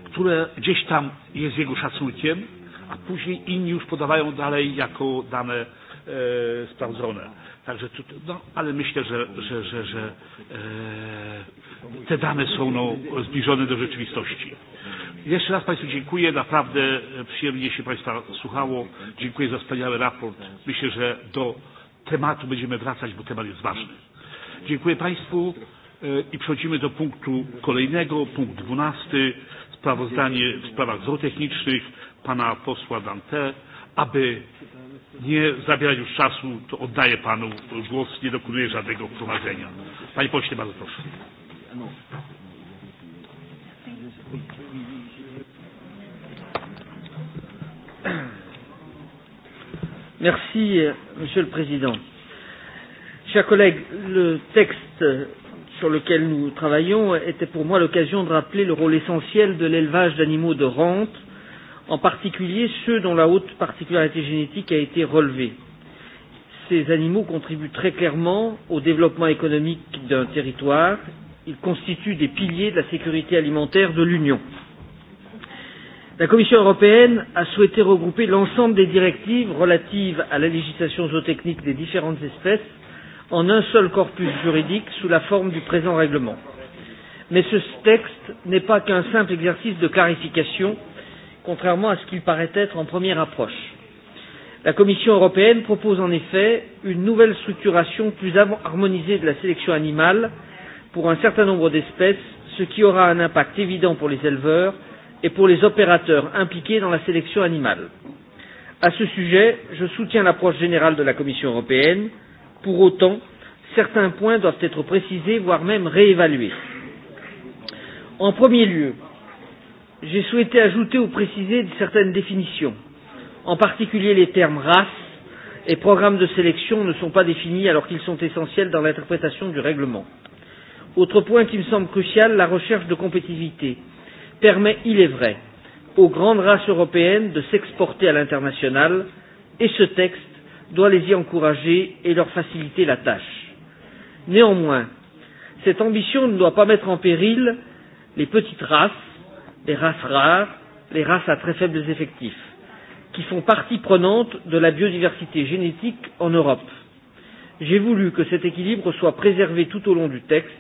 S1: które gdzieś tam jest jego szacunkiem, a później inni już podawają dalej jako dane e, sprawdzone. Także tu, no, ale myślę, że, że, że, że e, te dane są no, zbliżone do rzeczywistości. Jeszcze raz Państwu dziękuję. Naprawdę e, przyjemnie się Państwa słuchało. Dziękuję za wspaniały raport. Myślę, że do tematu będziemy wracać, bo temat jest ważny. Dziękuję Państwu e, i przechodzimy do punktu kolejnego, punkt dwunasty, sprawozdanie w sprawach zootechnicznych pana posła Dante. Aby nie zabierać już czasu, to oddaję panu głos, nie dokonuję żadnego wprowadzenia. Panie pośle, bardzo proszę.
S20: Thank you. Merci, euh, Monsieur le Président. Chers collègues, le texte sur lequel nous travaillons était pour moi l'occasion de rappeler le rôle essentiel de l'élevage d'animaux de rente, en particulier ceux dont la haute particularité génétique a été relevée. Ces animaux contribuent très clairement au développement économique d'un territoire, ils constituent des piliers de la sécurité alimentaire de l'Union. La Commission européenne a souhaité regrouper l'ensemble des directives relatives à la législation zootechnique des différentes espèces en un seul corpus juridique sous la forme du présent règlement. Mais ce texte n'est pas qu'un simple exercice de clarification, contrairement à ce qu'il paraît être en première approche. La Commission européenne propose en effet une nouvelle structuration plus harmonisée de la sélection animale pour un certain nombre d'espèces, ce qui aura un impact évident pour les éleveurs et pour les opérateurs impliqués dans la sélection animale. À ce sujet, je soutiens l'approche générale de la Commission européenne. Pour autant, certains points doivent être précisés, voire même réévalués. En premier lieu, j'ai souhaité ajouter ou préciser certaines définitions. En particulier, les termes race et programme de sélection ne sont pas définis alors qu'ils sont essentiels dans l'interprétation du règlement. Autre point qui me semble crucial, la recherche de compétitivité permet, il est vrai, aux grandes races européennes de s'exporter à l'international et ce texte doit les y encourager et leur faciliter la tâche. Néanmoins, cette ambition ne doit pas mettre en péril les petites races, les races rares, les races à très faibles effectifs, qui font partie prenante de la biodiversité génétique en Europe. J'ai voulu que cet équilibre soit préservé tout au long du texte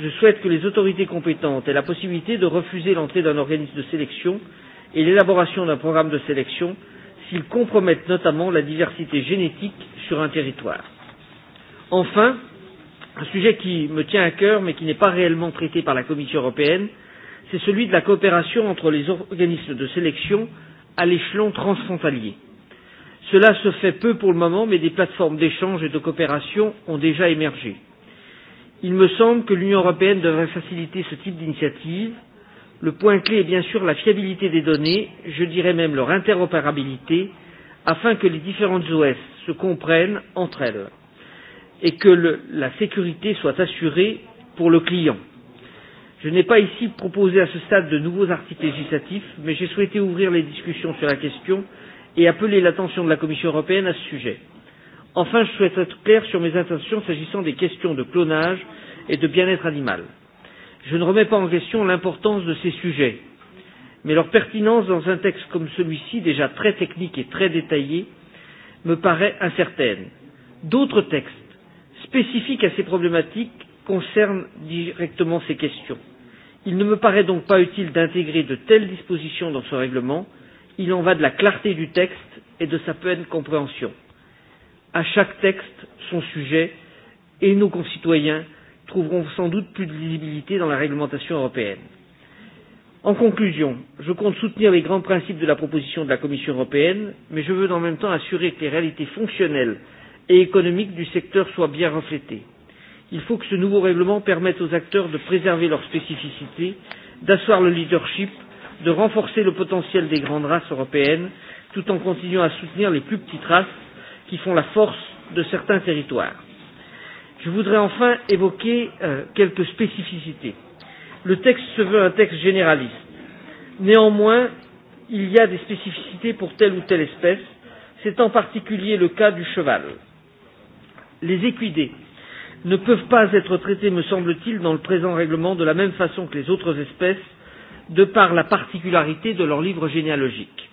S20: je souhaite que les autorités compétentes aient la possibilité de refuser l'entrée d'un organisme de sélection et l'élaboration d'un programme de sélection s'ils compromettent notamment la diversité génétique sur un territoire. Enfin, un sujet qui me tient à cœur mais qui n'est pas réellement traité par la Commission européenne, c'est celui de la coopération entre les organismes de sélection à l'échelon transfrontalier. Cela se fait peu pour le moment, mais des plateformes d'échange et de coopération ont déjà émergé. Il me semble que l'Union européenne devrait faciliter ce type d'initiative. Le point clé est bien sûr la fiabilité des données, je dirais même leur interopérabilité, afin que les différentes OS se comprennent entre elles et que le, la sécurité soit assurée pour le client. Je n'ai pas ici proposé à ce stade de nouveaux articles législatifs, mais j'ai souhaité ouvrir les discussions sur la question et appeler l'attention de la Commission européenne à ce sujet. Enfin, je souhaite être clair sur mes intentions s'agissant des questions de clonage et de bien-être animal. Je ne remets pas en question l'importance de ces sujets, mais leur pertinence dans un texte comme celui-ci, déjà très technique et très détaillé, me paraît incertaine. D'autres textes spécifiques à ces problématiques concernent directement ces questions. Il ne me paraît donc pas utile d'intégrer de telles dispositions dans ce règlement. Il en va de la clarté du texte et de sa pleine compréhension. À chaque texte, son sujet, et nos concitoyens trouveront sans doute plus de lisibilité dans la réglementation européenne. En conclusion, je compte soutenir les grands principes de la proposition de la Commission européenne, mais je veux en même temps assurer que les réalités fonctionnelles et économiques du secteur soient bien reflétées. Il faut que ce nouveau règlement permette aux acteurs de préserver leurs spécificités, d'asseoir le leadership, de renforcer le potentiel des grandes races européennes, tout en continuant à soutenir les plus petites races qui font la force de certains territoires. Je voudrais enfin évoquer euh, quelques spécificités. Le texte se veut un texte généraliste. Néanmoins, il y a des spécificités pour telle ou telle espèce. C'est en particulier le cas du cheval. Les équidés ne peuvent pas être traités, me semble-t-il, dans le présent règlement de la même façon que les autres espèces, de par la particularité de leur livre généalogique.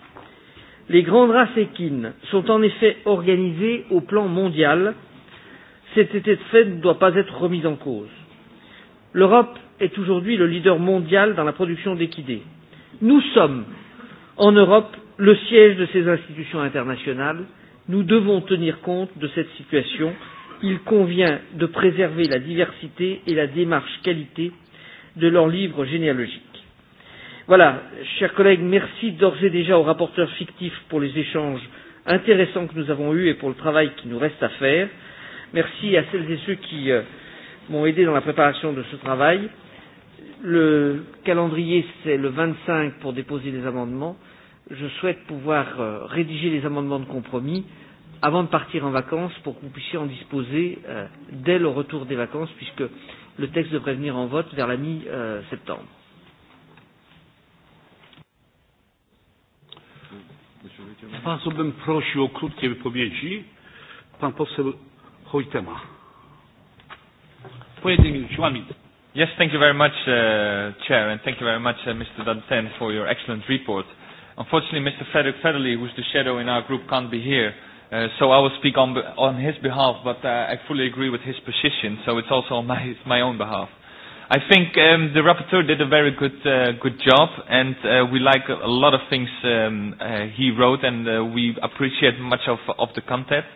S20: Les grandes races équines sont en effet organisées au plan mondial. Cet état de fait ne doit pas être remis en cause. L'Europe est aujourd'hui le leader mondial dans la production d'équidés. Nous sommes, en Europe, le siège de ces institutions internationales. Nous devons tenir compte de cette situation. Il convient de préserver la diversité et la démarche qualité de leurs livres généalogiques. Voilà, chers collègues, merci d'ores et déjà aux rapporteurs fictifs pour les échanges intéressants que nous avons eus et pour le travail qui nous reste à faire. Merci à celles et ceux qui euh, m'ont aidé dans la préparation de ce travail. Le calendrier, c'est le 25 pour déposer les amendements. Je souhaite pouvoir euh, rédiger les amendements de compromis avant de partir en vacances pour que vous puissiez en disposer euh, dès le retour des vacances, puisque le texte devrait venir en vote vers la mi-septembre. Euh,
S27: Bardzo
S1: bym prosił o krótkie wypowiedzi. Pan poseł Hojtema.
S28: Po jednej minucie, one minute. Yes, thank you very much, uh, Chair, and thank you very much, uh, Mr. Dantin, for your excellent report. Unfortunately, Mr. Frederick Federley, is the shadow in our group, can't be here, uh, so I will speak on, on his behalf, but uh, I fully agree with his position, so it's also on my, my own behalf. I think um, the rapporteur did a very good uh, good job, and uh, we like a lot of things um, uh, he wrote, and uh, we appreciate much of of the content.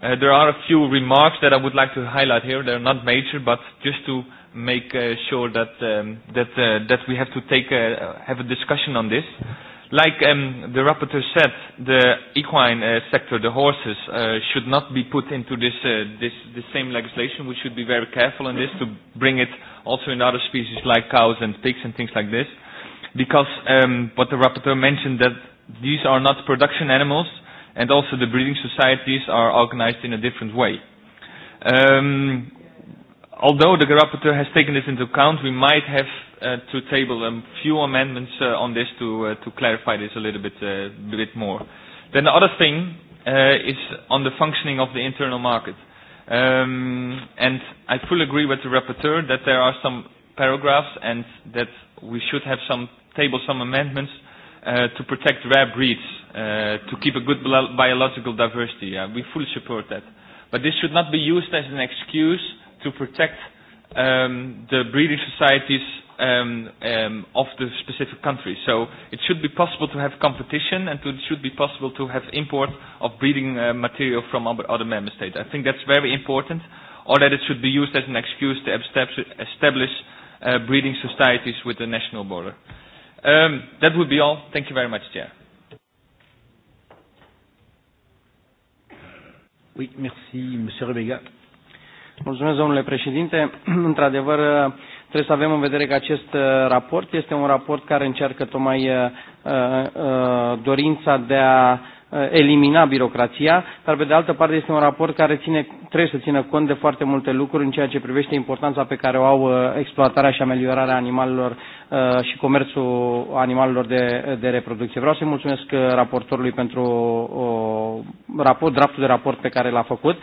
S28: Uh, there are a few remarks that I would like to highlight here. They're not major, but just to make uh, sure that um, that uh, that we have to take a, have a discussion on this. Like um, the rapporteur said, the equine uh, sector, the horses, uh, should not be put into this, uh, this, this same legislation. We should be very careful in this to bring it also in other species like cows and pigs and things like this. Because um, what the rapporteur mentioned, that these are not production animals, and also the breeding societies are organized in a different way. Um, although the rapporteur has taken this into account, we might have uh, to table a um, few amendments uh, on this to uh, to clarify this a little bit uh, bit more. Then the other thing uh, is on the functioning of the internal market. Um, and I fully agree with the rapporteur that there are some paragraphs and that we should have some table some amendments uh, to protect rare breeds, uh, to keep a good biological diversity. Uh, we fully support that. But this should not be used as an excuse to protect um, the breeding societies um, um, of the specific country. So it should be possible to have competition and to, it should be possible to have import of breeding uh, material from other, other member states. I think that's very important, or that it should be used as an excuse to establish uh, breeding societies with the national border. Um, that would be all. Thank you very much, Chair.
S19: Oui, merci, Monsieur Rebega. Mulțumesc, domnule președinte. Într-adevăr, Trebuie să avem în vedere că acest uh, raport este un raport care încearcă tocmai uh, uh, dorința de a elimina birocrația, dar pe de altă parte este un raport care ține trebuie să țină cont de foarte multe lucruri în ceea ce privește importanța pe care o au uh, exploatarea și ameliorarea animalelor uh, și comerțul animalelor de, de reproducție. Vreau să-i mulțumesc uh, raportorului pentru raport, draftul de raport pe care l-a făcut.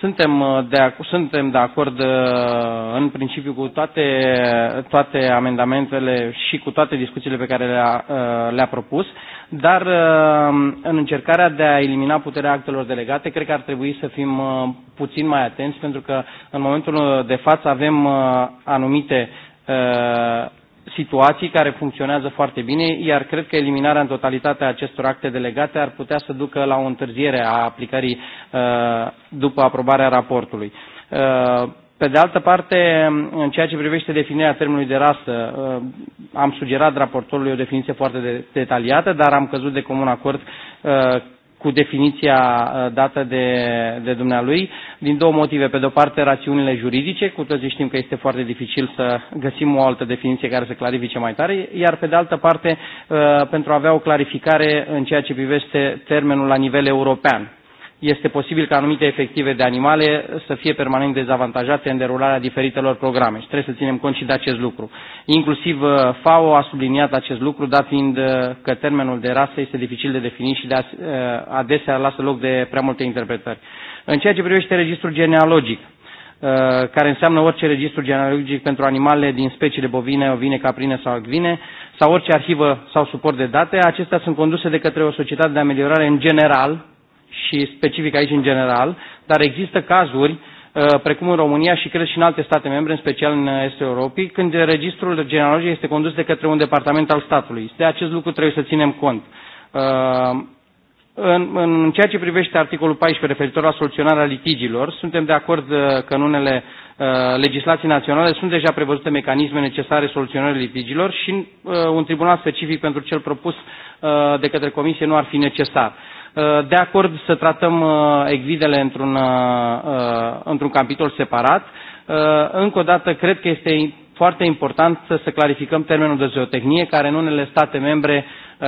S19: Suntem de, suntem de acord în principiu cu toate, toate amendamentele și cu toate discuțiile pe care le-a, le-a propus dar uh, în încercarea de a elimina puterea actelor delegate, cred că ar trebui să fim uh, puțin mai atenți, pentru că în momentul uh, de față avem anumite situații care funcționează foarte bine, iar cred că eliminarea în totalitate a acestor acte delegate ar putea să ducă la o întârziere a aplicării după aprobarea raportului. Pe de altă parte, în ceea ce privește definirea termenului de rasă, am sugerat raportorului o definiție foarte detaliată, dar am căzut de comun acord uh, cu definiția uh, dată de, de dumnealui, din două motive. Pe de o parte, rațiunile juridice, cu toții știm că este foarte dificil să găsim o altă definiție care să clarifice mai tare, iar pe de altă parte, uh, pentru a avea o clarificare în ceea ce privește termenul la nivel european este posibil ca anumite efective de animale să fie permanent dezavantajate în derularea diferitelor programe și trebuie să ținem cont și de acest lucru. Inclusiv uh, FAO a subliniat acest lucru, dat fiind uh, că termenul de rasă este dificil de definit și de uh, adesea lasă loc de prea multe interpretări. În ceea ce privește registrul genealogic, care înseamnă orice registru genealogic pentru animale din speciile bovine, ovine, caprine sau agvine, sau orice arhivă sau suport de date, acestea sunt conduse de către o societate de ameliorare în general, și specific aici în general, dar există cazuri uh, precum în România și cred și în alte state membre, în special în Estul Europei, când registrul genealogiei este condus de către un departament al statului. De acest lucru trebuie să ținem cont. Uh, în, în ceea ce privește articolul 14 referitor la soluționarea litigilor, suntem de acord uh, că în unele uh, legislații naționale sunt deja prevăzute mecanisme necesare soluționării litigilor și uh, un tribunal specific pentru cel propus uh, de către Comisie nu ar fi necesar. Eh, de acord să tratăm egvidele eh, într-un, eh, într-un capitol separat. Încă o dată, cred că este foarte important să să clarificăm termenul de zootehnie, care în unele state membre uh,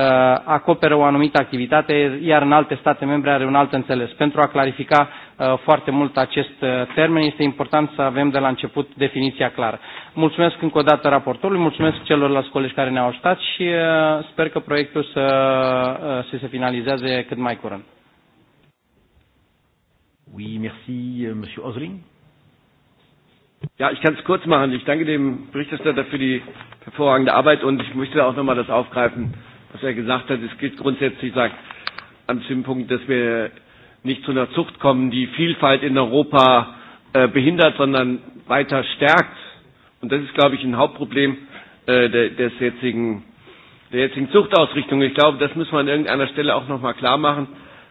S19: acoperă o anumită activitate, iar în alte state membre are un alt înțeles. Pentru a clarifica uh, foarte mult acest uh, termen, este important să avem de la început definiția clară. Mulțumesc încă o dată raportorului, mulțumesc celorlalți colegi care ne-au ajutat și uh, sper că proiectul să, uh, să se finalizeze cât mai curând. Oui, merci, euh, Monsieur Osling. Ja, ich kann es kurz machen. Ich danke dem Berichterstatter
S10: für die hervorragende Arbeit und ich möchte auch nochmal das aufgreifen, was er gesagt hat. Es gilt grundsätzlich, sagt an dem Punkt, dass wir nicht zu einer Zucht kommen, die Vielfalt in Europa äh, behindert, sondern weiter stärkt. Und das ist, glaube ich, ein Hauptproblem äh, der, des jetzigen, der jetzigen Zuchtausrichtung. Ich glaube, das müssen wir an irgendeiner Stelle auch nochmal klar machen,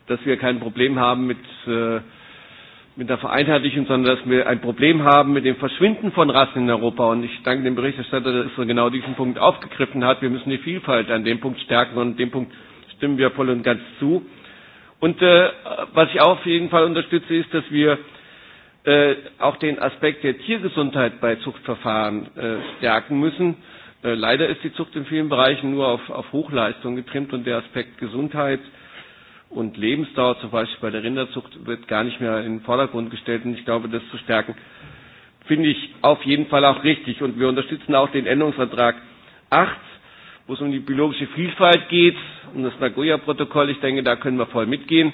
S10: dass wir kein Problem haben mit äh, mit der Vereinheitlichung, sondern dass wir ein Problem haben mit dem Verschwinden von Rassen in Europa. Und ich danke dem Berichterstatter, dass er genau diesen Punkt aufgegriffen hat. Wir müssen die Vielfalt an dem Punkt stärken und dem Punkt stimmen wir voll und ganz zu. Und äh, was ich auch auf jeden Fall unterstütze, ist, dass wir äh, auch den Aspekt der Tiergesundheit bei Zuchtverfahren äh, stärken müssen. Äh, leider ist die Zucht in vielen Bereichen nur auf, auf Hochleistung getrimmt und der Aspekt Gesundheit äh, und Lebensdauer, zum Beispiel bei der Rinderzucht, wird gar nicht mehr in den Vordergrund gestellt. Und ich glaube, das zu stärken, finde ich auf jeden Fall auch richtig. Und wir unterstützen auch den Änderungsantrag 8, wo es um die biologische Vielfalt geht, um das Nagoya-Protokoll. Ich denke, da können wir voll mitgehen.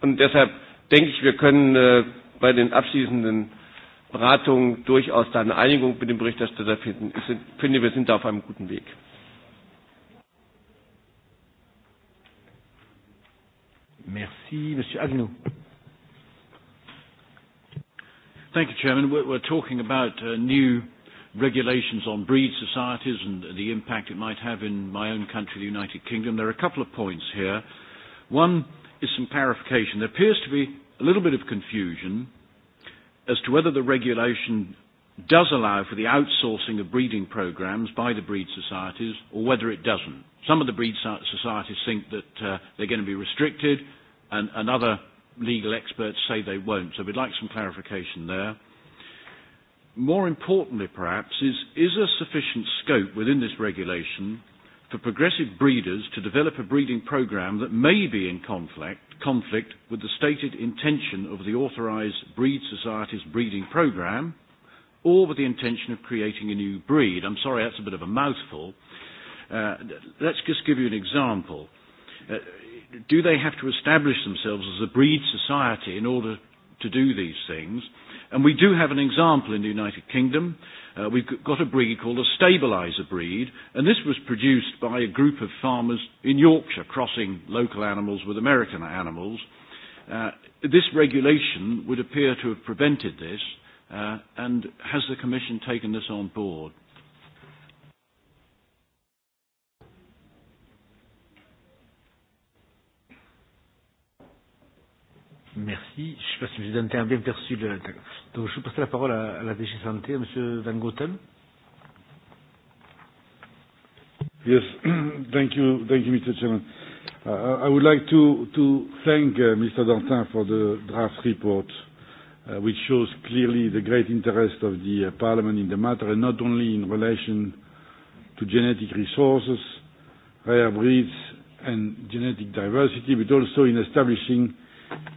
S10: Und deshalb denke ich, wir können äh, bei den abschließenden Beratungen durchaus da eine Einigung mit dem Berichterstatter finden. Ich finde, wir sind da auf einem guten Weg.
S29: Merci, Monsieur Agnew. Thank you, Chairman. We're, we're talking about uh, new regulations on breed societies and the impact it might have in my own country, the United Kingdom. There are a couple of points here. One is some clarification. There appears to be a little bit of confusion as to whether the regulation does allow for the outsourcing of breeding programs by the breed societies or whether it doesn't. Some of the breed societies think that uh, they're going to be restricted, and, and other legal experts say they won't. So we'd like some clarification there. More importantly, perhaps, is, is there sufficient scope within this regulation for progressive breeders to develop a breeding program that may be in conflict, conflict with the stated intention of the authorized breed society's breeding program or with the intention of creating a new breed? I'm sorry, that's a bit of a mouthful. Uh, let's just give you an example. Uh, do they have to establish themselves as a breed society in order to do these things? And we do have an example in the United Kingdom. Uh, we've got a breed called a stabiliser breed, and this was produced by a group of farmers in Yorkshire crossing local animals with American animals. Uh, this regulation would appear to have prevented this, uh, and has the Commission taken this on board?
S18: Merci. Je ne sais pas si vous avez un bien perçu. Le... Donc, je vais passer la parole à, à la DG Santé, à M. Van Goten.
S27: Yes, thank you, thank you, Mr. Chairman. Uh, I would like to, to thank uh, Mr. Dantin for the draft report, uh, which shows clearly the great interest of the uh, Parliament in the matter, and not only in relation to genetic resources, rare breeds, and genetic diversity, but also in establishing uh,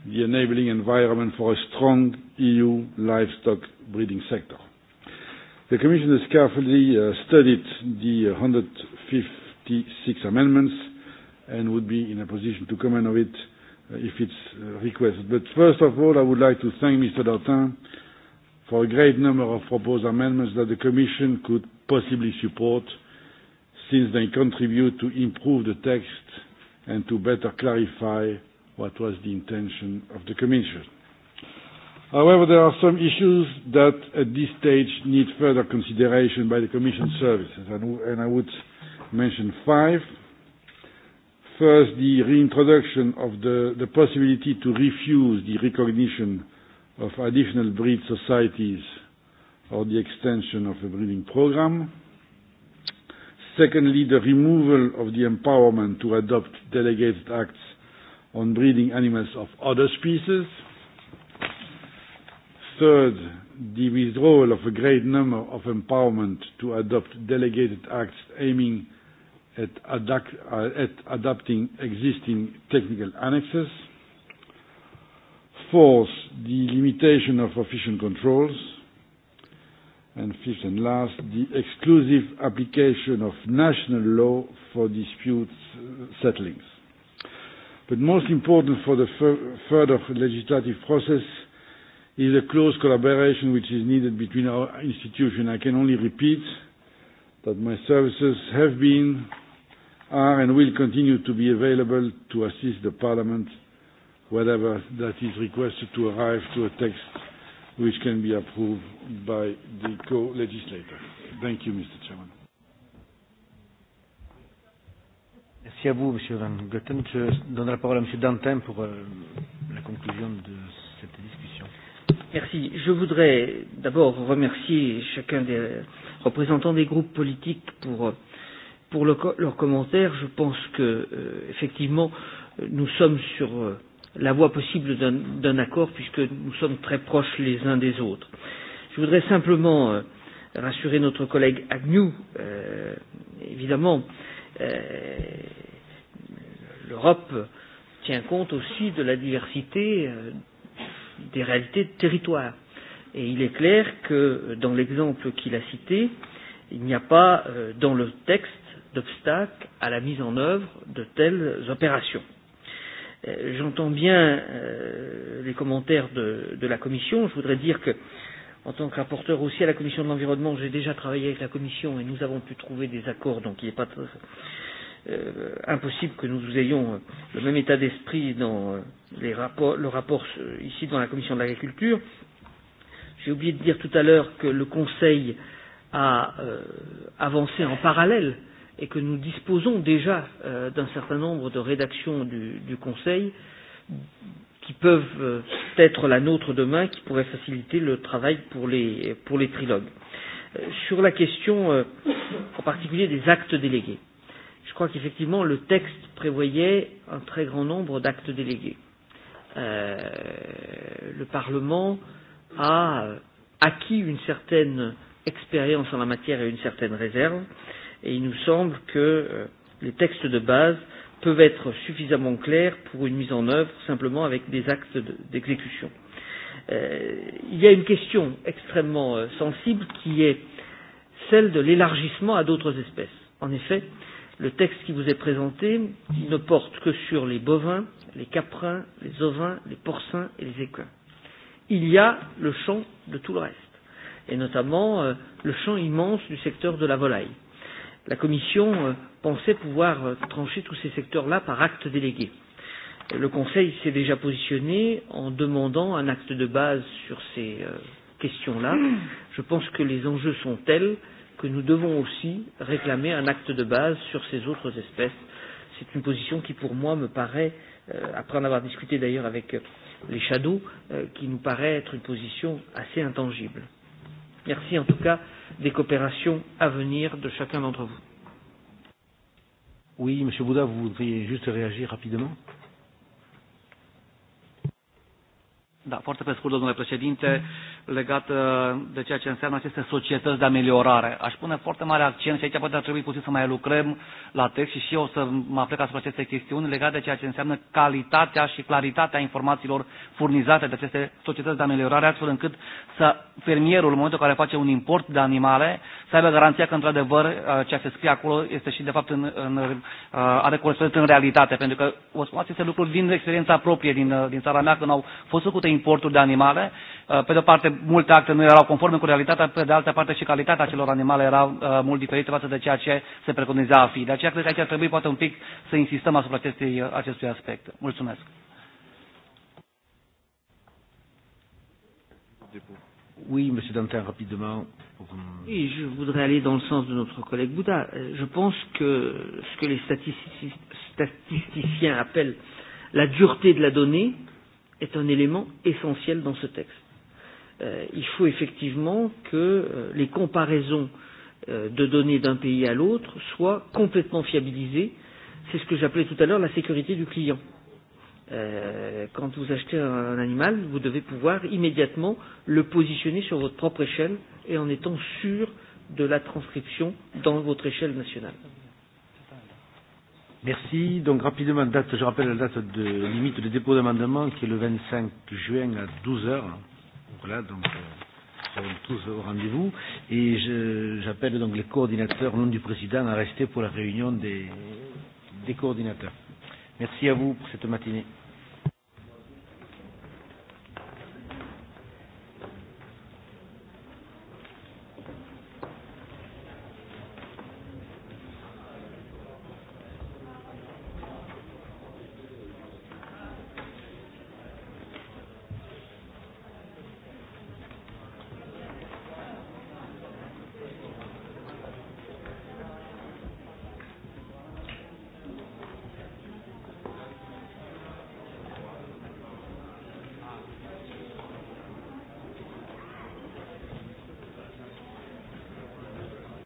S27: the enabling environment for a strong EU livestock breeding sector. The Commission has carefully uh, studied the 156 amendments and would be in a position to comment on it uh, if it's uh, requested. But first of all, I would like to thank Mr. Dautin for a great number of proposed amendments that the Commission could possibly support since they contribute to improve the text and to better clarify what was the intention of the Commission. However, there are some issues that at this stage need further consideration by the Commission services, and I would mention five. First, the reintroduction of the, the possibility to refuse the recognition of additional breed societies or the extension of a breeding program. Secondly, the removal of the empowerment to adopt delegated acts on breeding animals of other species. Third, the withdrawal of a great number of empowerment to adopt delegated acts aiming at, adapt, uh, at adapting existing technical annexes. Fourth, the limitation of official controls. And fifth and last, the exclusive application of national law for dispute settlings. But most important for the further legislative process is a close collaboration which is needed between our institutions. I can only repeat that my services have been, are, and will continue to be available to assist the Parliament whatever that is requested to arrive to a text which can be approved by the co-legislator. Thank you, Mr. Chairman.
S18: Merci à vous, Monsieur Van Gutten. Je donnerai la parole à Monsieur Dantin pour euh, la conclusion de cette discussion.
S20: Merci. Je voudrais d'abord remercier chacun des représentants des groupes politiques pour, pour le, leurs commentaires. Je pense que, euh, effectivement, nous sommes sur euh, la voie possible d'un accord puisque nous sommes très proches les uns des autres. Je voudrais simplement euh, rassurer notre collègue Agnew, euh, évidemment, euh, Euh, l'Europe tient compte aussi de la diversité euh, des réalités de territoire. Et il est clair que dans l'exemple qu'il a cité, il n'y a pas euh, dans le texte d'obstacle à la mise en œuvre de telles opérations. J'entends bien les commentaires de, de la Commission. Je voudrais dire que euh, en tant que rapporteur aussi à la commission de l'environnement, j'ai déjà travaillé avec la commission et nous avons pu trouver des accords, donc il n'est pas très, euh, impossible que nous ayons euh, le même état d'esprit dans euh, les rapports, le rapport euh, ici dans la commission de l'agriculture. J'ai oublié de dire tout à l'heure que le Conseil a euh, avancé en parallèle et que nous disposons déjà euh, d'un certain nombre de rédactions du, du Conseil qui peuvent euh, être la nôtre demain, qui pourraient faciliter le travail pour les, pour les trilogues. Euh, sur la question euh, en particulier des actes délégués, je crois qu'effectivement le texte prévoyait un très grand nombre d'actes délégués. Euh, le Parlement a acquis une certaine expérience en la matière et une certaine réserve, et il nous semble que les textes de base peuvent être suffisamment claires pour une mise en œuvre simplement avec des actes d'exécution. De, Euh, il y a une question extrêmement euh, sensible qui est celle de l'élargissement à d'autres espèces. En effet, le texte qui vous est présenté ne porte que sur les bovins, les caprins, les ovins, les porcins et les équins. Il y a le champ de tout le reste, et notamment euh, le champ immense du secteur de la volaille la Commission euh, pensait pouvoir euh, trancher tous ces secteurs-là par acte délégué. Le Conseil s'est déjà positionné en demandant un acte de base sur ces euh, questions-là. Je pense que les enjeux sont tels que nous devons aussi réclamer un acte de base sur ces autres espèces. C'est une position qui, pour moi, me paraît, euh, après en avoir discuté d'ailleurs avec les shadows, euh, qui nous paraît être une position assez intangible. Merci en tout cas des coopérations à venir de chacun d'entre vous.
S18: Oui, Monsieur Bouddha, vous voudriez juste réagir rapidement
S13: Da, foarte pe scurt, domnule președinte, legat uh, de ceea ce înseamnă aceste societăți de ameliorare. Aș pune foarte mare accent și aici poate ar trebui puțin să mai lucrăm la text și și eu o să mă aplec asupra acestei chestiuni legate de ceea ce înseamnă calitatea și claritatea informațiilor furnizate de aceste societăți de ameliorare, astfel încât să fermierul, în momentul în care face un import de animale, să aibă garanția că, într-adevăr, uh, ceea ce scrie acolo este și, de fapt, în, în, uh, are corespondență în realitate. Pentru că, vă spun aceste lucruri vin din experiența proprie din, din țara mea, când au fost făcute importuri de animale Eh, pe de o parte, multe acte nu erau conforme cu realitatea, pe de altă parte și calitatea celor animale era eh, mult diferită față de ceea ce se preconiza a fi. De aceea cred că aici ar trebui poate un pic să insistăm asupra acestui, acestui aspect. Mulțumesc.
S18: Oui, Monsieur Dantin, rapidement.
S20: Oui, je voudrais aller dans le sens de notre collègue Bouddha. Je pense que ce que les statistici statisticiens appellent la dureté de la donnée est un élément essentiel dans ce texte euh, il faut effectivement que euh, les comparaisons euh, de données d'un pays à l'autre soient complètement fiabilisées. C'est ce que j'appelais tout à l'heure la sécurité du client. Euh, quand vous achetez un animal, vous devez pouvoir immédiatement le positionner sur votre propre échelle et en étant sûr de la transcription dans votre échelle nationale.
S18: Merci. Donc rapidement, date, je rappelle la date de limite de dépôt d'amendement qui est le 25 juin à 12 heures. Voilà, donc euh, nous sommes tous au rendez-vous. Et j'appelle donc les coordinateurs, au nom du président, à rester pour la réunion des, des coordinateurs. Merci à vous pour cette matinée.